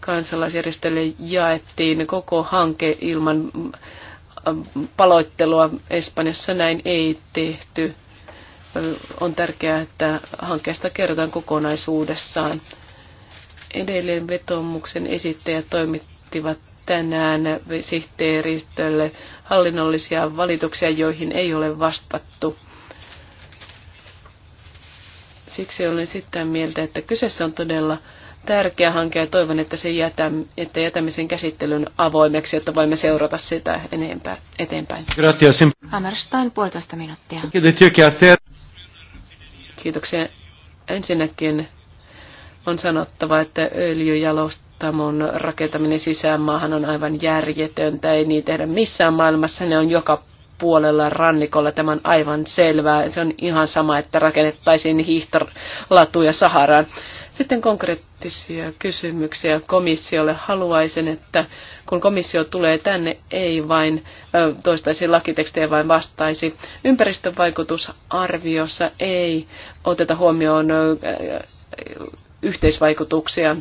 kansalaisjärjestöille jaettiin koko hanke ilman paloittelua Espanjassa näin ei tehty. On tärkeää, että hankkeesta kerrotaan kokonaisuudessaan. Edelleen vetomuksen esittäjät toimittivat tänään sihteeristölle hallinnollisia valituksia, joihin ei ole vastattu. Siksi olen sitä mieltä, että kyseessä on todella tärkeä hanke ja toivon, että, se jätä, että jätämme sen käsittelyn avoimeksi, jotta voimme seurata sitä enempää, eteenpäin. Gracias. Hammerstein, puolitoista minuuttia. Kiitoksia. Ensinnäkin on sanottava, että öljyjalostamon rakentaminen sisäänmaahan on aivan järjetöntä. Ei niin tehdä missään maailmassa. Ne on joka puolella rannikolla. Tämä on aivan selvää. Se on ihan sama, että rakennettaisiin hiihtolatuja Saharaan. Sitten konkreettisia kysymyksiä komissiolle. Haluaisin, että kun komissio tulee tänne, ei vain toistaisi lakitekstejä, vaan vastaisi. Ympäristövaikutusarviossa ei oteta huomioon yhteisvaikutuksia.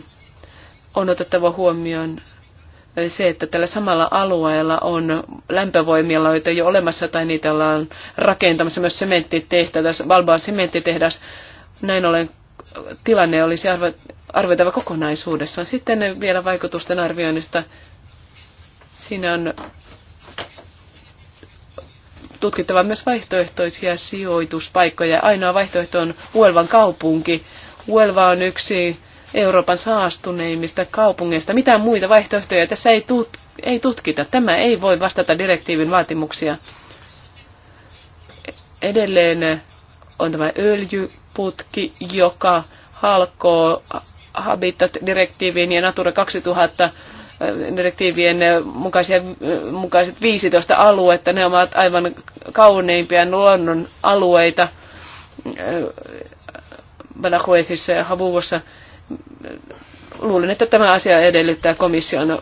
On otettava huomioon se, että tällä samalla alueella on lämpövoimialoita jo olemassa tai niitä ollaan rakentamassa myös sementtitehtävässä, valvoa sementtitehdas. Näin ollen tilanne olisi arvoitava kokonaisuudessaan. Sitten vielä vaikutusten arvioinnista. Siinä on tutkittava myös vaihtoehtoisia sijoituspaikkoja. Ainoa vaihtoehto on Uelvan kaupunki. Uelva on yksi Euroopan saastuneimmista kaupungeista. Mitään muita vaihtoehtoja tässä ei, tut- ei tutkita. Tämä ei voi vastata direktiivin vaatimuksia. Edelleen on tämä öljyputki, joka halkoo habitat direktiivien ja Natura 2000 direktiivien mukaisia, mukaiset 15 aluetta. Ne ovat aivan kauneimpia luonnon alueita Balahuetissa ja Havuvossa. Luulen, että tämä asia edellyttää komission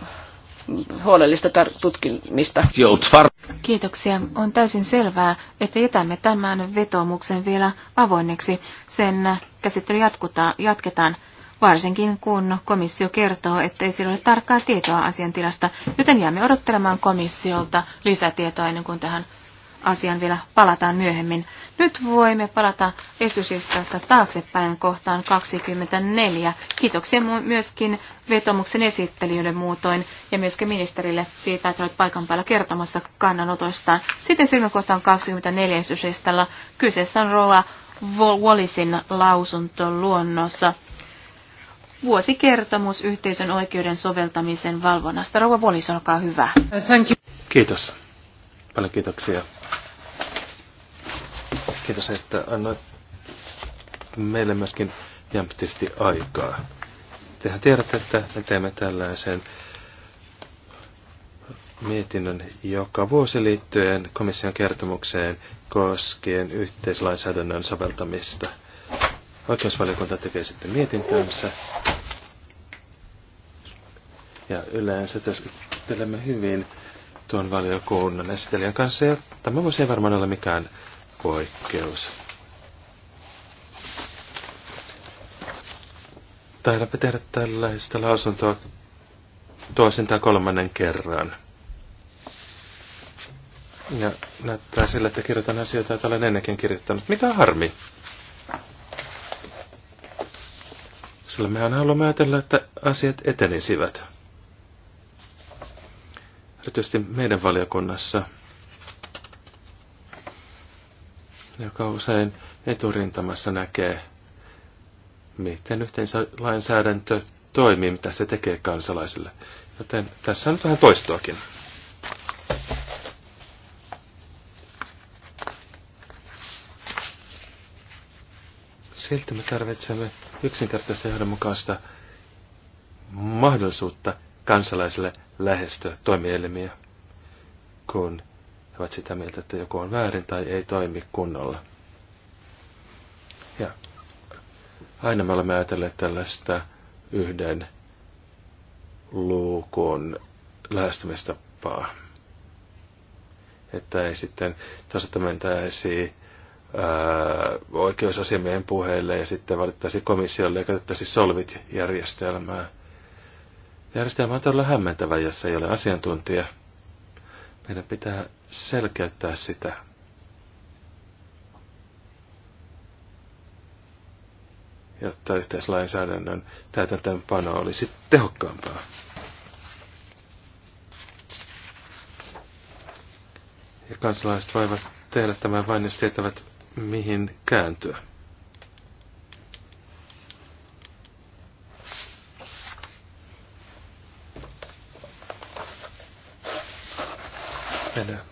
huolellista tutkimista. Kiitoksia. On täysin selvää, että jätämme tämän vetomuksen vielä avoinneksi. Sen käsittely jatketaan varsinkin kun komissio kertoo, ettei sillä ole tarkkaa tietoa asiantilasta, joten jäämme odottelemaan komissiolta lisätietoa ennen kuin tähän asiaan vielä palataan myöhemmin. Nyt voimme palata esitysistassa taaksepäin kohtaan 24. Kiitoksia myöskin vetomuksen esittelijöille muutoin ja myöskin ministerille siitä, että olet paikan päällä kertomassa kannanotoistaan. Sitten siirrymme kohtaan 24 esityslistalla. Kyseessä on Roa Wallisin lausunto luonnossa. Vuosikertomus yhteisön oikeuden soveltamisen valvonnasta. Rouva Wallis, olkaa hyvä. Thank you. Kiitos. Paljon kiitoksia Kiitos, että annoit meille myöskin jämptisti aikaa. Tehän tiedätte, että me teemme tällaisen mietinnön joka vuosi liittyen komission kertomukseen koskien yhteislainsäädännön soveltamista. Oikeusvaliokunta tekee sitten mietintönsä. Ja yleensä työskentelemme hyvin tuon valiokunnan esittelijän kanssa. Ja tämä voisi ei varmaan olla mikään poikkeus. Taidaanpa tehdä tällaista lausuntoa tai kolmannen kerran. Ja näyttää sillä, että kirjoitan asioita, joita olen ennenkin kirjoittanut. Mikä harmi? Sillä mehän haluamme ajatella, että asiat etenisivät. Erityisesti meidän valiokunnassa – joka usein eturintamassa näkee, miten yhteensä lainsäädäntö toimii, mitä se tekee kansalaisille. Joten tässä on nyt vähän toistoakin. Silti me tarvitsemme yksinkertaista johdonmukaista mahdollisuutta kansalaisille lähestyä toimielimiä, kun he ovat sitä mieltä, että joku on väärin tai ei toimi kunnolla. Ja aina me olemme ajatelleet tällaista yhden luukun lähestymistapaa. Että ei sitten toisaalta mentäisi oikeusasiamiehen puheille ja sitten valittaisi komissiolle ja käytettäisi solvit-järjestelmää. Järjestelmä on todella hämmentävä, jos ei ole asiantuntija – meidän pitää selkeyttää sitä. jotta yhteislainsäädännön täytäntöönpano olisi tehokkaampaa. Ja kansalaiset voivat tehdä tämän vain, jos tietävät, mihin kääntyä.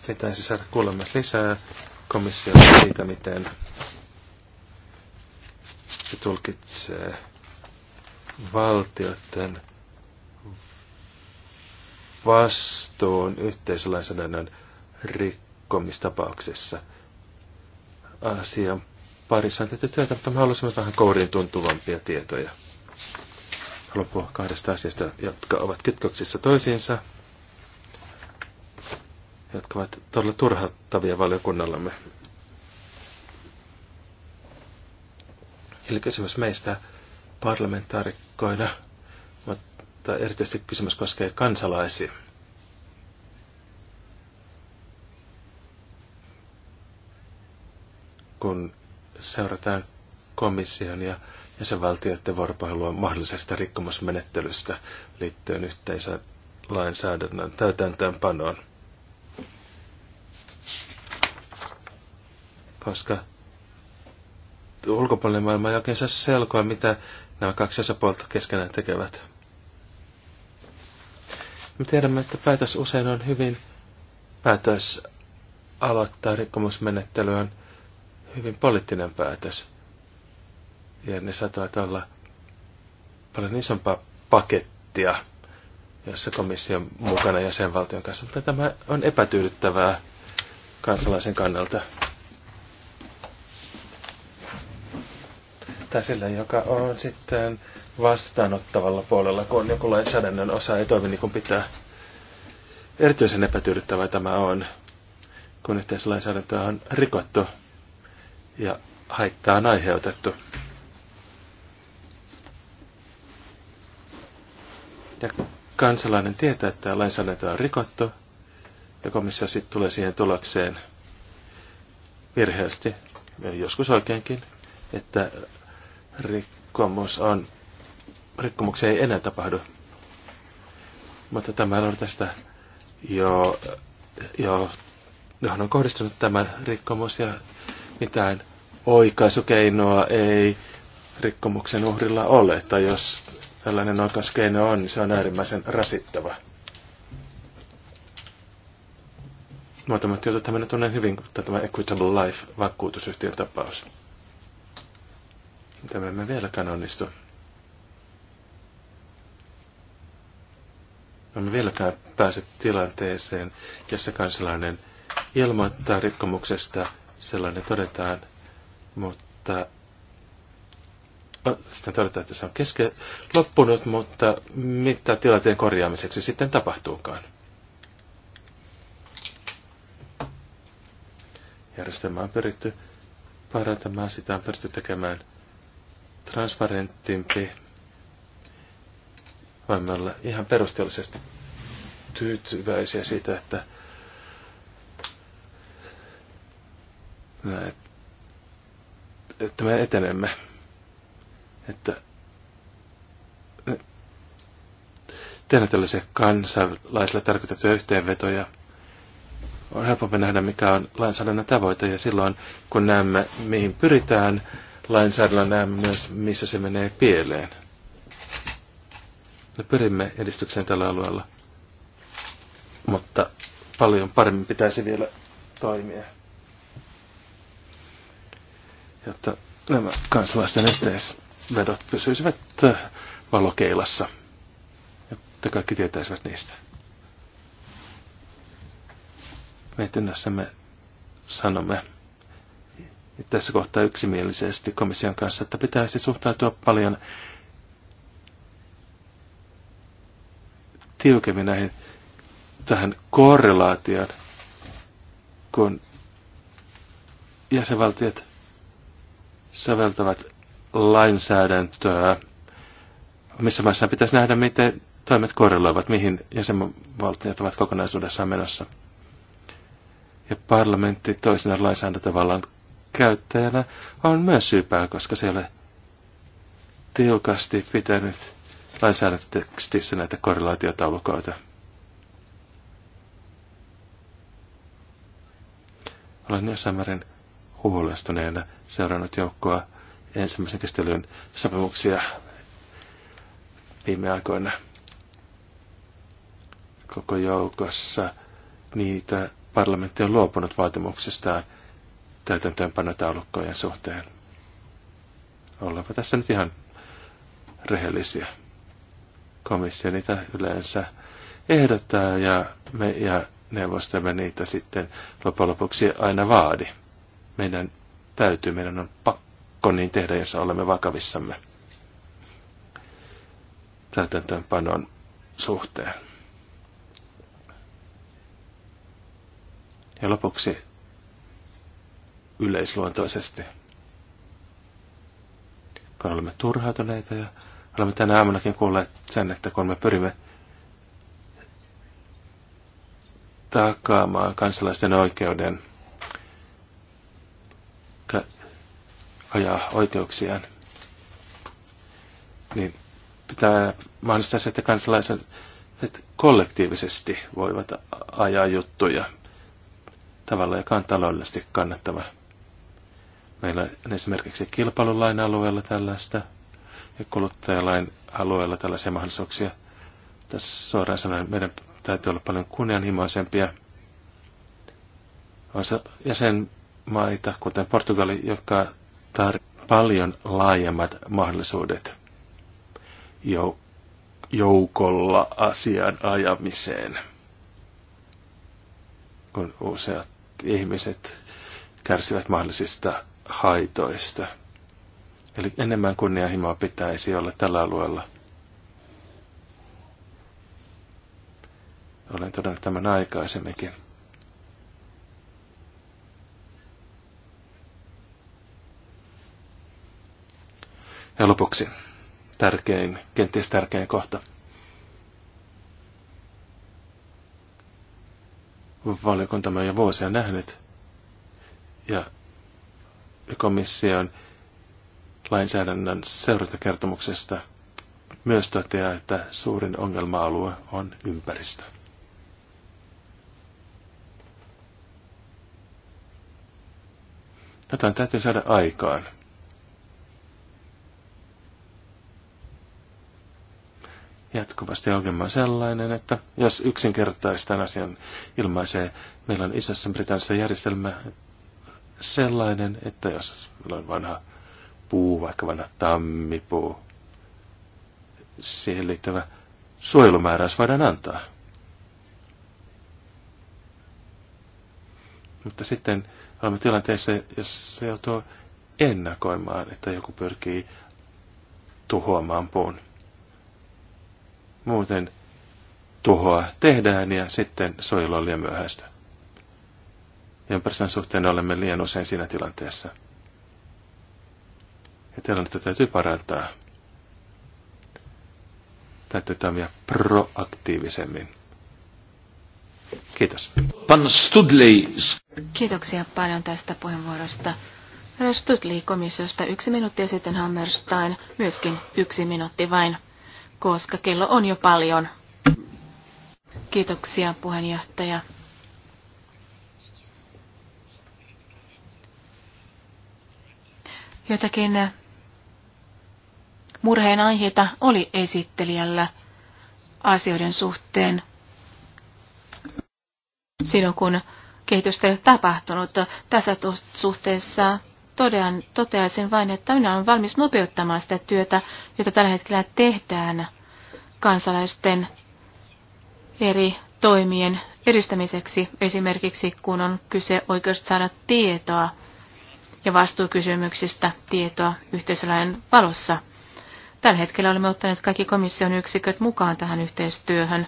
pitäisi saada kuulla myös lisää komissiolta siitä, miten se tulkitsee valtioiden vastuun yhteisölainsäädännön rikkomistapauksessa. Asian parissa on tehty työtä, mutta me haluaisimme vähän kouriin tuntuvampia tietoja. Haluan puhua kahdesta asiasta, jotka ovat kytköksissä toisiinsa jotka ovat todella turhauttavia valiokunnallamme. Eli kysymys meistä parlamentaarikkoina, mutta erityisesti kysymys koskee kansalaisia. Kun seurataan komission ja jäsenvaltioiden vuoropuhelua mahdollisesta rikkomusmenettelystä liittyen yhteisön lainsäädännön täytäntöönpanoon. koska ulkopuolinen maailma ei oikein saa selkoa, mitä nämä kaksi osapuolta keskenään tekevät. Me tiedämme, että päätös usein on hyvin, päätös aloittaa rikkomusmenettely on hyvin poliittinen päätös. Ja ne saattavat olla paljon isompaa pakettia, jossa komissio on mukana jäsenvaltion kanssa. Mutta tämä on epätyydyttävää kansalaisen kannalta. tai sille, joka on sitten vastaanottavalla puolella, kun joku lainsäädännön osa ei toimi niin kuin pitää. Erityisen epätyydyttävä tämä on, kun yhteislainsäädäntöä on rikottu ja haittaa on aiheutettu. Ja kansalainen tietää, että lainsäädäntö on rikottu, ja komissio sitten tulee siihen tulokseen virheellisesti, joskus oikeinkin, että rikkomus on, rikkomuksia ei enää tapahdu. Mutta tämä on tästä jo, jo johon on kohdistunut tämä rikkomus ja mitään oikaisukeinoa ei rikkomuksen uhrilla ole. Tai jos tällainen oikaisukeino on, niin se on äärimmäisen rasittava. Muutamat, joita tämän tunnen hyvin, tämä Equitable Life-vakuutusyhtiön tapaus. Tämä me emme vieläkään onnistu? emme vieläkään pääse tilanteeseen, jossa kansalainen ilmoittaa rikkomuksesta, sellainen todetaan, mutta sitten todetaan, että se on keske loppunut, mutta mitä tilanteen korjaamiseksi sitten tapahtuukaan. Järjestelmä on pyritty parantamaan, sitä on pyritty tekemään transparentimpi. Voimme olla ihan perusteellisesti tyytyväisiä siitä, että että me etenemme. Että tehdä tällaisia kansalaisilla tarkoitettuja yhteenvetoja. On helpompi nähdä, mikä on lainsäädännön tavoite, ja silloin kun näemme, mihin pyritään, lainsäädällä näemme myös, missä se menee pieleen. Me pyrimme edistykseen tällä alueella, mutta paljon paremmin pitäisi vielä toimia, jotta nämä kansalaisten yhteisvedot pysyisivät valokeilassa, jotta kaikki tietäisivät niistä. Mietinnässä me sanomme, tässä kohtaa yksimielisesti komission kanssa, että pitäisi suhtautua paljon tiukemmin näihin, tähän korrelaatioon, kun jäsenvaltiot säveltävät lainsäädäntöä, missä maissa pitäisi nähdä, miten toimet korreloivat, mihin jäsenvaltiot ovat kokonaisuudessaan menossa. Ja parlamentti toisena lainsäädäntövallan käyttäjänä on myös syypää, koska se ei ole tiukasti pitänyt lainsäädäntötekstissä näitä korrelaatiotaulukoita. Olen jo samarin huolestuneena seurannut joukkoa ensimmäisen käsittelyn sopimuksia viime aikoina. Koko joukossa niitä parlamentti on luopunut vaatimuksistaan – täytäntöönpanotaulukkojen suhteen. Ollaanpa tässä nyt ihan rehellisiä. Komissio niitä yleensä ehdottaa ja me ja neuvostamme niitä sitten loppujen lopuksi aina vaadi. Meidän täytyy, meidän on pakko niin tehdä, jos olemme vakavissamme täytäntöönpanon suhteen. Ja lopuksi yleisluontoisesti. Kun olemme turhautuneita ja olemme tänä aamunakin kuulleet sen, että kun me pyrimme takaamaan kansalaisten oikeuden ajaa oikeuksiaan, niin pitää mahdollistaa se, että kansalaiset kollektiivisesti voivat ajaa juttuja tavalla, joka on taloudellisesti kannattava. Meillä on esimerkiksi kilpailulain alueella tällaista ja kuluttajalain alueella tällaisia mahdollisuuksia. Tässä suoraan sanoen meidän täytyy olla paljon kunnianhimoisempia. On jäsenmaita, kuten Portugali, joka tarvitsee paljon laajemmat mahdollisuudet joukolla asian ajamiseen, kun useat ihmiset kärsivät mahdollisista haitoista. Eli enemmän kunnianhimoa pitäisi olla tällä alueella. Olen todennut tämän aikaisemminkin. Ja lopuksi tärkein, kenties tärkein kohta. Valiokuntamme on jo vuosia nähnyt ja komission lainsäädännön seurantakertomuksesta myös toteaa, että suurin ongelma-alue on ympäristö. Jotain täytyy saada aikaan. Jatkuvasti ongelma on sellainen, että jos yksinkertaistaan asian ilmaisee, meillä on isossa Britannissa järjestelmä, sellainen, että jos on vanha puu, vaikka vanha tammipuu, siihen liittyvä suojelumääräys voidaan antaa. Mutta sitten olemme tilanteessa, jos se joutuu ennakoimaan, että joku pyrkii tuhoamaan puun. Muuten tuhoa tehdään ja sitten suojelu on liian myöhäistä ympäristön suhteen olemme liian usein siinä tilanteessa. Ja tilannetta täytyy parantaa. Täytyy toimia proaktiivisemmin. Kiitos. Pan Studley. Kiitoksia paljon tästä puheenvuorosta. Herra Studley komissiosta yksi minuutti ja sitten Hammerstein myöskin yksi minuutti vain, koska kello on jo paljon. Kiitoksia puheenjohtaja. Jotakin murheen aiheita oli esittelijällä asioiden suhteen silloin, kun kehitystä ei ole tapahtunut. Tässä suhteessa todean, toteaisin vain, että minä olen valmis nopeuttamaan sitä työtä, jota tällä hetkellä tehdään kansalaisten eri toimien edistämiseksi, esimerkiksi kun on kyse oikeudesta saada tietoa ja vastuukysymyksistä tietoa yhteisölain valossa. Tällä hetkellä olemme ottaneet kaikki komission yksiköt mukaan tähän yhteistyöhön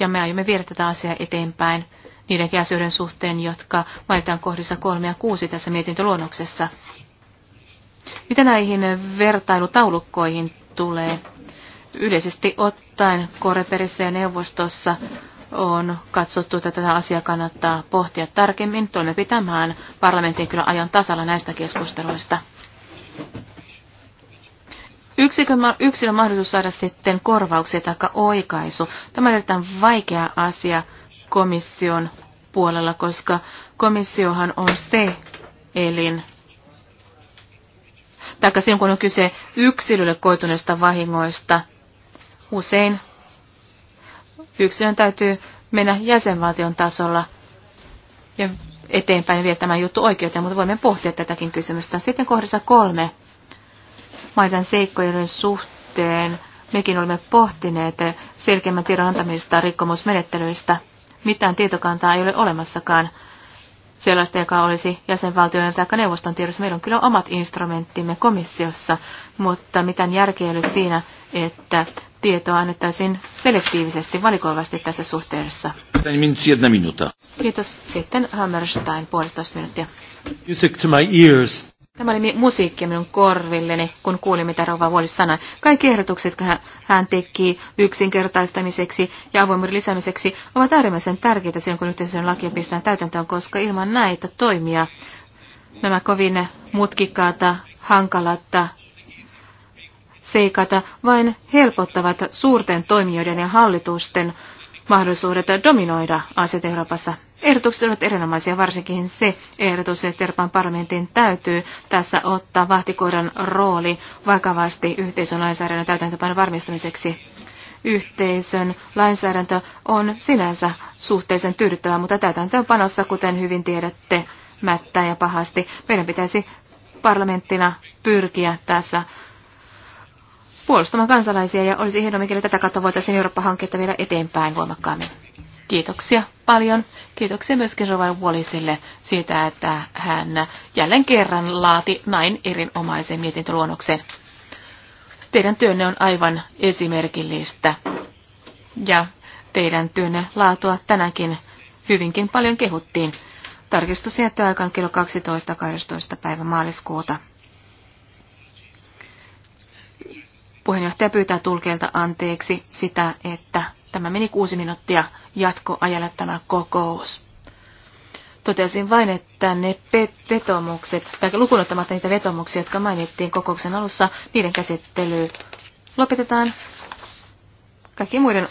ja me aiomme viedä tätä asiaa eteenpäin niiden asioiden suhteen, jotka mainitaan kohdissa 3 ja 6 tässä mietintöluonnoksessa. Mitä näihin vertailutaulukkoihin tulee? Yleisesti ottaen Koreperissä ja neuvostossa on katsottu, että tätä asiaa kannattaa pohtia tarkemmin. Tulemme pitämään parlamentin kyllä ajan tasalla näistä keskusteluista. Yksilö mahdollisuus saada sitten korvauksia tai oikaisu. Tämä on erittäin vaikea asia komission puolella, koska komissiohan on se elin, taikka silloin kun on kyse yksilölle koituneista vahingoista, usein yksilön täytyy mennä jäsenvaltion tasolla ja eteenpäin vie tämä juttu oikeuteen, mutta voimme pohtia tätäkin kysymystä. Sitten kohdassa kolme maiden seikkojen suhteen mekin olemme pohtineet selkeämmän tiedon antamista rikkomusmenettelyistä. Mitään tietokantaa ei ole olemassakaan sellaista, joka olisi jäsenvaltioiden tai neuvoston tiedossa. Meillä on kyllä omat instrumenttimme komissiossa, mutta mitään järkeä ei ole siinä, että tietoa annettaisiin selektiivisesti, valikoivasti tässä suhteessa. Kiitos. Sitten Hammerstein, puolitoista minuuttia. Music to my ears. Tämä oli musiikki minun korvilleni, kun kuulin, mitä Rova Wallis sanoi. Kaikki ehdotukset, jotka hän teki yksinkertaistamiseksi ja avoimuuden lisäämiseksi, ovat äärimmäisen tärkeitä silloin, kun yhteisön lakia pistetään täytäntöön, koska ilman näitä toimia nämä kovin mutkikkaata, hankalatta seikat vain helpottavat suurten toimijoiden ja hallitusten mahdollisuudet dominoida asiat Euroopassa. Ehdotukset ovat erinomaisia, varsinkin se ehdotus, että Euroopan parlamentin täytyy tässä ottaa vahtikoiran rooli vakavasti yhteisön lainsäädännön täytäntöpäin varmistamiseksi. Yhteisön lainsäädäntö on sinänsä suhteellisen tyydyttävä, mutta täytäntöönpanossa, kuten hyvin tiedätte, mättää ja pahasti. Meidän pitäisi parlamenttina pyrkiä tässä puolustamaan kansalaisia ja olisi hienoa, mikäli tätä kautta voitaisiin Eurooppa-hanketta viedä eteenpäin voimakkaammin. Kiitoksia paljon. Kiitoksia myöskin Rovan Wallisille siitä, että hän jälleen kerran laati näin erinomaisen mietintöluonnoksen. Teidän työnne on aivan esimerkillistä ja teidän työnne laatua tänäkin hyvinkin paljon kehuttiin. Tarkistus aikaan kello 12.12. päivä maaliskuuta. Puheenjohtaja pyytää tulkeilta anteeksi sitä, että tämä meni kuusi minuuttia jatkoajalle tämä kokous. Totesin vain, että ne vetomukset, tai lukunottamatta niitä vetomuksia, jotka mainittiin kokouksen alussa, niiden käsittely lopetetaan. Kaikki muiden